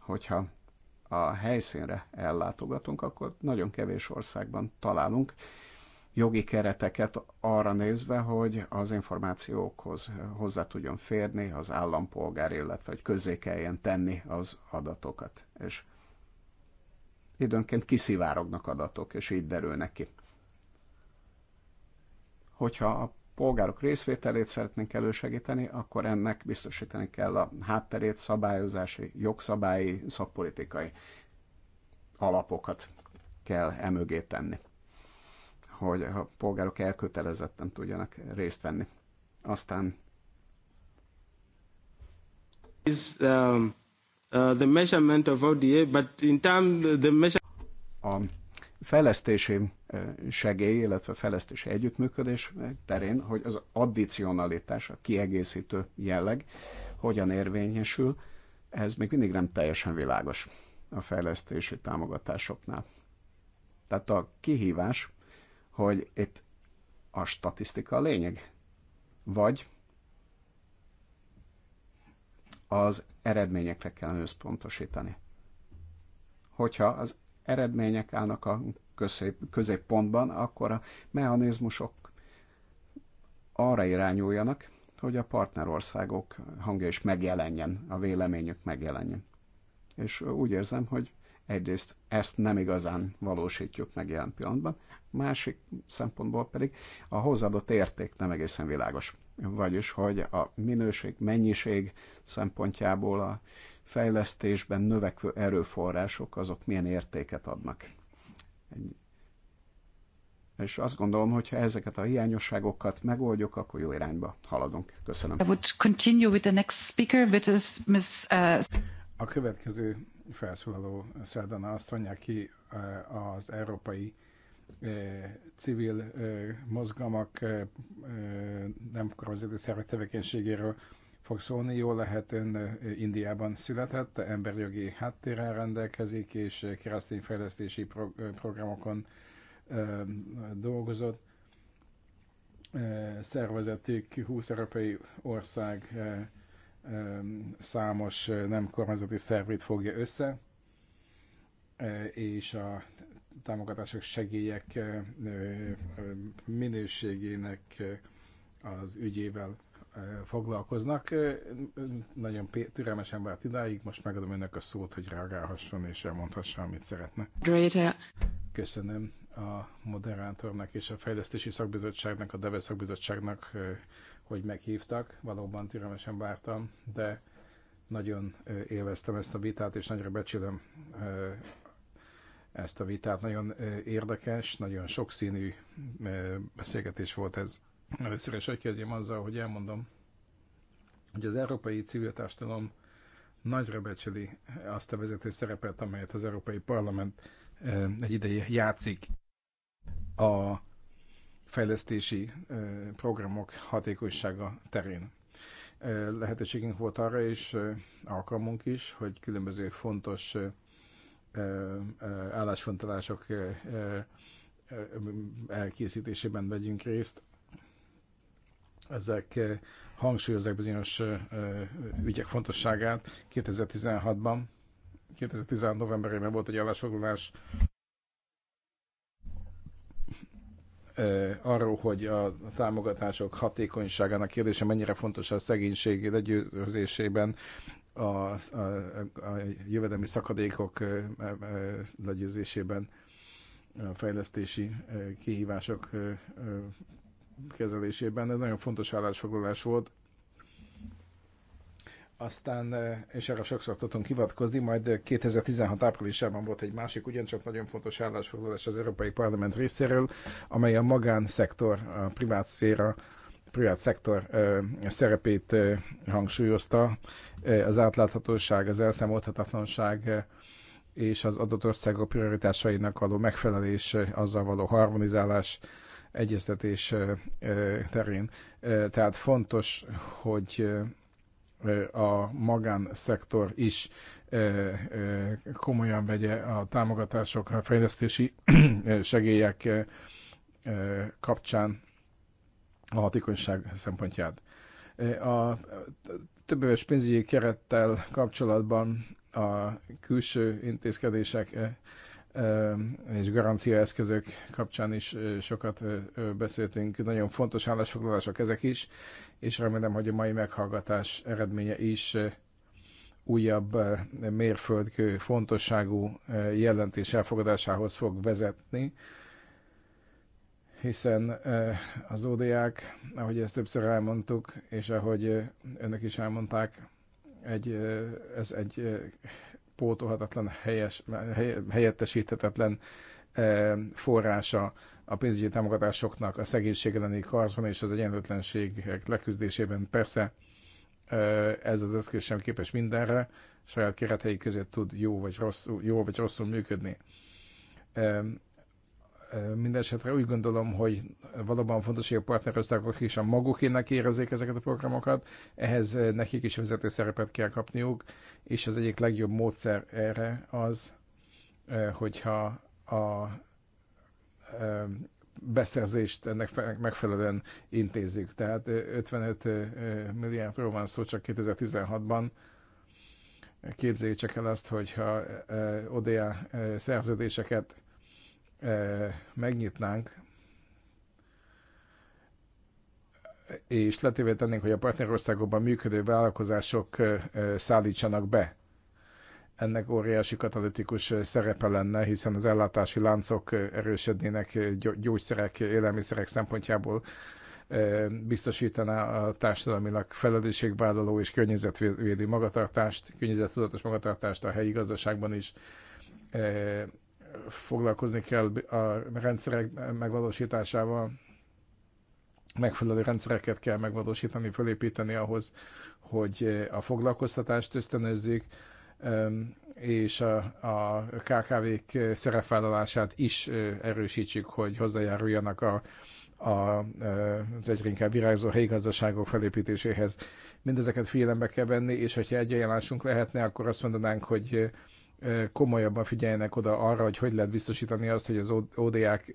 [SPEAKER 3] hogyha a helyszínre ellátogatunk, akkor nagyon kevés országban találunk jogi kereteket arra nézve, hogy az információkhoz hozzá tudjon férni az állampolgár, illetve hogy közzé kelljen tenni az adatokat. És időnként kiszivárognak adatok, és így derülnek ki. Hogyha a polgárok részvételét szeretnénk elősegíteni, akkor ennek biztosítani kell a hátterét, szabályozási, jogszabályi, szakpolitikai alapokat kell emögé tenni, hogy a polgárok elkötelezetten tudjanak részt venni. Aztán...
[SPEAKER 1] Is, um... Uh, the measurement
[SPEAKER 3] of ODA, but in time uh, the measure... A fejlesztési uh, segély, illetve fejlesztési együttműködés terén, hogy az addicionalitás, a kiegészítő jelleg hogyan érvényesül, ez még mindig nem teljesen világos a fejlesztési támogatásoknál. Tehát a kihívás, hogy itt a statisztika a lényeg, vagy az eredményekre kell összpontosítani. Hogyha az eredmények állnak a közép, középpontban, akkor a mechanizmusok arra irányuljanak, hogy a partnerországok hangja is megjelenjen, a véleményük megjelenjen. És úgy érzem, hogy egyrészt ezt nem igazán valósítjuk meg jelen pillanatban, másik szempontból pedig a hozzáadott érték nem egészen világos vagyis hogy a minőség, mennyiség szempontjából a fejlesztésben növekvő erőforrások azok milyen értéket adnak. És azt gondolom, hogy ha ezeket a hiányosságokat megoldjuk, akkor jó irányba haladunk. Köszönöm. I would
[SPEAKER 2] continue with the next speaker, which is Ms.
[SPEAKER 1] Uh... A következő felszólaló Szerdana asszony, aki uh, az Európai civil mozgalmak, nem kormányzati szervek tevékenységéről fog szólni. jó lehet ön Indiában született, emberjogi háttérrel rendelkezik, és keresztény fejlesztési programokon dolgozott. Szervezetük 20 európai ország számos nem kormányzati szervét fogja össze, és a támogatások, segélyek minőségének az ügyével foglalkoznak. Nagyon türelmesen várt idáig, most megadom önnek a szót, hogy reagálhasson és elmondhassa, amit szeretne. Köszönöm a moderátornak és a Fejlesztési Szakbizottságnak, a DEVE Szakbizottságnak, hogy meghívtak. Valóban türelmesen vártam, de nagyon élveztem ezt a vitát, és nagyra becsülöm ezt a vitát. Nagyon érdekes, nagyon sokszínű beszélgetés volt ez. Először is hogy kezdjem azzal, hogy elmondom, hogy az európai civil társadalom nagyra becseli azt a vezető szerepet, amelyet az Európai Parlament egy ideje játszik a fejlesztési programok hatékonysága terén. Lehetőségünk volt arra is, alkalmunk is, hogy különböző fontos állásfontolások elkészítésében vegyünk részt. Ezek hangsúlyozzák bizonyos ügyek fontosságát. 2016-ban, 2016 novemberében volt egy állásfoglalás arról, hogy a támogatások hatékonyságának kérdése mennyire fontos a szegénység legyőzésében, a, a, a jövedelmi szakadékok legyőzésében, a fejlesztési kihívások kezelésében. Ez nagyon fontos állásfoglalás volt. Aztán, és erre sokszor tudtunk hivatkozni, majd 2016 áprilisában volt egy másik, ugyancsak nagyon fontos állásfoglalás az Európai Parlament részéről, amely a magánszektor, a privát szféra, privát szektor szerepét hangsúlyozta Eh, az átláthatóság, az elszámolhatatlanság eh, és az adott országok prioritásainak való megfelelés, eh, azzal való harmonizálás, egyeztetés terén. Tehát fontos, hogy a magánszektor is komolyan vegye a támogatások, a fejlesztési segélyek kapcsán a hatékonyság szempontját. A éves pénzügyi kerettel kapcsolatban a külső intézkedések e, e, és garanciaeszközök kapcsán is e, sokat beszéltünk. Nagyon fontos állásfoglalások ezek is, és remélem, hogy a mai meghallgatás eredménye is újabb mérföldkő fontosságú jelentés elfogadásához fog vezetni hiszen eh, az ódiák, ahogy ezt többször elmondtuk, és ahogy eh, önök is elmondták, egy, eh, ez egy pótolhatatlan, helyes, helyettesíthetetlen forrása a pénzügyi támogatásoknak a szegénység elleni karzban és az egyenlőtlenség leküzdésében. Persze ez az eszköz sem képes mindenre, saját keretei között tud jó vagy rosszul, jó vagy rosszul működni Mindenesetre úgy gondolom, hogy valóban fontos, hogy a partnerországok is a magukének érezzék ezeket a programokat, ehhez nekik is vezető szerepet kell kapniuk, és az egyik legjobb módszer erre az, hogyha a beszerzést ennek megfelelően intézzük. Tehát 55 milliárdról van szó csak 2016-ban, képzeljük csak el azt, hogyha ODA szerződéseket megnyitnánk, és letévé tennénk, hogy a partnerországokban működő vállalkozások szállítsanak be. Ennek óriási katalitikus szerepe lenne, hiszen az ellátási láncok erősödnének gyógyszerek, élelmiszerek szempontjából biztosítaná a társadalmilag felelősségvállaló és környezetvédő magatartást, környezettudatos magatartást a helyi gazdaságban is foglalkozni kell a rendszerek megvalósításával, megfelelő rendszereket kell megvalósítani, fölépíteni ahhoz, hogy a foglalkoztatást ösztönözzük, és a, a KKV-k szerepvállalását is erősítsük, hogy hozzájáruljanak a, a, az egyre inkább virágzó helyi gazdaságok felépítéséhez. Mindezeket figyelembe kell venni, és hogyha egy ajánlásunk lehetne, akkor azt mondanánk, hogy komolyabban figyeljenek oda arra, hogy hogy lehet biztosítani azt, hogy az ODA-k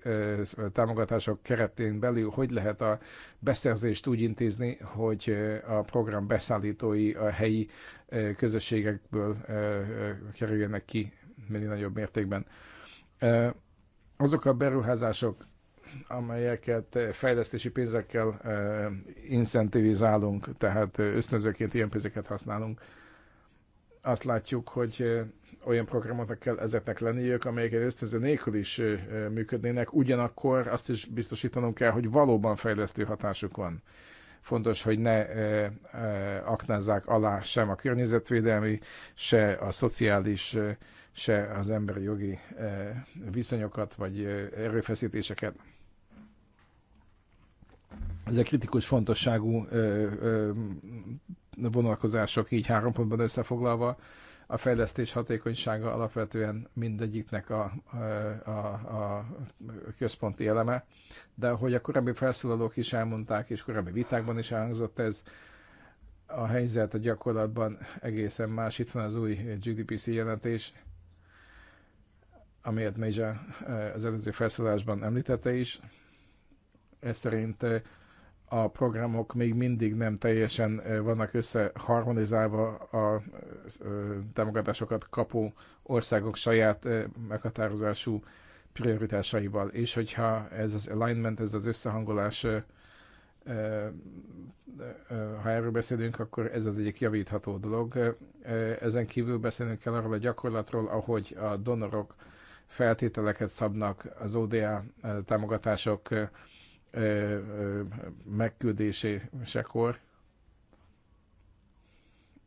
[SPEAKER 1] támogatások keretén belül hogy lehet a beszerzést úgy intézni, hogy a program beszállítói a helyi közösségekből kerüljenek ki minél nagyobb mértékben. Azok a beruházások, amelyeket fejlesztési pénzekkel incentivizálunk, tehát ösztönzőként ilyen pénzeket használunk, azt látjuk, hogy olyan programoknak kell ezeknek lenniük, amelyek ösztönző nélkül is működnének, ugyanakkor azt is biztosítanunk kell, hogy valóban fejlesztő hatásuk van. Fontos, hogy ne ö, aknázzák alá sem a környezetvédelmi, se a szociális, se az emberi jogi viszonyokat vagy erőfeszítéseket. Ez egy kritikus fontosságú vonalkozások így három pontban összefoglalva, a fejlesztés hatékonysága alapvetően mindegyiknek a, a, a, a központi eleme, de hogy a korábbi felszólalók is elmondták, és korábbi vitákban is elhangzott ez, a helyzet a gyakorlatban egészen más. Itt van az új GDPC jelentés, amelyet Major eh, az előző felszólásban említette is. Ez szerint eh, a programok még mindig nem teljesen vannak összeharmonizálva a támogatásokat kapó országok saját meghatározású prioritásaival. És hogyha ez az alignment, ez az összehangolás, ha erről beszélünk, akkor ez az egyik javítható dolog. Ezen kívül beszélünk kell arról a gyakorlatról, ahogy a donorok feltételeket szabnak az ODA támogatások megküldésekor.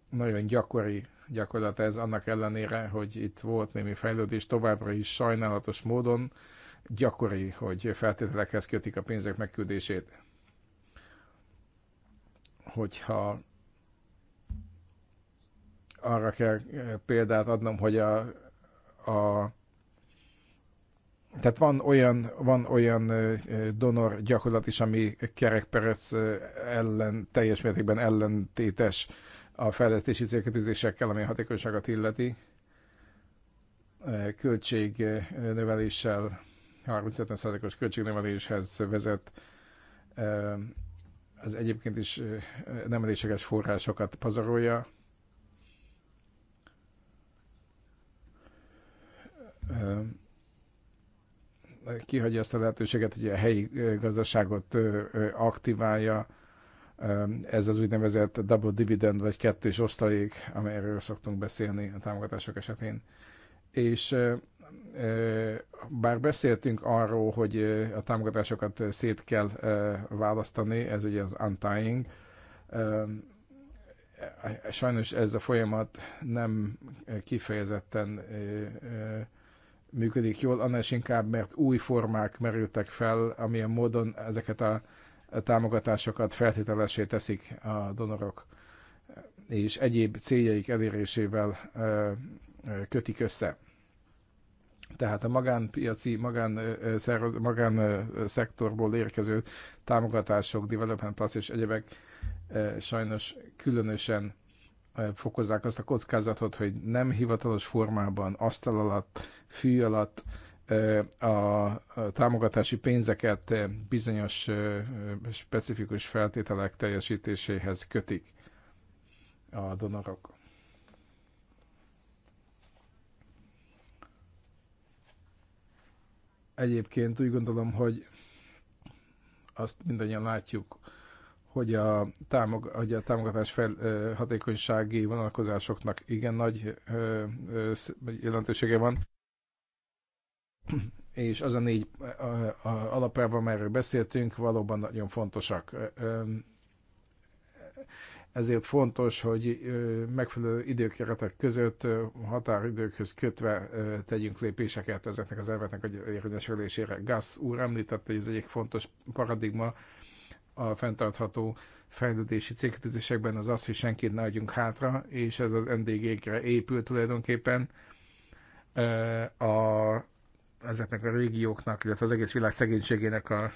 [SPEAKER 1] Nagyon gyakori gyakorlat ez, annak ellenére, hogy itt volt némi fejlődés, továbbra is sajnálatos módon gyakori, hogy feltételekhez kötik a pénzek megküldését. Hogyha arra kell példát adnom, hogy a, a tehát van olyan, van olyan donor gyakorlat is, ami kerekperec ellen, teljes mértékben ellentétes a fejlesztési célkötőzésekkel, ami a hatékonyságot illeti, költségnöveléssel, 30 70 os költségnöveléshez vezet az egyébként is nem elégséges forrásokat pazarolja. Um, kihagyja azt a lehetőséget, hogy a helyi gazdaságot aktiválja, ez az úgynevezett double dividend, vagy kettős osztalék, amelyről szoktunk beszélni a támogatások esetén. És bár beszéltünk arról, hogy a támogatásokat szét kell választani, ez ugye az untying, sajnos ez a folyamat nem kifejezetten működik jól, annál is inkább, mert új formák merültek fel, amilyen módon ezeket a támogatásokat feltételesé teszik a donorok, és egyéb céljaik elérésével kötik össze. Tehát a magánpiaci, magán, magán szektorból érkező támogatások, development plus és egyebek sajnos különösen fokozzák azt a kockázatot, hogy nem hivatalos formában, asztal alatt, fű alatt a támogatási pénzeket bizonyos specifikus feltételek teljesítéséhez kötik a donorok. Egyébként úgy gondolom, hogy azt mindannyian látjuk, hogy a, támog, hogy a támogatás fel, hatékonysági vonalkozásoknak igen nagy jelentősége van. És az a négy alapelve, amelyről beszéltünk, valóban nagyon fontosak. Ezért fontos, hogy megfelelő időkeretek között határidőkhöz kötve tegyünk lépéseket ezeknek az elveknek a érvényesülésére. Gász úr említette, hogy ez egyik fontos paradigma, a fenntartható fejlődési célkötőzésekben az az, hogy senkit ne adjunk hátra, és ez az NDG-kre épül tulajdonképpen. A, ezeknek a régióknak, illetve az egész világ szegénységének a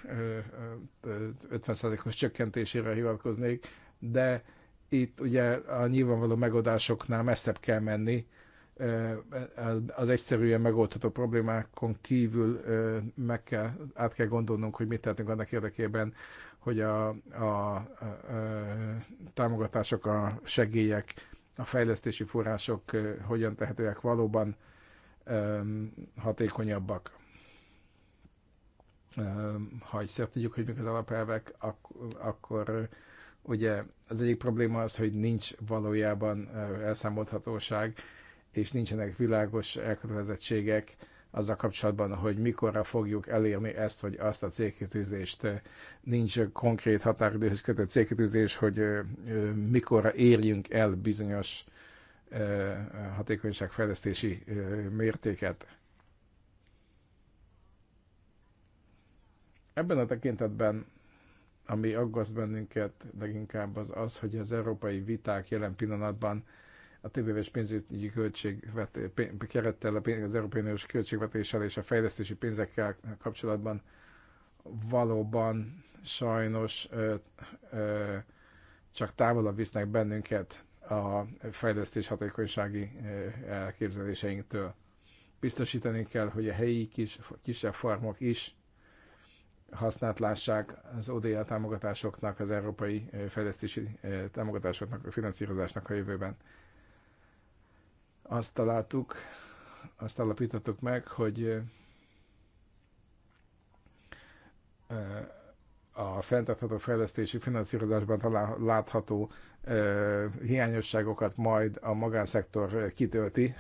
[SPEAKER 1] 50%-os csökkentésére hivatkoznék, de itt ugye a nyilvánvaló megoldásoknál messzebb kell menni, az egyszerűen megoldható problémákon kívül meg kell, át kell gondolnunk, hogy mit tehetünk annak érdekében, hogy a, a, a, a támogatások, a segélyek, a fejlesztési források hogyan tehetőek valóban hatékonyabbak. Ha egyszer tudjuk, hogy mik az alapelvek, akkor, akkor ugye az egyik probléma az, hogy nincs valójában elszámolhatóság és nincsenek világos elkötelezettségek azzal kapcsolatban, hogy mikorra fogjuk elérni ezt vagy azt a célkitűzést. Eh, nincs konkrét határidőhöz kötött célkitűzés, hogy eh, eh, mikorra érjünk el bizonyos hatékonyságfejlesztési mértéket. Ebben a tekintetben, ami aggaszt bennünket leginkább az az, hogy az európai viták jelen pillanatban a többéves pénzügyi költségvet, kerettel, az Európai Uniós költségvetéssel és a fejlesztési pénzekkel kapcsolatban valóban sajnos ö, ö, csak távolabb visznek bennünket a fejlesztés hatékonysági elképzeléseinktől. Biztosítani kell, hogy a helyi kis, kisebb farmok is használt lássák az ODA támogatásoknak, az európai fejlesztési támogatásoknak, a finanszírozásnak a jövőben azt találtuk, azt alapítottuk meg, hogy a fenntartható fejlesztési finanszírozásban látható hiányosságokat majd a magánszektor kitölti,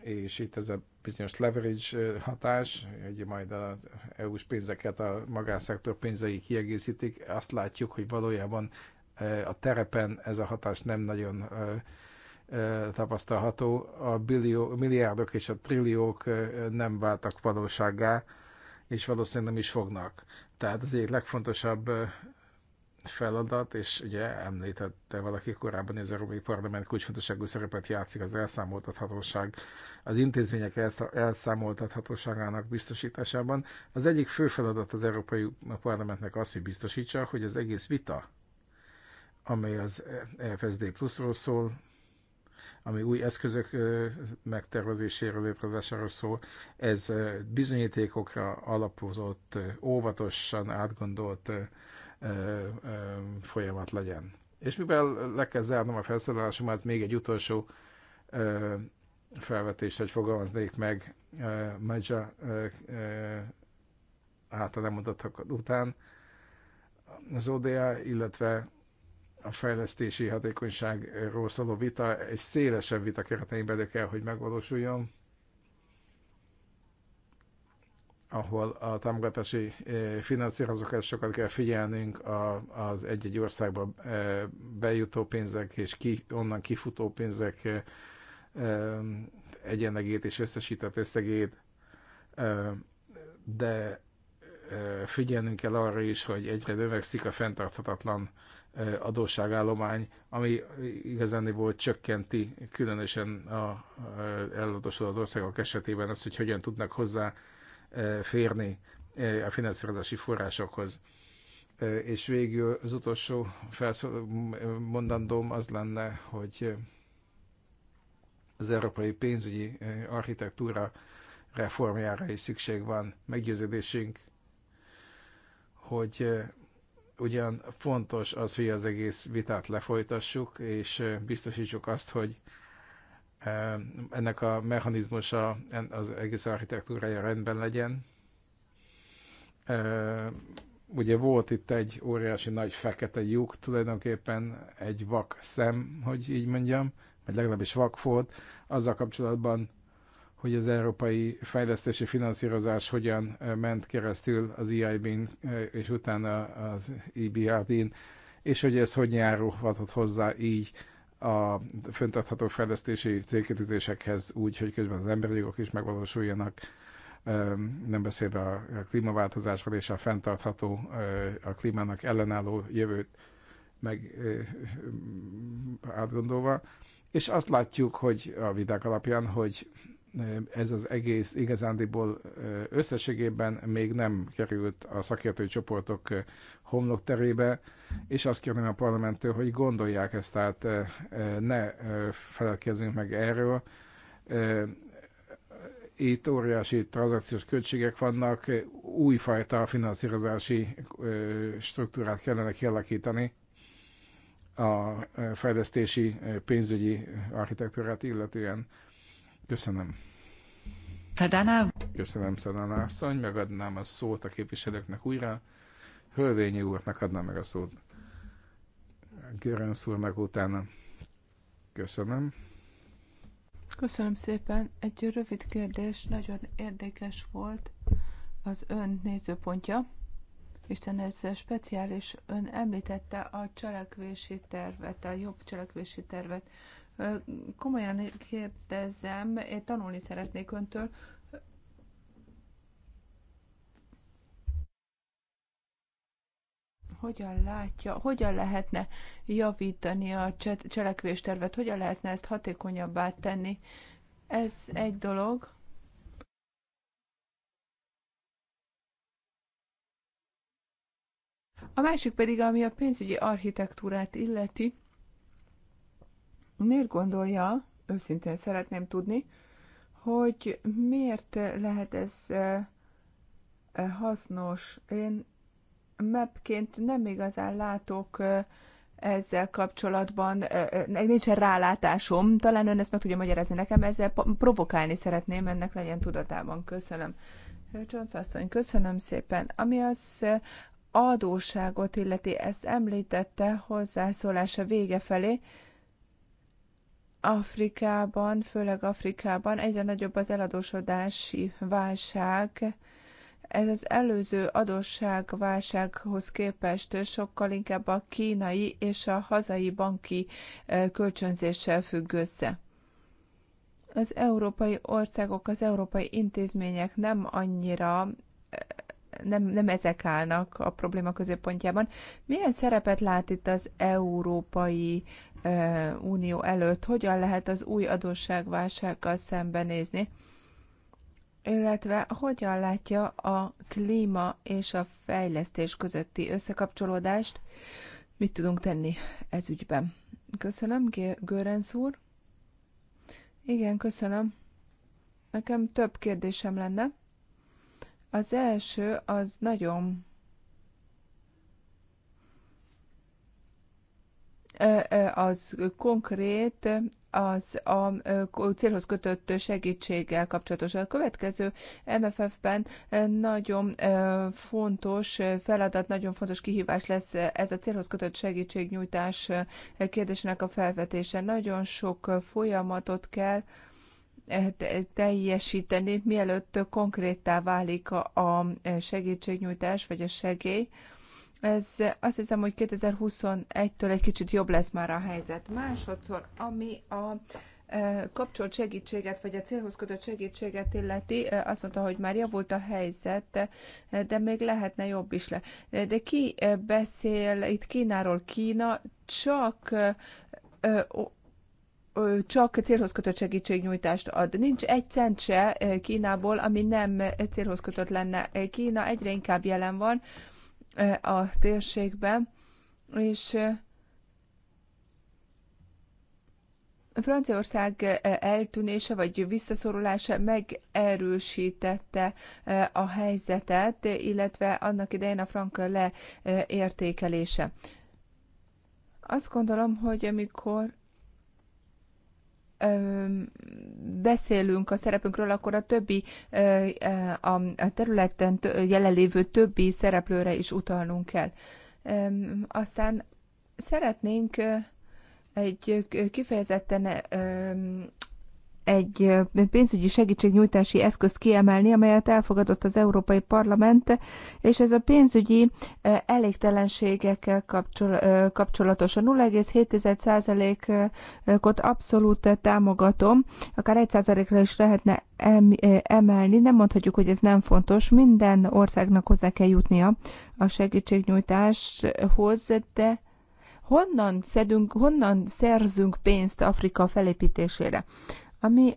[SPEAKER 1] és itt ez a bizonyos leverage hatás, hogy majd az EU-s pénzeket a magánszektor pénzei kiegészítik, azt látjuk, hogy valójában a terepen ez a hatás nem nagyon tapasztalható, a billió, milliárdok és a trilliók nem váltak valósággá, és valószínűleg nem is fognak. Tehát az egyik legfontosabb feladat, és ugye említette valaki korábban, az Európai Parlament kulcsfontosságú szerepet játszik az elszámoltathatóság, az intézmények elszámoltathatóságának biztosításában. Az egyik fő feladat az Európai Parlamentnek az, hogy biztosítsa, hogy az egész vita, amely az FSD pluszról szól, ami új eszközök megtervezéséről, létrehozásáról szól, ez bizonyítékokra alapozott, óvatosan átgondolt folyamat legyen. És mivel le kell zárnom a felszólalásomat, még egy utolsó felvetést, hogy fogalmaznék meg Magyar által mondottak után. Az ODA, illetve a fejlesztési hatékonyságról szóló vita egy szélesebb vita keretein belül kell, hogy megvalósuljon, ahol a támogatási eh, sokat kell figyelnünk az egy-egy országba eh, bejutó pénzek és ki, onnan kifutó pénzek eh, egyenlegét és összesített összegét, de figyelnünk kell arra is, hogy egyre növekszik a fenntarthatatlan adósságállomány, ami igazán volt csökkenti különösen a eladósodott országok esetében azt, hogy hogyan tudnak hozzá férni a finanszírozási forrásokhoz. És végül az utolsó mondandóm az lenne, hogy az európai pénzügyi architektúra reformjára is szükség van. Meggyőződésünk, hogy Ugyan fontos az, hogy az egész vitát lefolytassuk, és biztosítsuk azt, hogy ennek a mechanizmusa, az egész architektúrája rendben legyen. Ugye volt itt egy óriási nagy fekete lyuk, tulajdonképpen egy vak szem, hogy így mondjam, vagy legalábbis vak volt, azzal kapcsolatban hogy az európai fejlesztési finanszírozás hogyan ment keresztül az EIB-n és utána az EBRD-n, és hogy ez hogy járulhatott hozzá így a föntartható fejlesztési célkitűzésekhez úgy, hogy közben az emberi jogok is megvalósuljanak, nem beszélve a klímaváltozásról és a fenntartható, a klímának ellenálló jövőt meg átgondolva. És azt látjuk, hogy a vidák alapján, hogy ez az egész igazándiból összességében még nem került a szakértői csoportok homlok terébe, és azt kérném a parlamenttől, hogy gondolják ezt, tehát ne feledkezzünk meg erről. Itt óriási tranzakciós költségek vannak, újfajta finanszírozási struktúrát kellene kialakítani a fejlesztési pénzügyi architektúrát illetően Köszönöm. Szadana. Köszönöm, Szadana asszony. Megadnám a szót a képviselőknek újra. Hölvényi úrnak adnám meg a szót. Görenc úrnak utána. Köszönöm.
[SPEAKER 2] Köszönöm szépen. Egy rövid kérdés, nagyon érdekes volt az ön nézőpontja, hiszen ez speciális. Ön említette a cselekvési tervet, a jobb cselekvési tervet komolyan kérdezem, én tanulni szeretnék öntől, hogyan látja, hogyan lehetne javítani a cselekvéstervet, hogyan lehetne ezt hatékonyabbá tenni. Ez egy dolog. A másik pedig, ami a pénzügyi architektúrát illeti, Miért gondolja, őszintén szeretném tudni, hogy miért lehet ez hasznos? Én mapként nem igazán látok ezzel kapcsolatban, nincsen rálátásom, talán ön ezt meg tudja magyarázni nekem, ezzel provokálni szeretném, ennek legyen tudatában. Köszönöm. Csonc asszony, köszönöm szépen. Ami az adóságot illeti, ezt említette hozzászólása vége felé, Afrikában, főleg Afrikában egyre nagyobb az eladósodási válság. Ez az előző adósságválsághoz képest sokkal inkább a kínai és a hazai banki e, kölcsönzéssel függ össze. Az európai országok, az európai intézmények nem annyira e, nem, nem ezek állnak a probléma középpontjában. Milyen szerepet lát itt az európai Unió előtt, hogyan lehet az új adósságválsággal szembenézni, illetve hogyan látja a klíma és a fejlesztés közötti összekapcsolódást, mit tudunk tenni ez ügyben. Köszönöm, Görenc úr. Igen, köszönöm. Nekem több kérdésem lenne. Az első az nagyon az konkrét, az a célhoz kötött segítséggel kapcsolatos. A következő MFF-ben nagyon fontos feladat, nagyon fontos kihívás lesz ez a célhoz kötött segítségnyújtás kérdésének a felvetése. Nagyon sok folyamatot kell eh, teljesíteni, mielőtt konkrétá válik a segítségnyújtás vagy a segély ez azt hiszem, hogy 2021-től egy kicsit jobb lesz már a helyzet. Másodszor, ami a e, kapcsolt segítséget, vagy a célhoz kötött segítséget illeti, e, azt mondta, hogy már javult a helyzet, e, de még lehetne jobb is le. De ki beszél itt Kínáról? Kína csak csak célhoz kötött segítségnyújtást ad. Nincs egy cent se Kínából, ami nem célhoz kötött lenne. Kína egyre inkább jelen van, a térségbe, és Franciaország eltűnése vagy visszaszorulása megerősítette a helyzetet, illetve annak idején a frank leértékelése. Azt gondolom, hogy amikor beszélünk a szerepünkről, akkor a többi a területen jelenlévő többi szereplőre is utalnunk kell. Aztán szeretnénk egy kifejezetten egy pénzügyi segítségnyújtási eszközt kiemelni, amelyet elfogadott az Európai Parlament, és ez a pénzügyi elégtelenségekkel kapcsolatos. A 0,7%-ot abszolút támogatom, akár 1%-ra is lehetne emelni. Nem mondhatjuk, hogy ez nem fontos. Minden országnak hozzá kell jutnia a segítségnyújtáshoz, de honnan szedünk, honnan szerzünk pénzt Afrika felépítésére? Ami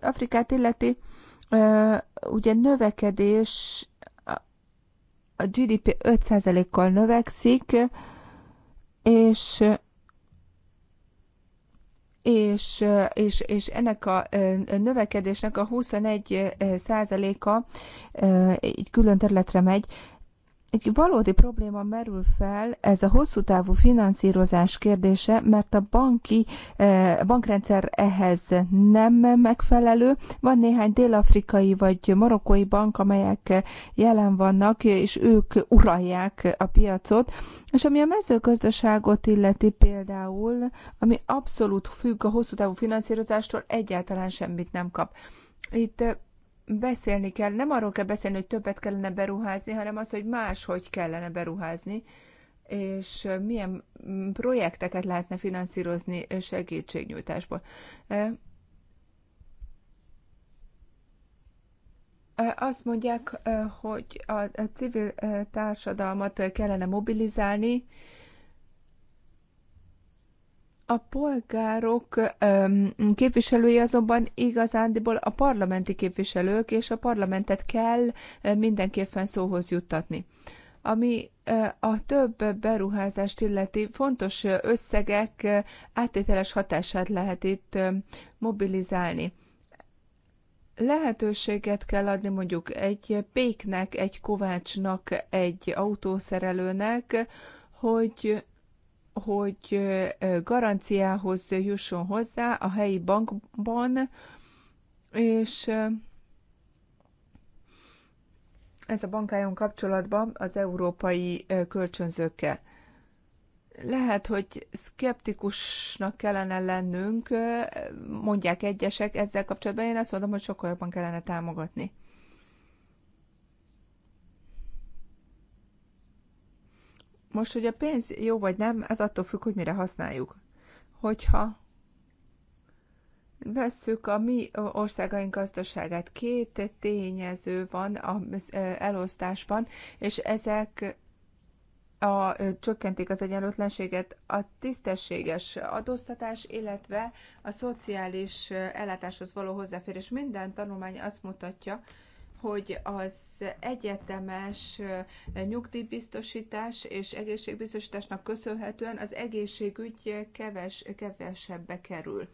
[SPEAKER 2] Afrikát illeti, ugye növekedés, a GDP 5%-kal növekszik, és és, és, és ennek a növekedésnek a 21 a egy külön területre megy egy valódi probléma merül fel, ez a hosszú távú finanszírozás kérdése, mert a banki eh, bankrendszer ehhez nem megfelelő. Van néhány dél-afrikai vagy marokkói bank, amelyek jelen vannak, és ők uralják a piacot. És ami a mezőgazdaságot illeti például, ami abszolút függ a hosszú távú finanszírozástól, egyáltalán semmit nem kap. Itt beszélni kell, nem arról kell beszélni, hogy többet kellene beruházni, hanem az, hogy máshogy kellene beruházni, és milyen projekteket lehetne finanszírozni segítségnyújtásból. Azt mondják, hogy a civil társadalmat kellene mobilizálni, a polgárok képviselői azonban igazándiból a parlamenti képviselők, és a parlamentet kell mindenképpen szóhoz juttatni. Ami a több beruházást illeti fontos összegek áttételes hatását lehet itt mobilizálni lehetőséget kell adni mondjuk egy péknek, egy kovácsnak, egy autószerelőnek, hogy hogy garanciához jusson hozzá a helyi bankban, és ez a bankájon kapcsolatban az európai kölcsönzőkkel. Lehet, hogy szkeptikusnak kellene lennünk, mondják egyesek ezzel kapcsolatban. Én azt mondom, hogy sokkal jobban kellene támogatni. Most, hogy a pénz jó vagy nem, ez attól függ, hogy mire használjuk. Hogyha vesszük a mi országaink gazdaságát, két tényező van az elosztásban, és ezek a, csökkentik az egyenlőtlenséget a tisztességes adóztatás, illetve a szociális ellátáshoz való hozzáférés. Minden tanulmány azt mutatja, hogy az egyetemes eh, nyugdíjbiztosítás és egészségbiztosításnak köszönhetően az egészségügy keves, kevesebbe kerül.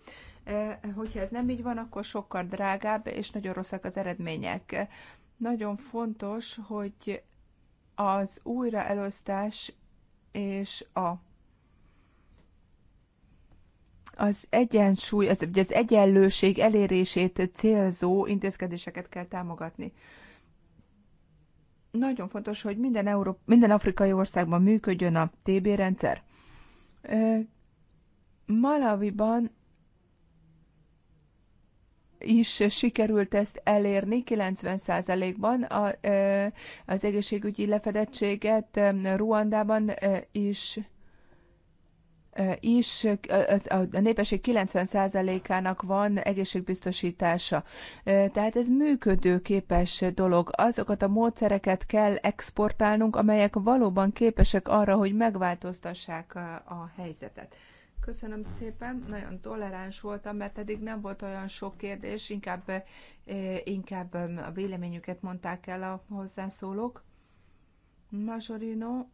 [SPEAKER 2] Eh, hogyha ez nem így van, akkor sokkal drágább, és nagyon rosszak az eredmények. Nagyon fontos, hogy az újraelosztás és a az egyensúly, az, az egyenlőség elérését célzó intézkedéseket kell támogatni. Nagyon fontos, hogy minden, Európ- minden afrikai országban működjön a TB rendszer. Malaviban is sikerült ezt elérni 90%-ban a, az egészségügyi lefedettséget Ruandában is is a népesség 90%-ának van egészségbiztosítása. Tehát ez működőképes dolog. Azokat a módszereket kell exportálnunk, amelyek valóban képesek arra, hogy megváltoztassák a, a helyzetet. Köszönöm szépen, nagyon toleráns voltam, mert eddig nem volt olyan sok kérdés, inkább, inkább a véleményüket mondták el a hozzászólók. Majorino,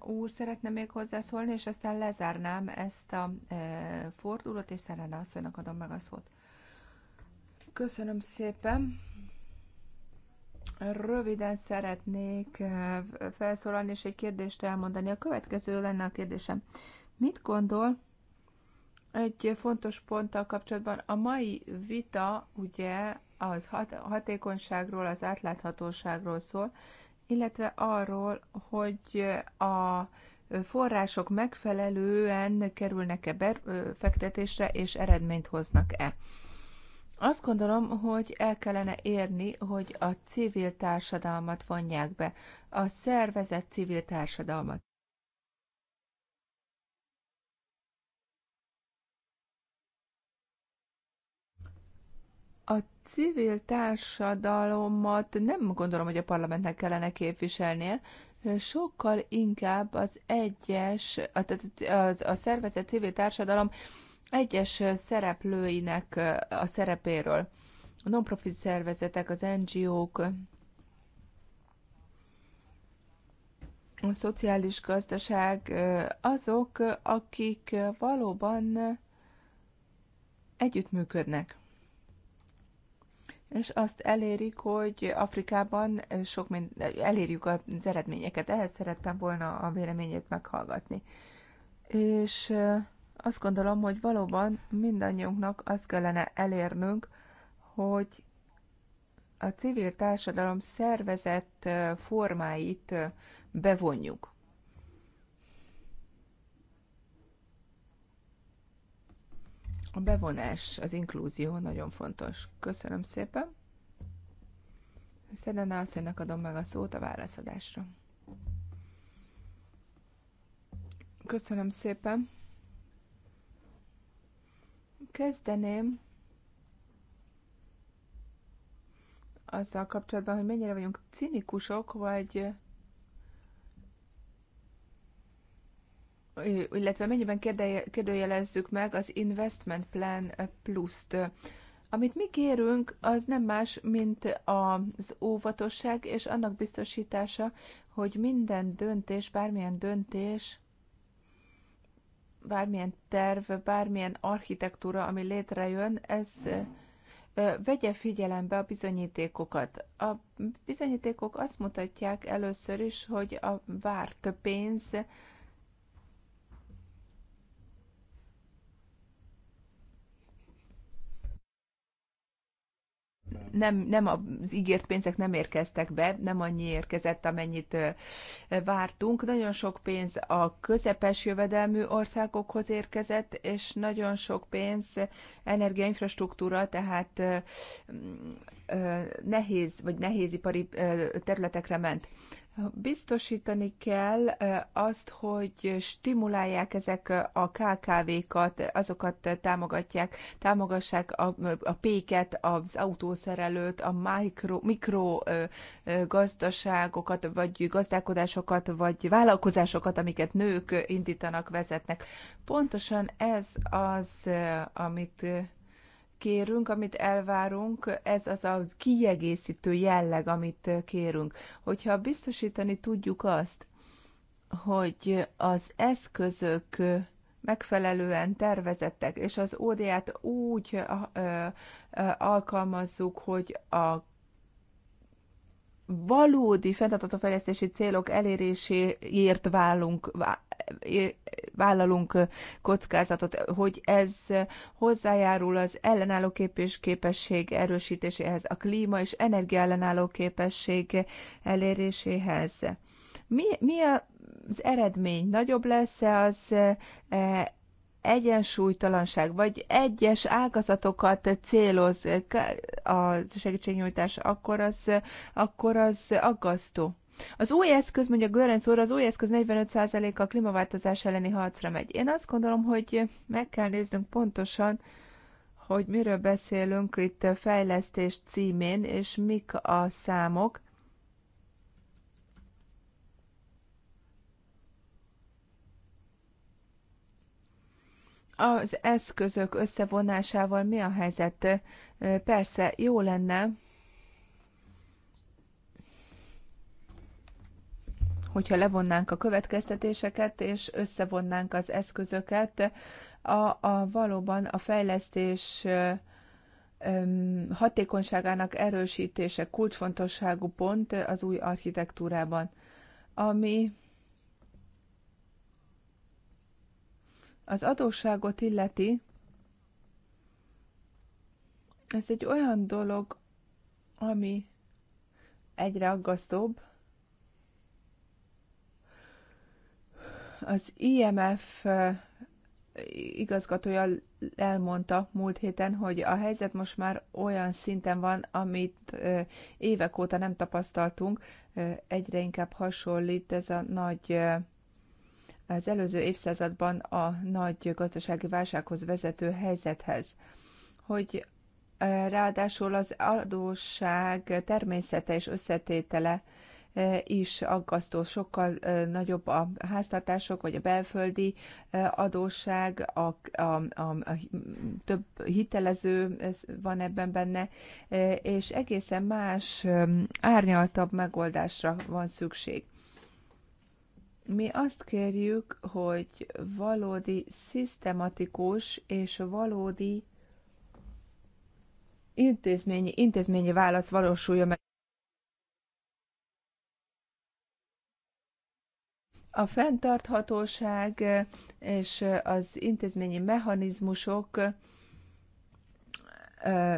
[SPEAKER 2] úr szeretne még hozzászólni, és aztán lezárnám ezt a e, fordulót, és azt asszonynak adom meg a szót. Köszönöm szépen! Röviden szeretnék e, felszólalni, és egy kérdést elmondani. A következő lenne a kérdésem. Mit gondol egy fontos ponttal kapcsolatban? A mai vita ugye az hat- hatékonyságról, az átláthatóságról szól, illetve arról, hogy a források megfelelően kerülnek-e befektetésre és eredményt hoznak-e. Azt gondolom, hogy el kellene érni, hogy a civil társadalmat vonják be, a szervezett civil társadalmat. civil társadalomat nem gondolom, hogy a parlamentnek kellene képviselnie, sokkal inkább az egyes, a, az, a szervezet civil társadalom egyes szereplőinek a szerepéről. A non-profit szervezetek, az NGO-k, a szociális gazdaság, azok, akik valóban együttműködnek és azt elérik, hogy Afrikában sok mind, elérjük az eredményeket. Ehhez szerettem volna a véleményét meghallgatni. És azt gondolom, hogy valóban mindannyiunknak azt kellene elérnünk, hogy a civil társadalom szervezett formáit bevonjuk. A bevonás, az inklúzió nagyon fontos. Köszönöm szépen. azt, hogy adom meg a szót a válaszadásra. Köszönöm szépen. Kezdeném azzal kapcsolatban, hogy mennyire vagyunk cinikusok, vagy illetve mennyiben kérdőjelezzük meg az Investment Plan Plus-t. Amit mi kérünk, az nem más, mint az óvatosság és annak biztosítása, hogy minden döntés, bármilyen döntés, bármilyen terv, bármilyen architektúra, ami létrejön, ez vegye figyelembe a bizonyítékokat. A bizonyítékok azt mutatják először is, hogy a várt pénz nem, nem az ígért pénzek nem érkeztek be, nem annyi érkezett, amennyit vártunk. Nagyon sok pénz a közepes jövedelmű országokhoz érkezett, és nagyon sok pénz energiainfrastruktúra, tehát nehéz vagy nehézipari területekre ment. Biztosítani kell azt, hogy stimulálják ezek a KKV-kat, azokat támogatják, támogassák a, a péket, az autószerelőt, a mikro, mikro gazdaságokat, vagy gazdálkodásokat, vagy vállalkozásokat, amiket nők indítanak, vezetnek. Pontosan ez az, amit kérünk, amit elvárunk, ez az a kiegészítő jelleg, amit kérünk. Hogyha biztosítani tudjuk azt, hogy az eszközök megfelelően tervezettek, és az oda úgy alkalmazzuk, hogy a valódi fenntartható fejlesztési célok eléréséért válunk, vállalunk kockázatot, hogy ez hozzájárul az ellenálló képés képesség erősítéséhez, a klíma és energia ellenálló képesség eléréséhez. Mi, mi az eredmény? Nagyobb lesz-e az e, egyensúlytalanság, vagy egyes ágazatokat céloz a segítségnyújtás, akkor az, akkor az aggasztó. Az új eszköz, mondja Görenc úr, az új eszköz 45%-a a klímaváltozás elleni harcra megy. Én azt gondolom, hogy meg kell néznünk pontosan, hogy miről beszélünk itt fejlesztés címén, és mik a számok. Az eszközök összevonásával mi a helyzet? Persze, jó lenne, hogyha levonnánk a következtetéseket, és összevonnánk az eszközöket, a, a valóban a fejlesztés hatékonyságának erősítése kulcsfontosságú pont az új architektúrában, ami az adósságot illeti, ez egy olyan dolog, ami egyre aggasztóbb. Az IMF igazgatója elmondta múlt héten, hogy a helyzet most már olyan szinten van, amit évek óta nem tapasztaltunk. Egyre inkább hasonlít ez a nagy az előző évszázadban a nagy gazdasági válsághoz vezető helyzethez, hogy ráadásul az adósság természete és összetétele is aggasztó, sokkal nagyobb a háztartások, vagy a belföldi adósság, a, a, a, a több hitelező van ebben benne, és egészen más, árnyaltabb megoldásra van szükség. Mi azt kérjük, hogy valódi, szisztematikus és valódi intézményi, intézményi válasz valósuljon meg. A fenntarthatóság és az intézményi mechanizmusok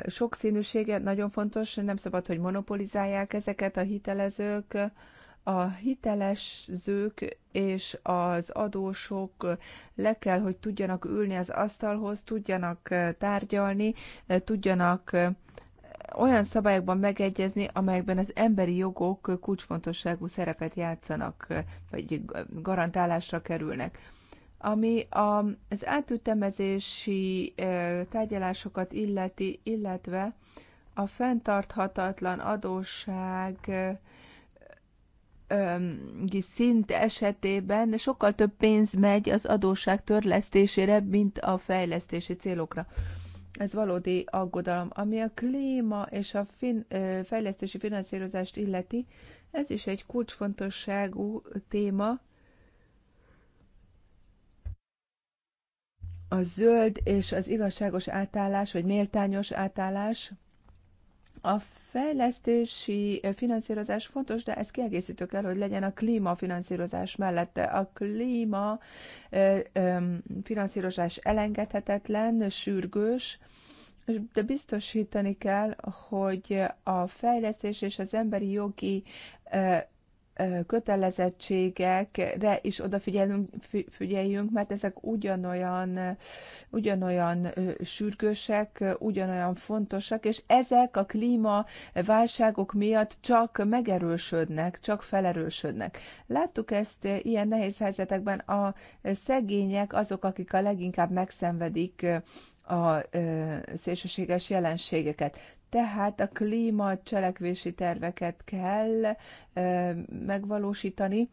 [SPEAKER 2] sokszínűsége nagyon fontos, nem szabad, hogy monopolizálják ezeket a hitelezők, a hitelezők és az adósok le kell, hogy tudjanak ülni az asztalhoz, tudjanak eh, tárgyalni, eh, tudjanak eh, olyan szabályokban megegyezni, amelyekben az emberi jogok kulcsfontosságú szerepet játszanak, vagy garantálásra kerülnek. Ami az átütemezési tárgyalásokat illeti, illetve a fenntarthatatlan adósság szint esetében sokkal több pénz megy az adósság törlesztésére, mint a fejlesztési célokra. Ez valódi aggodalom. Ami a klíma és a fin, fejlesztési finanszírozást illeti, ez is egy kulcsfontosságú téma. A zöld és az igazságos átállás, vagy méltányos átállás, a fejlesztési eh, finanszírozás fontos, de ez kiegészítő kell, hogy legyen a klímafinanszírozás mellette. A klíma eh, finanszírozás elengedhetetlen, sürgős, de biztosítani kell, hogy a fejlesztés és az emberi jogi eh, kötelezettségekre is odafigyeljünk, figyeljünk, mert ezek ugyanolyan, ugyanolyan sürgősek, ugyanolyan fontosak, és ezek a klímaválságok miatt csak megerősödnek, csak felerősödnek. Láttuk ezt ilyen nehéz helyzetekben, a szegények azok, akik a leginkább megszenvedik a szélsőséges jelenségeket. Tehát a klíma cselekvési terveket kell megvalósítani,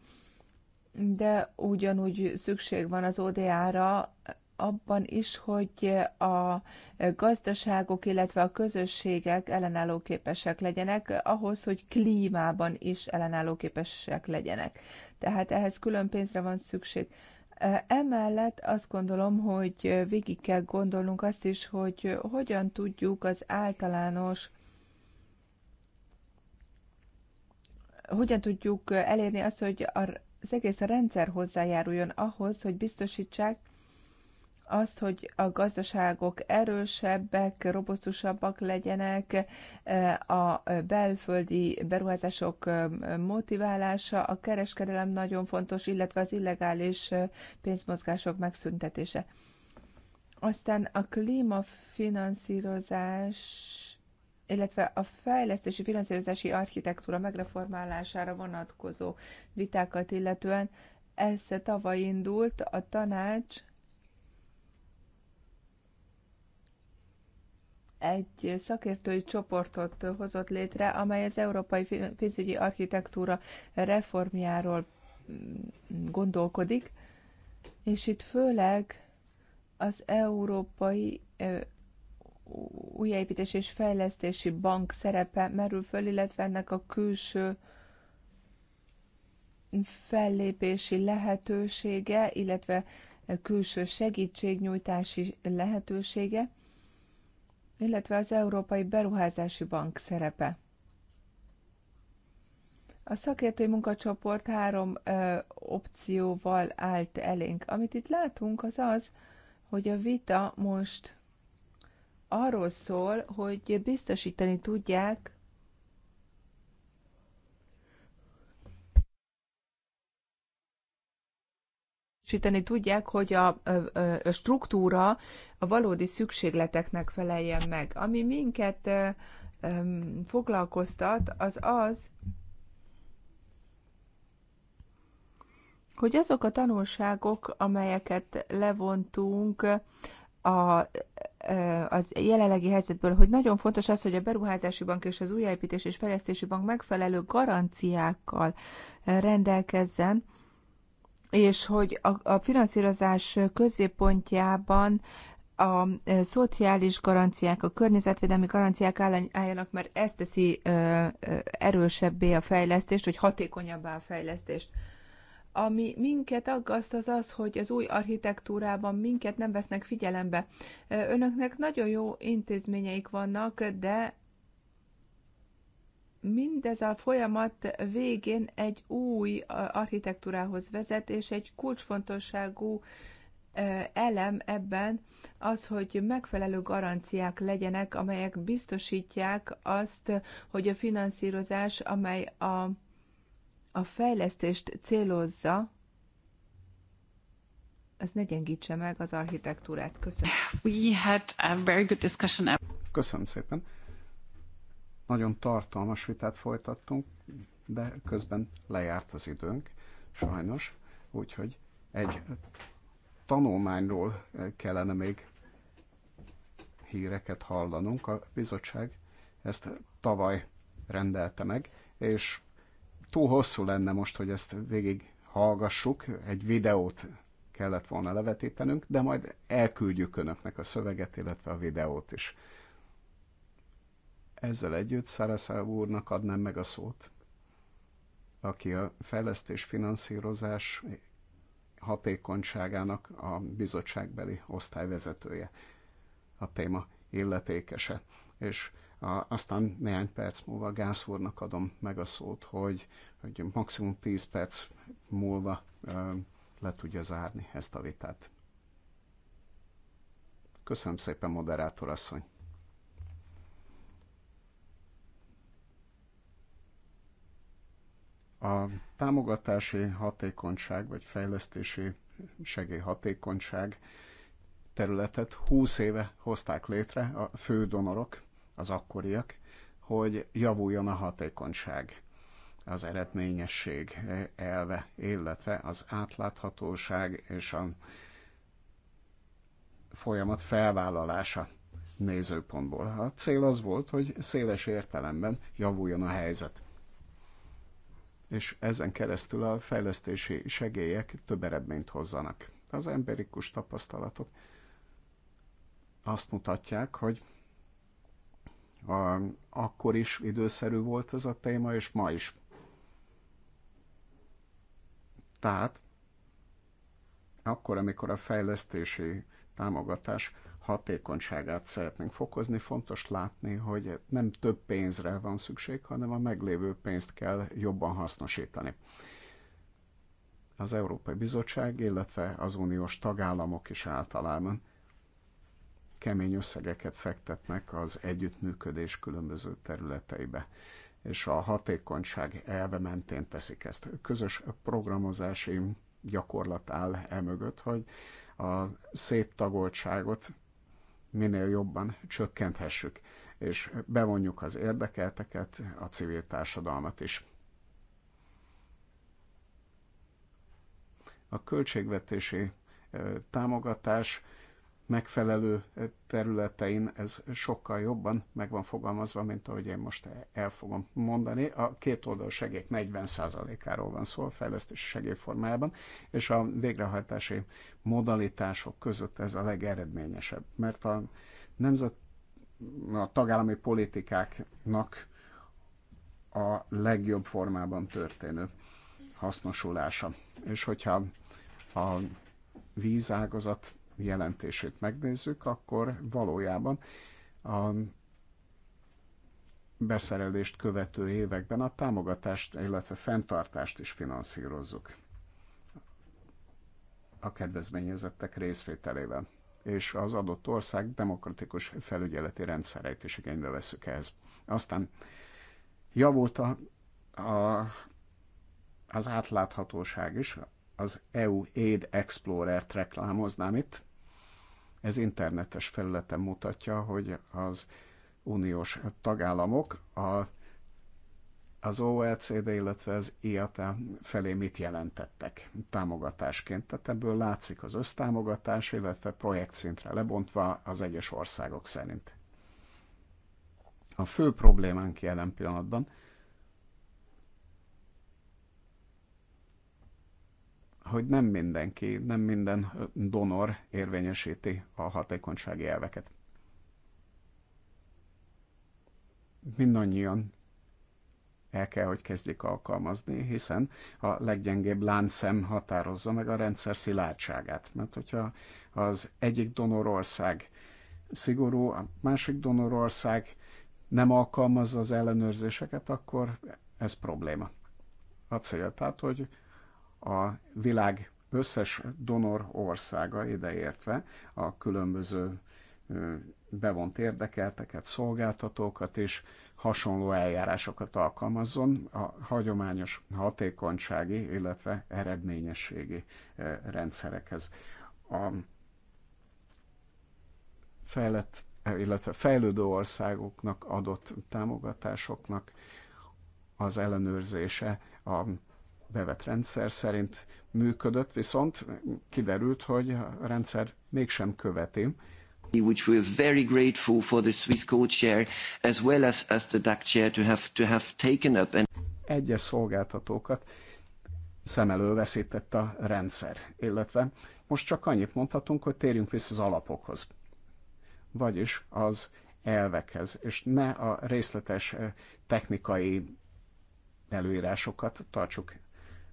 [SPEAKER 2] de ugyanúgy szükség van az ODA-ra abban is, hogy a gazdaságok, illetve a közösségek ellenálló képesek legyenek, ahhoz, hogy klímában is ellenálló képesek legyenek. Tehát ehhez külön pénzre van szükség. Emellett azt gondolom, hogy végig kell gondolnunk azt is, hogy hogyan tudjuk az általános hogyan tudjuk elérni azt, hogy az egész rendszer hozzájáruljon ahhoz, hogy biztosítsák, azt, hogy a gazdaságok erősebbek, robosztusabbak legyenek, e, a belföldi beruházások e, motiválása, a kereskedelem nagyon fontos, illetve az illegális e, pénzmozgások megszüntetése. Aztán a klímafinanszírozás illetve a fejlesztési finanszírozási architektúra megreformálására vonatkozó vitákat illetően ez tavaly indult, a tanács egy szakértői csoportot hozott létre, amely az európai pénzügyi architektúra reformjáról gondolkodik, és itt főleg az európai újjáépítés és fejlesztési bank szerepe merül föl, illetve ennek a külső fellépési lehetősége, illetve külső segítségnyújtási lehetősége illetve az Európai Beruházási Bank szerepe. A szakértői munkacsoport három ö, opcióval állt elénk. Amit itt látunk, az az, hogy a vita most arról szól, hogy biztosítani tudják biztosítani tudják, hogy a, a, a struktúra a valódi szükségleteknek feleljen meg. Ami minket foglalkoztat, az az, hogy azok a tanulságok, amelyeket levontunk a, az jelenlegi helyzetből, hogy nagyon fontos az, hogy a beruházási bank és az újjáépítés és fejlesztési bank megfelelő garanciákkal rendelkezzen, és hogy a, a finanszírozás középpontjában a e, szociális garanciák, a környezetvédelmi garanciák álljanak, mert ez teszi e, e, erősebbé a fejlesztést, hogy hatékonyabbá a fejlesztést. Ami minket aggaszt az az, hogy az új architektúrában minket nem vesznek figyelembe. Önöknek nagyon jó intézményeik vannak, de mindez a folyamat végén egy új architektúrához vezet, és egy kulcsfontosságú elem ebben az, hogy megfelelő garanciák legyenek, amelyek biztosítják azt, hogy a finanszírozás, amely a, a fejlesztést célozza, ez ne gyengítse meg az architektúrát. Köszönöm.
[SPEAKER 3] We had a very good discussion. Köszönöm szépen nagyon tartalmas vitát folytattunk, de közben lejárt az időnk, sajnos, úgyhogy egy tanulmányról kellene még híreket hallanunk. A bizottság ezt tavaly rendelte meg, és túl hosszú lenne most, hogy ezt végig hallgassuk, egy videót kellett volna levetítenünk, de majd elküldjük önöknek a szöveget, illetve a videót is. Ezzel együtt Szaraszáv úrnak adnám meg a szót, aki a fejlesztés finanszírozás hatékonyságának a bizottságbeli osztályvezetője, a téma illetékese. És a, aztán néhány perc múlva Gász úrnak adom meg a szót, hogy, hogy maximum 10 perc múlva ö, le tudja zárni ezt a vitát. Köszönöm szépen, moderátor asszony! A támogatási hatékonyság, vagy fejlesztési segélyhatékonyság területet 20 éve hozták létre a fő donorok, az akkoriak, hogy javuljon a hatékonyság, az eredményesség elve, illetve az átláthatóság és a folyamat felvállalása nézőpontból. A cél az volt, hogy széles értelemben javuljon a helyzet és ezen keresztül a fejlesztési segélyek több eredményt hozzanak. Az emberikus tapasztalatok azt mutatják, hogy a, akkor is időszerű volt ez a téma, és ma is. Tehát, akkor, amikor a fejlesztési támogatás hatékonyságát szeretnénk fokozni, fontos látni, hogy nem több pénzre van szükség, hanem a meglévő pénzt kell jobban hasznosítani. Az Európai Bizottság, illetve az uniós tagállamok is általában kemény összegeket fektetnek az együttműködés különböző területeibe és a hatékonyság elve mentén teszik ezt. Közös programozási gyakorlat áll e mögött, hogy a széttagoltságot minél jobban csökkenthessük, és bevonjuk az érdekelteket, a civil társadalmat is. A költségvetési támogatás megfelelő területein ez sokkal jobban meg van fogalmazva, mint ahogy én most el fogom mondani. A két oldal segék 40%-áról van szó a fejlesztési segélyformájában, és a végrehajtási modalitások között ez a legeredményesebb, mert a nemzet a tagállami politikáknak a legjobb formában történő hasznosulása. És hogyha a vízágazat jelentését megnézzük, akkor valójában a beszerelést követő években a támogatást, illetve fenntartást is finanszírozzuk a kedvezményezettek részvételével és az adott ország demokratikus felügyeleti rendszereit is igénybe veszük ehhez. Aztán javult a, a, az átláthatóság is, az EU Aid Explorer-t reklámoznám itt, ez internetes felületen mutatja, hogy az uniós tagállamok a, az OECD, illetve az IATA e felé mit jelentettek támogatásként. Tehát ebből látszik az össztámogatás, illetve projektszintre lebontva az egyes országok szerint. A fő problémánk jelen pillanatban hogy nem mindenki, nem minden donor érvényesíti a hatékonysági elveket. Mindannyian el kell, hogy kezdjék alkalmazni, hiszen a leggyengébb láncszem határozza meg a rendszer szilárdságát. Mert hogyha az egyik donorország szigorú, a másik donorország nem alkalmazza az ellenőrzéseket, akkor ez probléma. A cél, tehát, hogy a világ összes donor országa ideértve a különböző bevont érdekelteket, szolgáltatókat és hasonló eljárásokat alkalmazzon a hagyományos hatékonysági, illetve eredményességi rendszerekhez. A fejlett, illetve fejlődő országoknak adott támogatásoknak az ellenőrzése a bevett rendszer szerint működött, viszont kiderült, hogy a rendszer mégsem követi. Which we are very grateful for the Swiss code share as well as, as the DAC
[SPEAKER 2] share to have, to have taken up. And...
[SPEAKER 3] Egyes szolgáltatókat szem elől veszített a rendszer, illetve most csak annyit mondhatunk, hogy térjünk vissza az alapokhoz, vagyis az elvekhez, és ne a részletes eh, technikai előírásokat tartsuk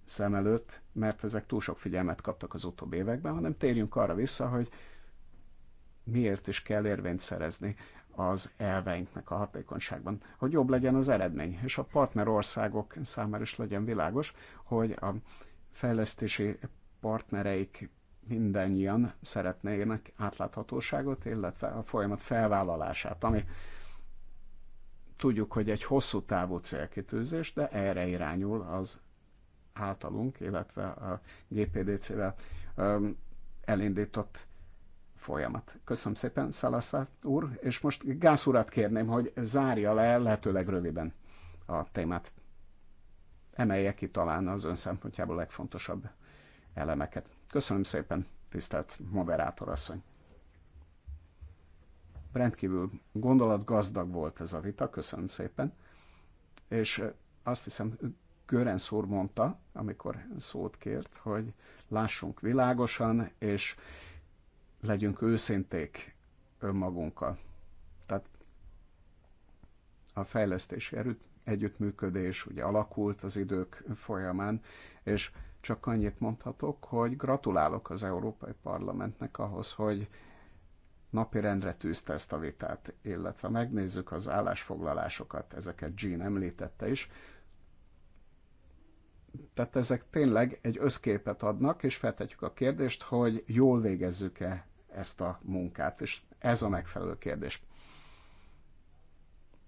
[SPEAKER 3] szem előtt, mert ezek túl sok figyelmet kaptak az utóbbi években, hanem térjünk arra vissza, hogy miért is kell érvényt szerezni az elveinknek a hatékonyságban, hogy jobb legyen az eredmény, és a partnerországok számára is legyen világos, hogy a fejlesztési partnereik mindannyian szeretnének átláthatóságot, illetve a folyamat felvállalását, ami tudjuk, hogy egy hosszú távú célkitűzés, de erre irányul az általunk, illetve a GPDC-vel um, elindított folyamat. Köszönöm szépen, Szalasza úr, és most Gász urat kérném, hogy zárja le lehetőleg röviden a témát. Emelje ki talán az ön szempontjából legfontosabb elemeket. Köszönöm szépen, tisztelt moderátorasszony. Rendkívül gondolatgazdag volt ez a vita, köszönöm szépen, és azt hiszem Görensz úr mondta, amikor szót kért, hogy lássunk világosan, és legyünk őszinték önmagunkkal. Tehát a fejlesztési erőt, együttműködés ugye alakult az idők folyamán, és csak annyit mondhatok, hogy gratulálok az Európai Parlamentnek ahhoz, hogy napirendre tűzte ezt a vitát, illetve megnézzük az állásfoglalásokat, ezeket Jean említette is, tehát ezek tényleg egy összképet adnak, és feltetjük a kérdést, hogy jól végezzük-e ezt a munkát, és ez a megfelelő kérdés.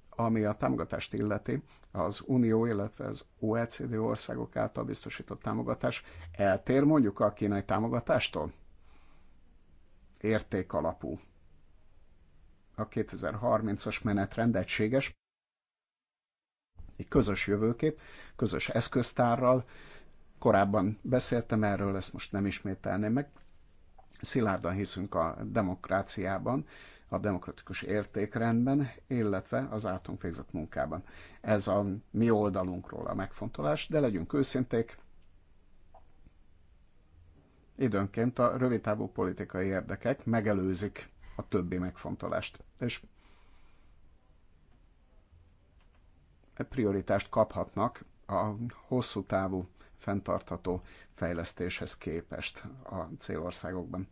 [SPEAKER 3] Ami a támogatást illeti, az Unió, illetve az OECD országok által biztosított támogatás eltér mondjuk a kínai támogatástól? Érték alapú. A 2030-as menetrend egységes, egy közös jövőkép, közös eszköztárral. Korábban beszéltem erről, ezt most nem ismételném meg. Szilárdan hiszünk a demokráciában, a demokratikus értékrendben, illetve az általunk végzett munkában. Ez a mi oldalunkról a megfontolás, de legyünk őszinték, időnként a rövidtávú politikai érdekek megelőzik a többi megfontolást. És prioritást kaphatnak a hosszú távú fenntartható fejlesztéshez képest a célországokban.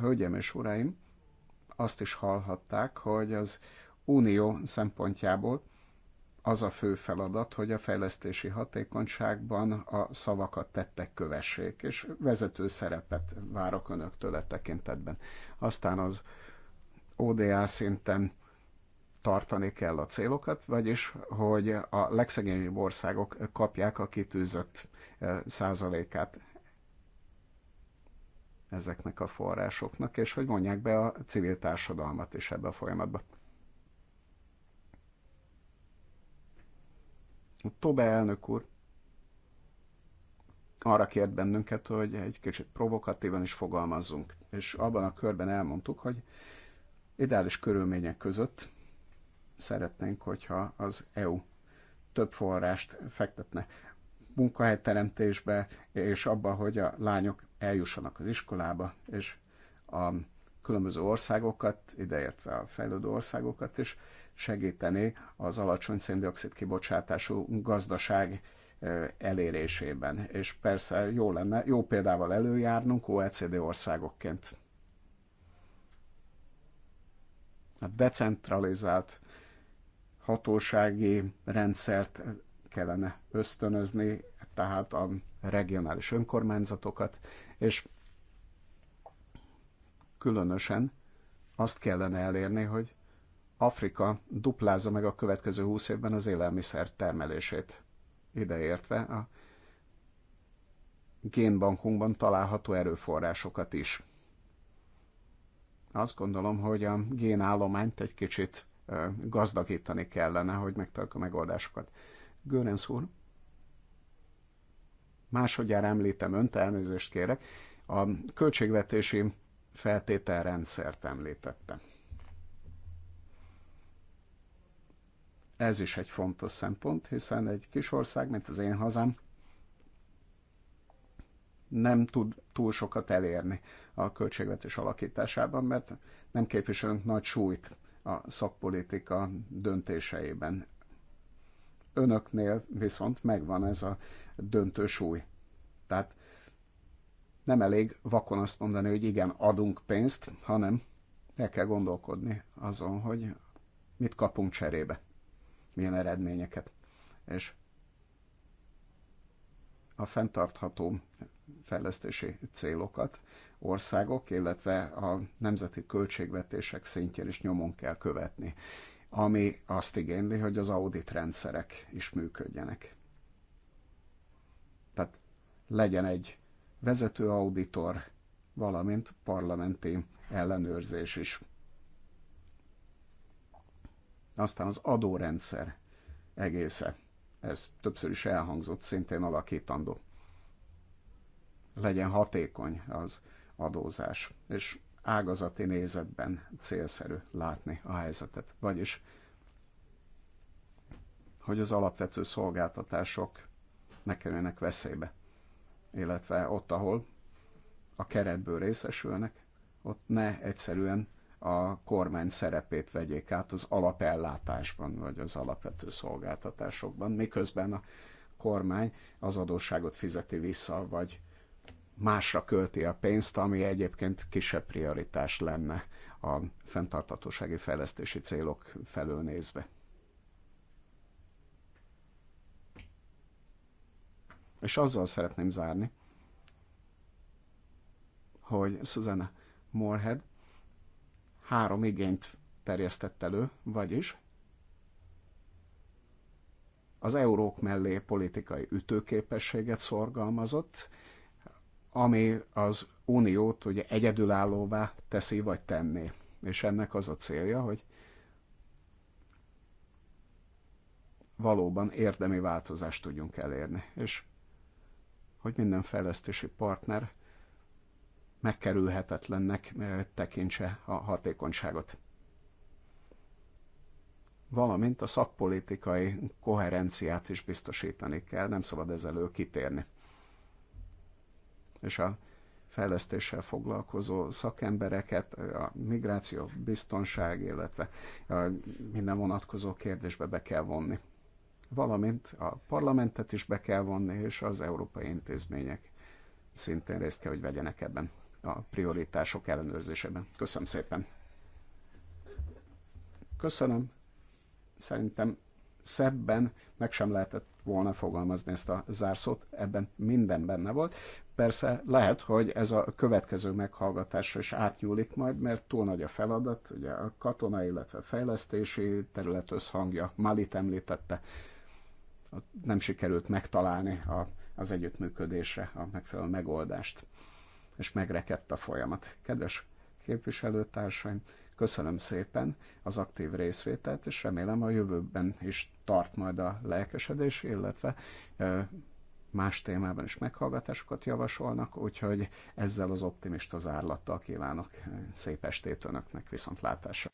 [SPEAKER 3] Hölgyeim és uraim, azt is hallhatták, hogy az unió szempontjából az a fő feladat, hogy a fejlesztési hatékonyságban a szavakat tettek kövessék, és vezető szerepet várok önöktől e tekintetben. Aztán az ODA szinten tartani kell a célokat, vagyis hogy a legszegényebb országok kapják a kitűzött százalékát ezeknek a forrásoknak, és hogy vonják be a civil társadalmat is ebbe a folyamatba. Tobe elnök úr arra kért bennünket, hogy egy kicsit provokatívan is fogalmazzunk, és abban a körben elmondtuk, hogy ideális körülmények között szeretnénk, hogyha az EU több forrást fektetne munkahelyteremtésbe, és abba, hogy a lányok eljussanak az iskolába, és a különböző országokat, ideértve a fejlődő országokat is, segíteni az alacsony széndiokszid kibocsátású gazdaság elérésében. És persze jó lenne, jó példával előjárnunk OECD országokként. A decentralizált hatósági rendszert kellene ösztönözni, tehát a regionális önkormányzatokat, és különösen azt kellene elérni, hogy Afrika duplázza meg a következő 20 évben az élelmiszer termelését. Ideértve a génbankunkban található erőforrásokat is. Azt gondolom, hogy a génállományt egy kicsit gazdagítani kellene, hogy megtaláljuk a megoldásokat. Görenc úr, másodjára említem önt, elnézést kérek, a költségvetési feltételrendszert említette. Ez is egy fontos szempont, hiszen egy kis ország, mint az én hazám, nem tud túl sokat elérni a költségvetés alakításában, mert nem képviselünk nagy súlyt a szakpolitika döntéseiben. Önöknél viszont megvan ez a döntő súly. Tehát nem elég vakon azt mondani, hogy igen, adunk pénzt, hanem el kell gondolkodni azon, hogy mit kapunk cserébe, milyen eredményeket. És a fenntartható fejlesztési célokat országok, illetve a nemzeti költségvetések szintjén is nyomon kell követni, ami azt igényli, hogy az audit rendszerek is működjenek. Tehát legyen egy vezető auditor, valamint parlamenti ellenőrzés is. Aztán az adórendszer egésze. Ez többször is elhangzott, szintén alakítandó legyen hatékony az adózás, és ágazati nézetben célszerű látni a helyzetet. Vagyis, hogy az alapvető szolgáltatások ne kerüljenek veszélybe, illetve ott, ahol a keretből részesülnek, ott ne egyszerűen a kormány szerepét vegyék át az alapellátásban, vagy az alapvető szolgáltatásokban, miközben a kormány az adósságot fizeti vissza, vagy másra költi a pénzt, ami egyébként kisebb prioritás lenne a fenntartatósági fejlesztési célok felől nézve. És azzal szeretném zárni, hogy Susanna Moorhead három igényt terjesztett elő, vagyis az eurók mellé politikai ütőképességet szorgalmazott, ami az uniót ugye egyedülállóvá teszi vagy tenné. És ennek az a célja, hogy valóban érdemi változást tudjunk elérni, és hogy minden fejlesztési partner megkerülhetetlennek eh, tekintse a hatékonyságot. Valamint a szakpolitikai koherenciát is biztosítani kell, nem szabad ezelől kitérni és a fejlesztéssel foglalkozó szakembereket, a migráció, biztonság, illetve minden vonatkozó kérdésbe be kell vonni. Valamint a parlamentet is be kell vonni, és az európai intézmények szintén részt kell, hogy vegyenek ebben a prioritások ellenőrzésében. Köszönöm szépen! Köszönöm! Szerintem szebben meg sem lehetett volna fogalmazni ezt a zárszót, ebben minden benne volt. Persze lehet, hogy ez a következő meghallgatásra is átnyúlik majd, mert túl nagy a feladat, ugye a katona, illetve a fejlesztési terület összhangja, Malit említette, nem sikerült megtalálni a, az együttműködésre a megfelelő megoldást, és megrekedt a folyamat. Kedves képviselőtársaim, köszönöm szépen az aktív részvételt, és remélem a jövőben is tart majd a lelkesedés, illetve más témában is meghallgatásokat javasolnak, úgyhogy ezzel az optimista zárlattal kívánok eh, szép estét Önöknek, viszontlátásra!